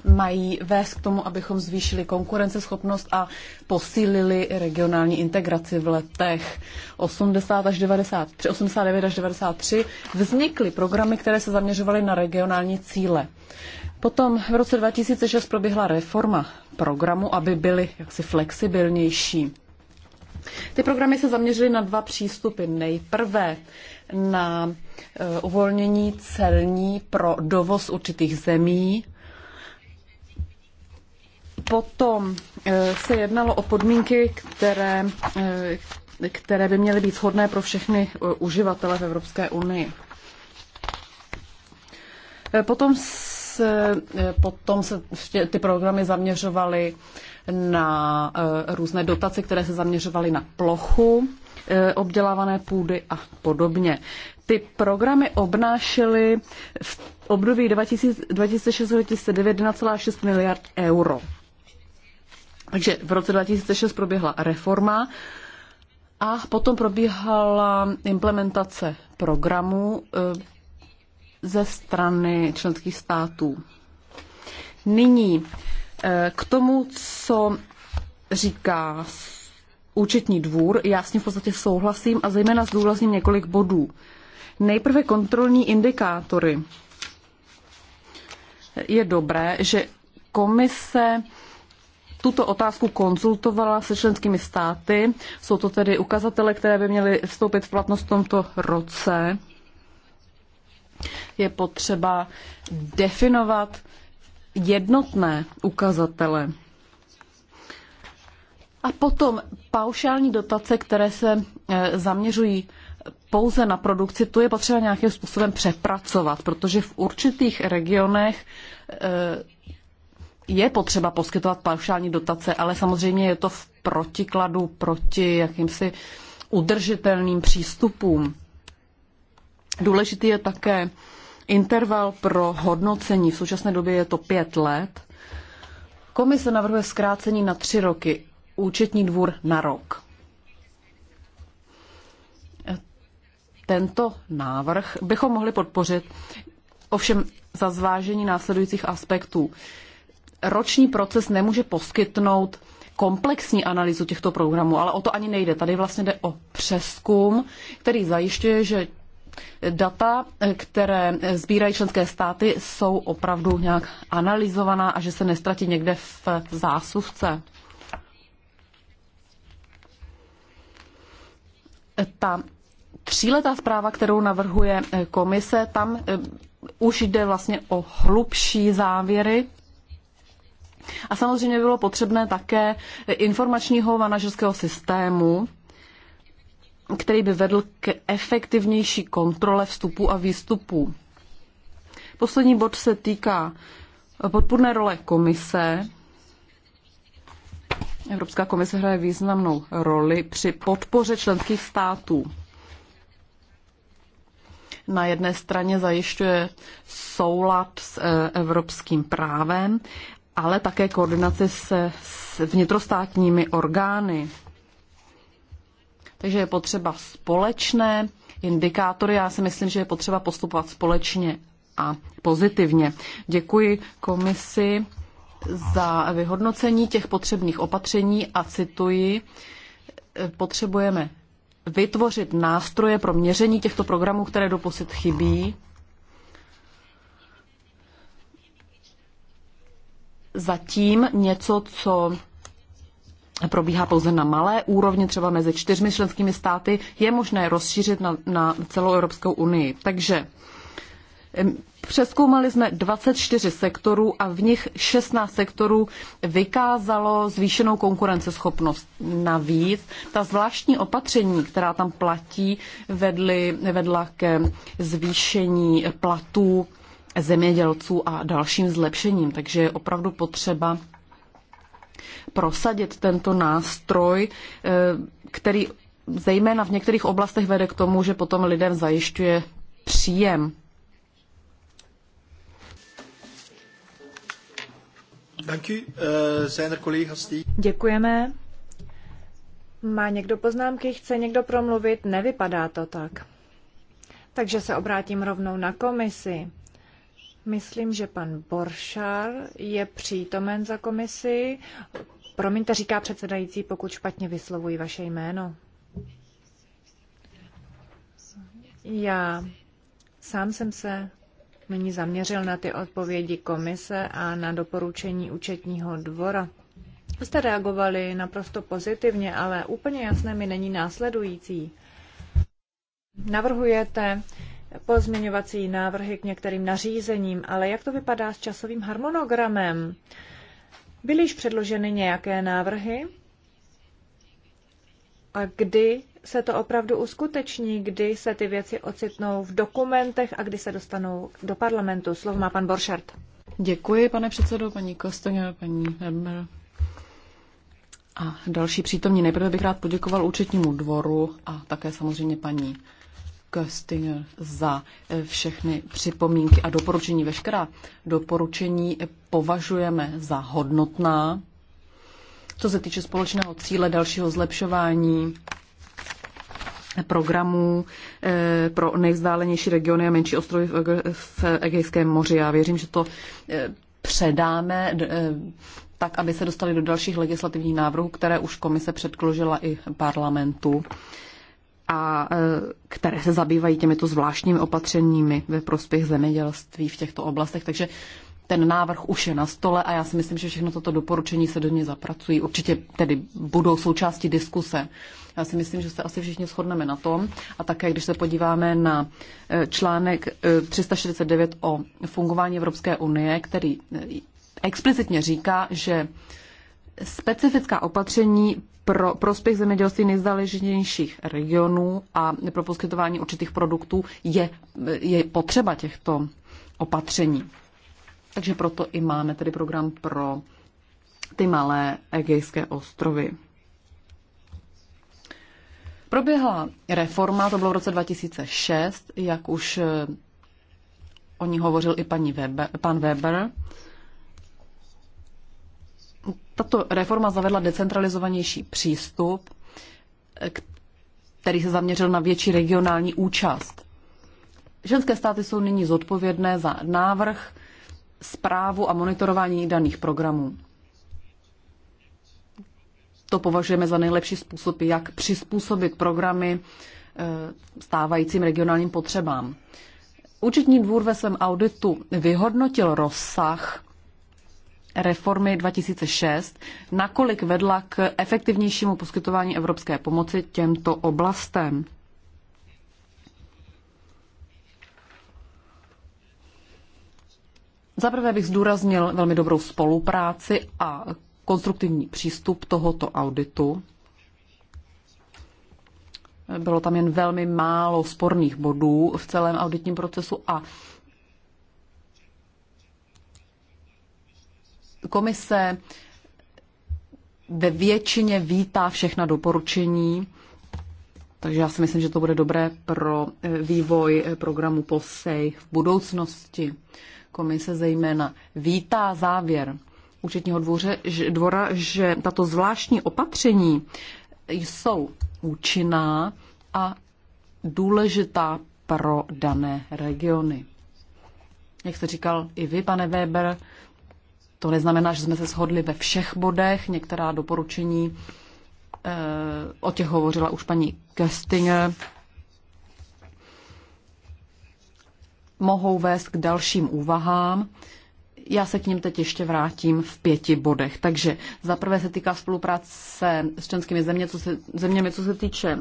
mají vést k tomu, abychom zvýšili konkurenceschopnost a posílili regionální integraci v letech 80 až 93, 89 až 93. Vznikly programy, které se zaměřovaly na regionální cíle. Potom v roce 2006 proběhla reforma programu, aby byly jaksi flexibilnější. Ty programy se zaměřily na dva přístupy. Nejprve na e, uvolnění celní pro dovoz určitých zemí Potom eh, se jednalo o podmínky, které, eh, které by měly být shodné pro všechny eh, uživatele v Evropské unii. Potom se, potom se ty programy zaměřovaly na různé dotace, které se zaměřovaly na plochu obdělávané půdy a podobně. Ty programy obnášely v období 2006-2009 1,6 miliard euro. Takže v roce 2006 proběhla reforma a potom probíhala implementace programu eh, ze strany členských států. Nyní eh, k tomu, co říká účetní dvůr, já s ním v podstatě souhlasím a zejména zdůrazním několik bodů. Nejprve kontrolní indikátory. Je dobré, že komise tuto otázku konzultovala se členskými státy. Jsou to tedy ukazatele, které by měly vstoupit v platnost v tomto roce. Je potřeba definovat jednotné ukazatele. A potom paušální dotace, které se e, zaměřují pouze na produkci, tu je potřeba nějakým způsobem přepracovat, protože v určitých regionech e, je potřeba poskytovat paušální dotace, ale samozřejmě je to v protikladu proti jakýmsi udržitelným přístupům. Důležitý je také interval pro hodnocení. V současné době je to pět let. Komise navrhuje zkrácení na tři roky, účetní dvůr na rok. Tento návrh bychom mohli podpořit, ovšem za zvážení následujících aspektů roční proces nemůže poskytnout komplexní analýzu těchto programů, ale o to ani nejde. Tady vlastně jde o přeskum, který zajišťuje, že data, které sbírají členské státy, jsou opravdu nějak analyzovaná a že se nestratí někde v zásuvce. Ta tříletá zpráva, kterou navrhuje komise, tam eh, už jde vlastně o hlubší závěry a samozřejmě bylo potřebné také informačního manažerského systému, který by vedl k efektivnější kontrole vstupu a výstupu. Poslední bod se týká podpůrné role komise. Evropská komise hraje významnou roli při podpoře členských států. Na jedné straně zajišťuje soulad s eh, evropským právem ale také koordinaci se s vnitrostátními orgány. Takže je potřeba společné indikátory. Já si myslím, že je potřeba postupovat společně a pozitivně. Děkuji komisi za vyhodnocení těch potřebných opatření a cituji, potřebujeme vytvořit nástroje pro měření těchto programů, které doposud chybí, zatím něco, co probíhá pouze na malé úrovni, třeba mezi čtyřmi členskými státy, je možné rozšířit na, na celou Evropskou unii. Takže Přeskoumali jsme 24 sektorů a v nich 16 sektorů vykázalo zvýšenou konkurenceschopnost. Navíc ta zvláštní opatření, která tam platí, vedly, vedla ke zvýšení platů zemědělců a dalším zlepšením. Takže je opravdu potřeba prosadit tento nástroj, eh, který zejména v některých oblastech vede k tomu, že potom lidem zajišťuje příjem. Eh, Děkujeme. Má někdo poznámky, chce někdo promluvit? Nevypadá to tak. Takže se obrátím rovnou na komisi. Myslím, že pan Boršar je přítomen za komisi. Promiňte, říká předsedající, pokud špatně vyslovuji vaše jméno. Já sám jsem se nyní zaměřil na ty odpovědi komise a na doporučení účetního dvora. Jste reagovali naprosto pozitivně, ale úplně jasné mi není následující. Navrhujete pozměňovací návrhy k některým nařízením, ale jak to vypadá s časovým harmonogramem? Byly již předloženy nějaké návrhy? A kdy se to opravdu uskuteční, kdy se ty věci ocitnou v dokumentech a kdy se dostanou do parlamentu? Slovo má pan Boršart. Děkuji, pane předsedo, paní Kostoně, paní Hermer. A další přítomní. Nejprve bych rád poděkoval účetnímu dvoru a také samozřejmě paní Köstinger za eh, všechny připomínky a doporučení. Veškerá doporučení považujeme za hodnotná. Co se týče společného cíle dalšího zlepšování programů eh, pro nejvzdálenější regiony a menší ostrovy v Egejském moři. Já věřím, že to eh, předáme tak, aby se dostali do dalších legislativních návrhů, které už komise předložila i parlamentu a e, které se zabývají těmito zvláštními opatřeními ve prospěch zemědělství v těchto oblastech. Takže ten návrh už je na stole a já si myslím, že všechno toto doporučení se do něj zapracují. Určitě tedy budou součástí diskuse. Já si myslím, že se asi všichni shodneme na tom. A také, když se podíváme na e, článek 369 e, o fungování Evropské unie, který explicitně říká, že specifická opatření pro prospěch zemědělství nejzáležitějších regionů a pro poskytování určitých produktů je, je potřeba těchto opatření. Takže proto i máme tedy program pro ty malé egejské ostrovy. Proběhla reforma, to bylo v roce 2006, jak už o ní hovořil i paní Weber, pan Weber. Tato reforma zavedla decentralizovanější přístup, který se zaměřil na větší regionální účast. Ženské státy jsou nyní zodpovědné za návrh, zprávu a monitorování daných programů. To považujeme za nejlepší způsob, jak přizpůsobit programy eh, stávajícím regionálním potřebám. Účetní dvůr ve svém auditu vyhodnotil rozsah reformy 2006, nakolik vedla k efektivnějšímu poskytování evropské pomoci těmto oblastem. Zaprvé bych zdůraznil velmi dobrou spolupráci a konstruktivní přístup tohoto auditu. Bylo tam jen velmi málo sporných bodů v celém auditním procesu a komise ve většině vítá všechna doporučení, takže já si myslím, že to bude dobré pro eh, vývoj eh, programu POSEJ v budoucnosti. Komise zejména vítá závěr účetního dvoře, dvora, že tato zvláštní opatření jsou účinná a důležitá pro dané regiony. Jak jste říkal i vy, pane Weber, to neznamená, že jsme se shodli ve všech bodech. Některá doporučení, eh, o těch hovořila už paní Kestinger, mohou vést k dalším úvahám. Já se k ním teď ještě vrátím v pěti bodech. Takže za prvé se týká spolupráce s členskými země, co se, zeměmi, co se týče e,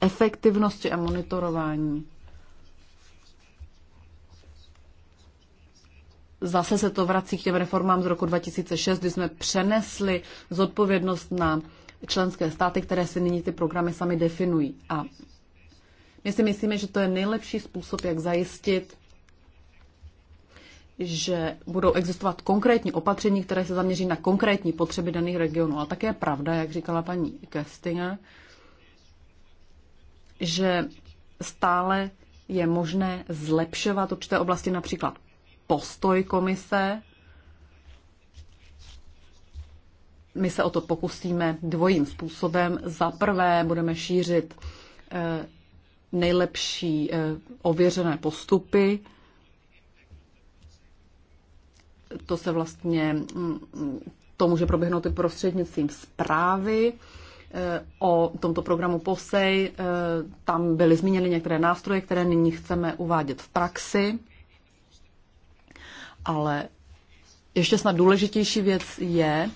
efektivnosti a monitorování. Zase se to vrací k těm reformám z roku 2006, kdy jsme přenesli zodpovědnost na členské státy, které si nyní ty programy sami definují. A my si myslíme, že to je nejlepší způsob, jak zajistit, že budou existovat konkrétní opatření, které se zaměří na konkrétní potřeby daných regionů. A také je pravda, jak říkala paní Kestinger, že stále je možné zlepšovat určité oblasti, například postoj komise. My se o to pokusíme dvojím způsobem. Za prvé budeme šířit eh, nejlepší eh, ověřené postupy. To se vlastně, mm, to může proběhnout i prostřednictvím zprávy eh, o tomto programu POSEJ. Tam byly zmíněny některé nástroje, které nyní chceme uvádět v praxi. Ale ještě snad důležitější věc je,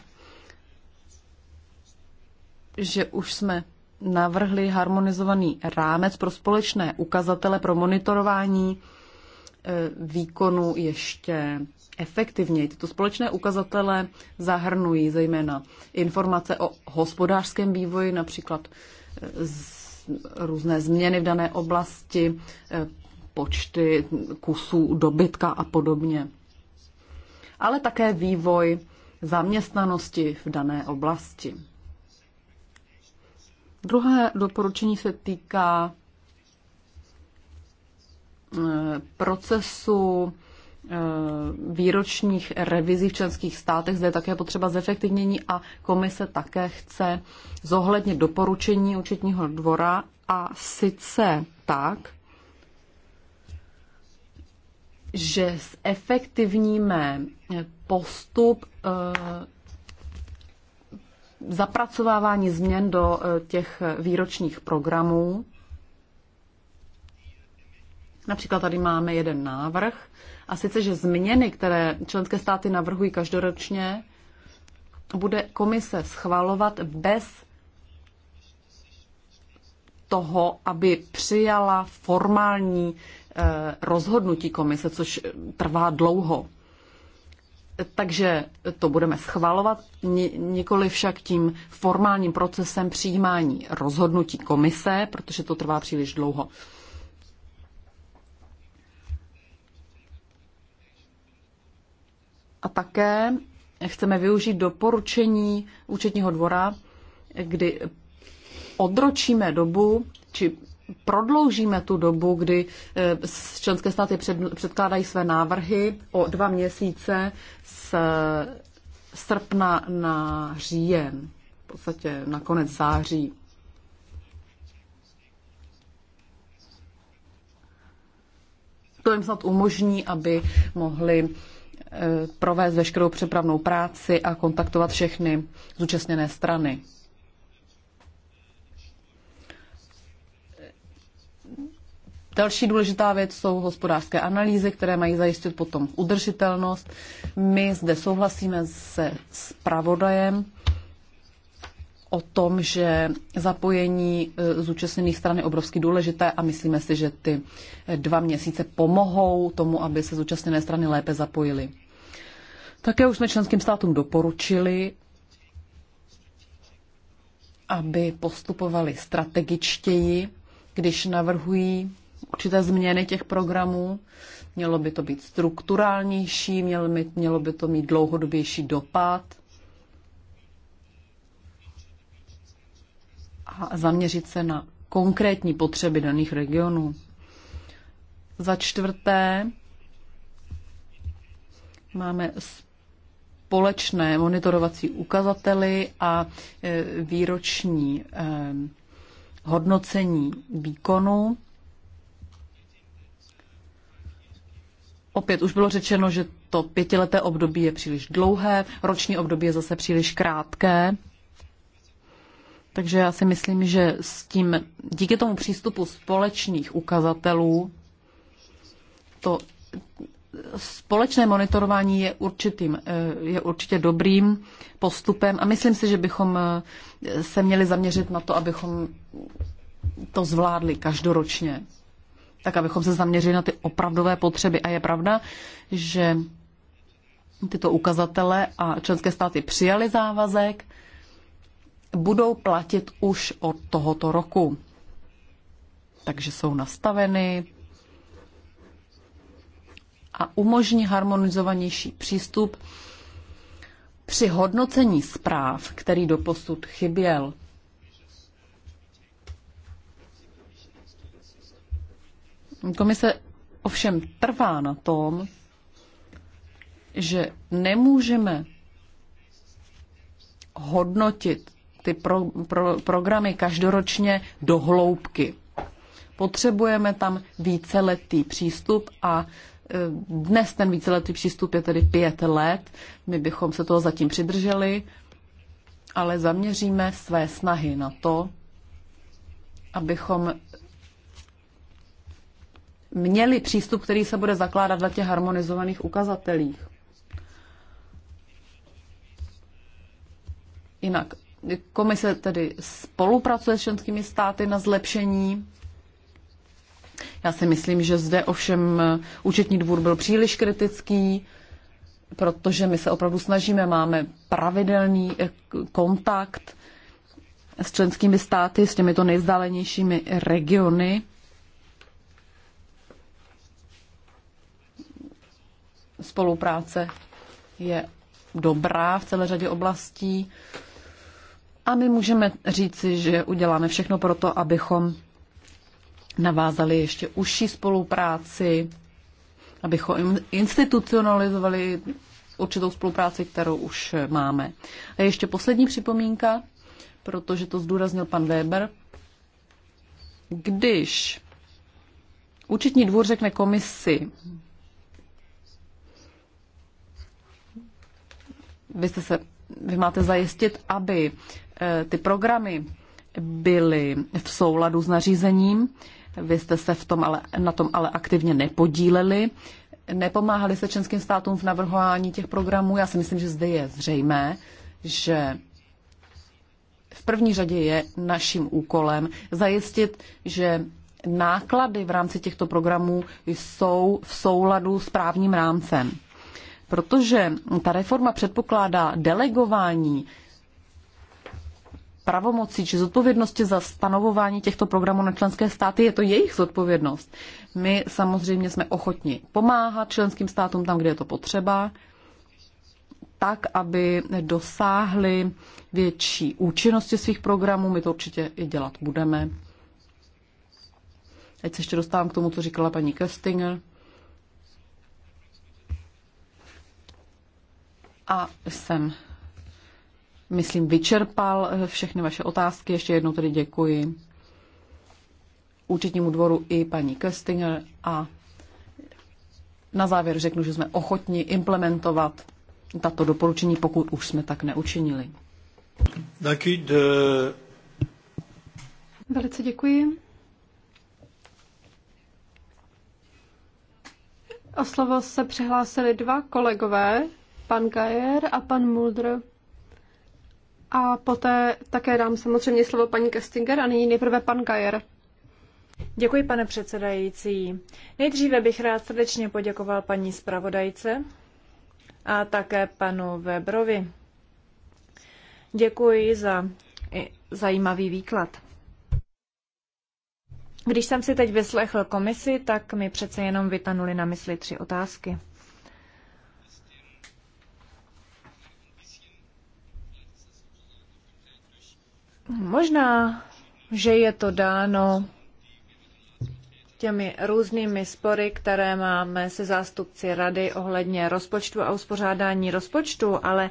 že už jsme navrhli harmonizovaný rámec pro společné ukazatele pro monitorování e, výkonu ještě efektivněji. Tyto společné ukazatele zahrnují zejména informace o hospodářském vývoji, například e, různé změny v dané oblasti, e, počty kusů dobytka a podobně ale také vývoj zaměstnanosti v dané oblasti. Druhé doporučení se týká eh, procesu eh, výročních revizí v členských státech. Zde je také potřeba zefektivnění a komise také chce zohlednit doporučení účetního dvora a sice tak, že zefektivníme postup eh, zapracovávání změn do eh, těch výročních programů. Například tady máme jeden návrh, a sice, že změny, které členské státy navrhují každoročně, bude komise schvalovat bez toho, aby přijala formální Eh, rozhodnutí komise, což trvá dlouho. Takže to budeme schvalovat, nikoli však tím formálním procesem přijímání rozhodnutí komise, protože to trvá příliš dlouho. A také chceme využít doporučení účetního dvora, kdy odročíme dobu či prodloužíme tu dobu, kdy eh, členské státy předkládají své návrhy o dva měsíce z srpna na říjen, v podstatě na konec září. To jim snad umožní, aby mohli eh, provést veškerou přepravnou práci a kontaktovat všechny zúčastněné strany. Další důležitá věc jsou hospodářské analýzy, které mají zajistit potom udržitelnost. My zde souhlasíme se zpravodajem o tom, že zapojení e, zúčastněných stran je obrovsky důležité a myslíme si, že ty e, dva měsíce pomohou tomu, aby se zúčastněné strany lépe zapojily. Také už jsme členským státům doporučili, aby postupovali strategičtěji, když navrhují určité změny těch programů. Mělo by to být strukturálnější, mělo by, mělo by to mít dlouhodobější dopad a zaměřit se na konkrétní potřeby daných regionů. Za čtvrté máme společné monitorovací ukazateli a e, výroční e, hodnocení výkonu. Opět už bylo řečeno, že to pětileté období je příliš dlouhé, roční období je zase příliš krátké. Takže já si myslím, že s tím, díky tomu přístupu společných ukazatelů, to společné monitorování je, určitým, eh, je určitě dobrým postupem a myslím si, že bychom eh, se měli zaměřit na to, abychom to zvládli každoročně tak abychom se zaměřili na ty opravdové potřeby. A je pravda, že tyto ukazatele a členské státy přijali závazek, budou platit už od tohoto roku. Takže jsou nastaveny a umožní harmonizovanější přístup při hodnocení zpráv, který doposud chyběl. Komise ovšem trvá na tom, že nemůžeme hodnotit ty pro, pro, programy každoročně do hloubky. Potřebujeme tam víceletý přístup a e, dnes ten víceletý přístup je tedy pět let. My bychom se toho zatím přidrželi, ale zaměříme své snahy na to, abychom měli přístup, který se bude zakládat na těch harmonizovaných ukazatelích. Jinak, komise tedy spolupracuje s členskými státy na zlepšení. Já si myslím, že zde ovšem účetní dvůr byl příliš kritický, protože my se opravdu snažíme, máme pravidelný eh, kontakt s členskými státy, s těmito nejzdálenějšími regiony. spolupráce je dobrá v celé řadě oblastí a my můžeme říci, že uděláme všechno pro to, abychom navázali ještě užší spolupráci, abychom institucionalizovali určitou spolupráci, kterou už máme. A ještě poslední připomínka, protože to zdůraznil pan Weber. Když účetní dvůr řekne komisi, vy, jste se, vy máte zajistit, aby eh, ty programy byly v souladu s nařízením. Vy jste se v tom ale, na tom ale aktivně nepodíleli. Nepomáhali se členským státům v navrhování těch programů. Já si myslím, že zde je zřejmé, že v první řadě je naším úkolem zajistit, že náklady v rámci těchto programů jsou v souladu s právním rámcem protože ta reforma předpokládá delegování pravomocí či zodpovědnosti za stanovování těchto programů na členské státy, je to jejich zodpovědnost. My samozřejmě jsme ochotni pomáhat členským státům tam, kde je to potřeba, tak, aby dosáhli větší účinnosti svých programů. My to určitě i dělat budeme. Teď se ještě dostávám k tomu, co říkala paní Köstinger. A jsem, myslím, vyčerpal eh, všechny vaše otázky. Ještě jednou tedy děkuji účetnímu dvoru i paní Köstinger a na závěr řeknu, že jsme ochotni implementovat tato doporučení, pokud už jsme tak neučinili. Taky de... Velice děkuji. O slovo se přihlásili dva kolegové, pan Gajer a pan Muldr. A poté také dám samozřejmě slovo paní Kestinger a nyní nejprve pan Gajer. Děkuji, pane předsedající. Nejdříve bych rád srdečně poděkoval paní zpravodajce a také panu Webrovi. Děkuji za zajímavý výklad. Když jsem si teď vyslechl komisi, tak mi přece jenom vytanuli na mysli tři otázky. Možná, že je to dáno těmi různými spory, které máme se zástupci rady ohledně rozpočtu a uspořádání rozpočtu, ale e,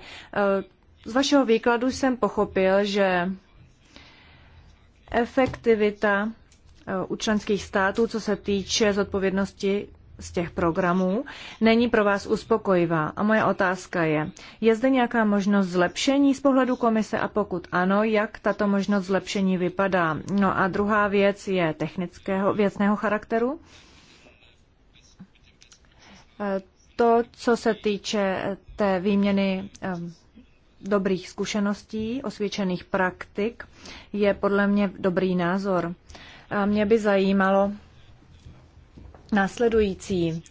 z vašeho výkladu jsem pochopil, že efektivita e, u členských států, co se týče zodpovědnosti z těch programů není pro vás uspokojivá. A moje otázka je, je zde nějaká možnost zlepšení z pohledu komise a pokud ano, jak tato možnost zlepšení vypadá? No a druhá věc je technického věcného charakteru. E, to, co se týče té výměny e, dobrých zkušeností, osvědčených praktik, je podle mě dobrý názor. A mě by zajímalo, následující.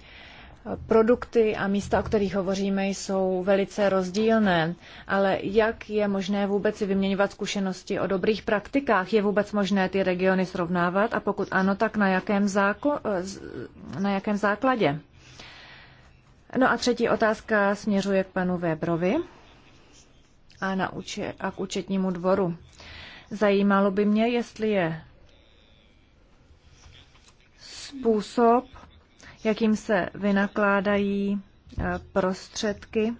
Produkty a místa, o kterých hovoříme, jsou velice rozdílné, ale jak je možné vůbec si vyměňovat zkušenosti o dobrých praktikách? Je vůbec možné ty regiony srovnávat a pokud ano, tak na jakém, záko- na jakém základě? No a třetí otázka směřuje k panu Webrovi a, na uče- a k účetnímu dvoru. Zajímalo by mě, jestli je způsob, jakým se vynakládají e, prostředky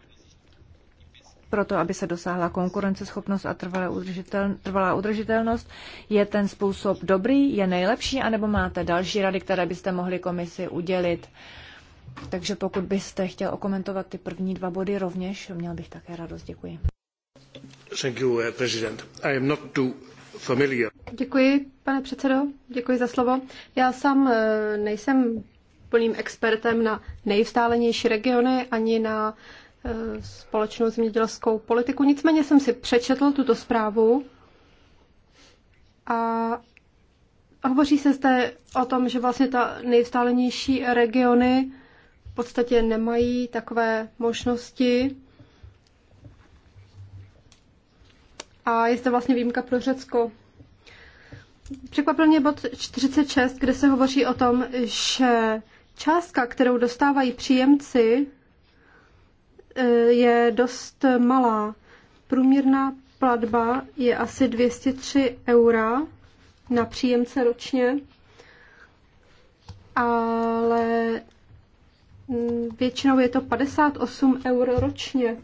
proto, aby se dosáhla konkurenceschopnost a trvalá, udržitel, trvalá udržitelnost. Je ten způsob dobrý, je nejlepší, anebo máte další rady, které byste mohli komisi udělit? Takže pokud byste chtěl okomentovat ty první dva body rovněž, měl bych také radost. Děkuji. Thank you, uh, President. I am not too Děkuji, pane předsedo, děkuji za slovo. Já sám e, nejsem plným expertem na nejvstálenější regiony ani na e, společnou zemědělskou politiku. Nicméně jsem si přečetl tuto zprávu a hovoří se zde o tom, že vlastně ta nejvstálenější regiony v podstatě nemají takové možnosti a je zde vlastně výjimka pro Řecko. Překvapil mě bod 46, kde se hovoří o tom, že částka, kterou dostávají příjemci, e, je dost malá. Průměrná platba je asi 203 eura na příjemce ročně, ale většinou je to 58 eur ročně.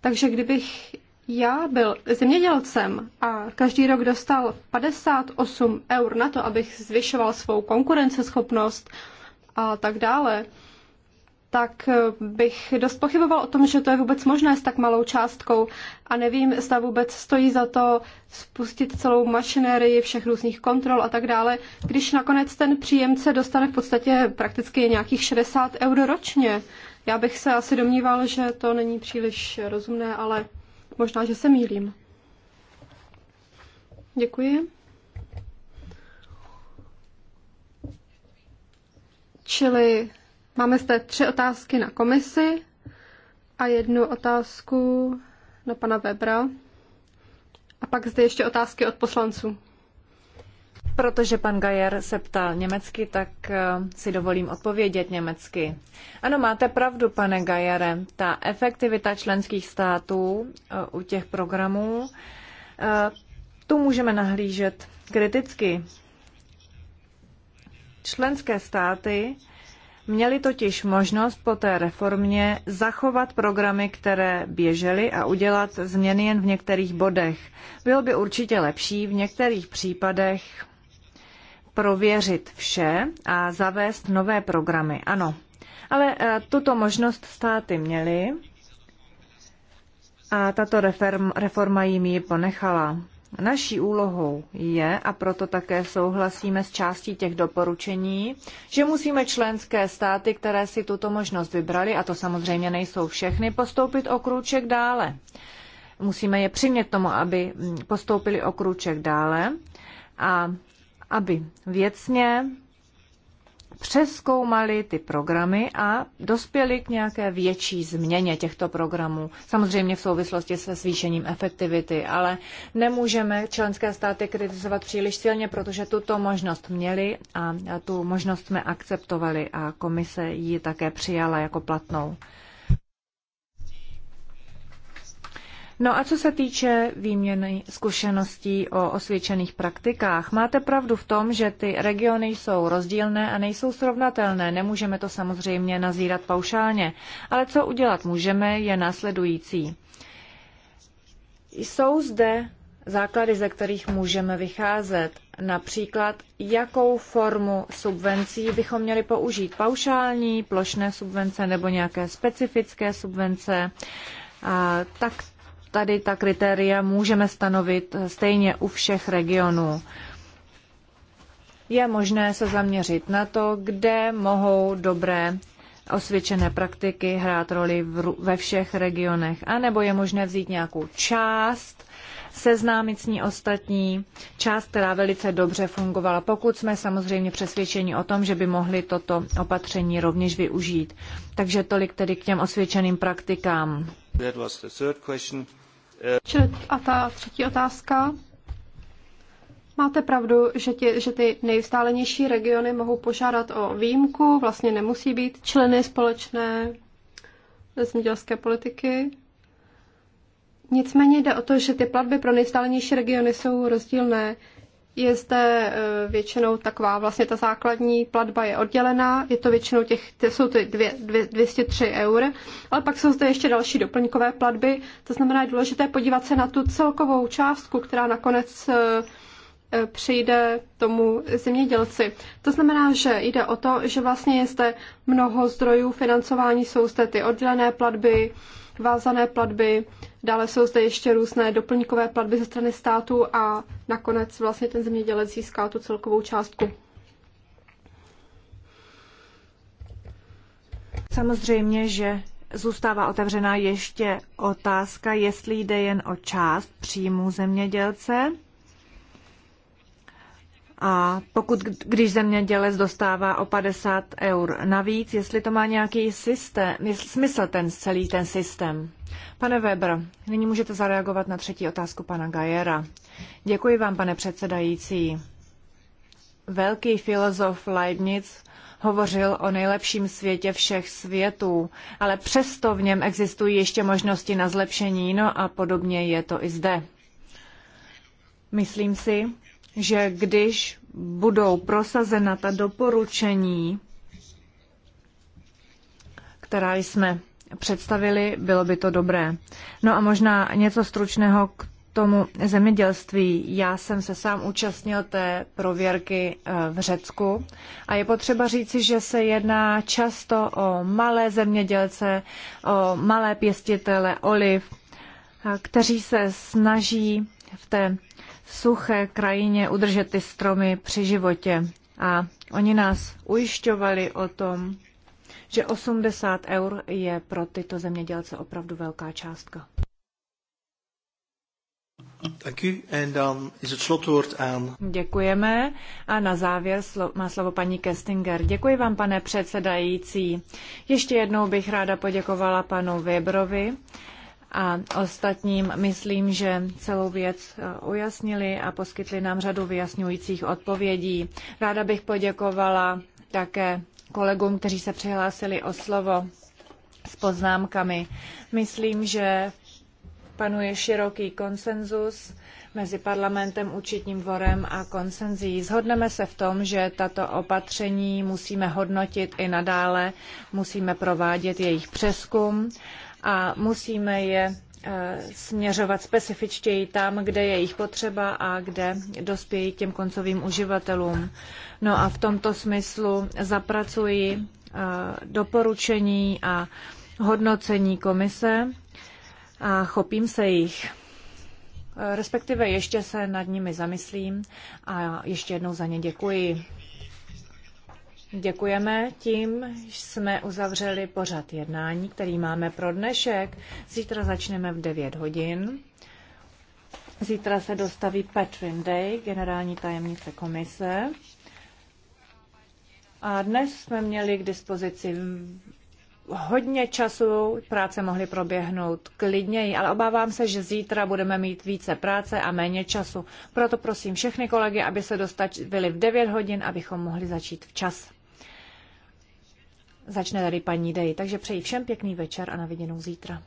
Takže kdybych já byl zemědělcem a každý rok dostal 58 eur na to, abych zvyšoval svou konkurenceschopnost a tak dále, tak eh, bych dost pochyboval o tom, že to je vůbec možné s tak malou částkou a nevím, zda vůbec stojí za to spustit celou mašinérii všech různých kontrol a tak dále, když nakonec ten příjemce dostane v podstatě prakticky nějakých 60 eur ročně. Já bych se asi domníval, že to není příliš rozumné, ale Možná, že se mýlím. Děkuji. Čili máme zde tři otázky na komisi a jednu otázku na pana Webra. A pak zde ještě otázky od poslanců. Protože pan Gajer se ptal německy, tak eh, si dovolím odpovědět německy. Ano, máte pravdu, pane Gajere. Ta efektivita členských států eh, u těch programů, eh, tu můžeme nahlížet kriticky. Členské státy měly totiž možnost po té reformě zachovat programy, které běžely a udělat změny jen v některých bodech. Bylo by určitě lepší v některých případech prověřit vše a zavést nové programy. Ano, ale eh, tuto možnost státy měly a tato reforma jim ji ponechala. Naší úlohou je, a proto také souhlasíme s částí těch doporučení, že musíme členské státy, které si tuto možnost vybrali, a to samozřejmě nejsou všechny, postoupit o krůček dále. Musíme je přimět tomu, aby mm, postoupili o krůček dále a aby věcně přeskoumali ty programy a dospěli k nějaké větší změně těchto programů. Samozřejmě v souvislosti se zvýšením efektivity, ale nemůžeme členské státy kritizovat příliš silně, protože tuto možnost měli a tu možnost jsme akceptovali a komise ji také přijala jako platnou. No a co se týče výměny zkušeností o osvědčených praktikách, máte pravdu v tom, že ty regiony jsou rozdílné a nejsou srovnatelné. Nemůžeme to samozřejmě nazírat paušálně. Ale co udělat můžeme, je následující. Jsou zde základy, ze kterých můžeme vycházet. Například, jakou formu subvencí bychom měli použít. Paušální, plošné subvence nebo nějaké specifické subvence. A tak tady ta kritéria můžeme stanovit stejně u všech regionů. Je možné se zaměřit na to, kde mohou dobré osvědčené praktiky hrát roli v, ve všech regionech, anebo je možné vzít nějakou část, seznámit s ní ostatní, část, která velice dobře fungovala, pokud jsme samozřejmě přesvědčeni o tom, že by mohli toto opatření rovněž využít. Takže tolik tedy k těm osvědčeným praktikám. That was the third question. A ta třetí otázka. Máte pravdu, že, tě, že ty nejvstálenější regiony mohou požádat o výjimku, vlastně nemusí být členy společné zemědělské politiky. Nicméně jde o to, že ty platby pro nejvstálenější regiony jsou rozdílné je zde e, většinou taková, vlastně ta základní platba je oddělená, je to většinou těch, jsou to dvě, dvě, 203 eur, ale pak jsou zde ještě další doplňkové platby, to znamená je důležité podívat se na tu celkovou částku, která nakonec e, e, přijde tomu zemědělci. To znamená, že jde o to, že vlastně je zde mnoho zdrojů financování, jsou zde ty oddělené platby, vázané platby, Dále jsou zde ještě různé doplňkové platby ze strany státu a nakonec vlastně ten zemědělec získá tu celkovou částku. Samozřejmě, že zůstává otevřená ještě otázka, jestli jde jen o část příjmu zemědělce a pokud, když zemědělec dostává o 50 eur navíc, jestli to má nějaký systém, smysl ten celý ten systém. Pane Weber, nyní můžete zareagovat na třetí otázku pana Gajera. Děkuji vám, pane předsedající. Velký filozof Leibniz hovořil o nejlepším světě všech světů, ale přesto v něm existují ještě možnosti na zlepšení, no a podobně je to i zde. Myslím si, že když budou prosazena ta doporučení, která jsme představili, bylo by to dobré. No a možná něco stručného k tomu zemědělství. Já jsem se sám účastnil té prověrky eh, v Řecku a je potřeba říci, že se jedná často o malé zemědělce, o malé pěstitele oliv, eh, kteří se snaží v té suché krajině udržet ty stromy při životě. A oni nás ujišťovali o tom, že 80 eur je pro tyto zemědělce opravdu velká částka. Um, Děkujeme. A na závěr má slovo paní Kestinger. Děkuji vám, pane předsedající. Ještě jednou bych ráda poděkovala panu Weberovi a ostatním myslím, že celou věc eh, ujasnili a poskytli nám řadu vyjasňujících odpovědí. Ráda bych poděkovala také kolegům, kteří se přihlásili o slovo s poznámkami. Myslím, že panuje široký konsenzus mezi parlamentem, účetním dvorem a konsenzí. Zhodneme se v tom, že tato opatření musíme hodnotit i nadále, musíme provádět jejich přeskum a musíme je eh, směřovat specifičtěji tam, kde je jich potřeba a kde dospějí těm koncovým uživatelům. No a v tomto smyslu zapracuji eh, doporučení a hodnocení komise a chopím se jich. Eh, respektive ještě se nad nimi zamyslím a ještě jednou za ně děkuji. Děkujeme. Tím jsme uzavřeli pořad jednání, který máme pro dnešek. Zítra začneme v 9 hodin. Zítra se dostaví Patrin Day, generální tajemnice komise. A dnes jsme měli k dispozici hodně času, práce mohly proběhnout klidněji, ale obávám se, že zítra budeme mít více práce a méně času. Proto prosím všechny kolegy, aby se dostavili v 9 hodin, abychom mohli začít včas. Začne tady paní Dej, takže přeji všem pěkný večer a na viděnou zítra.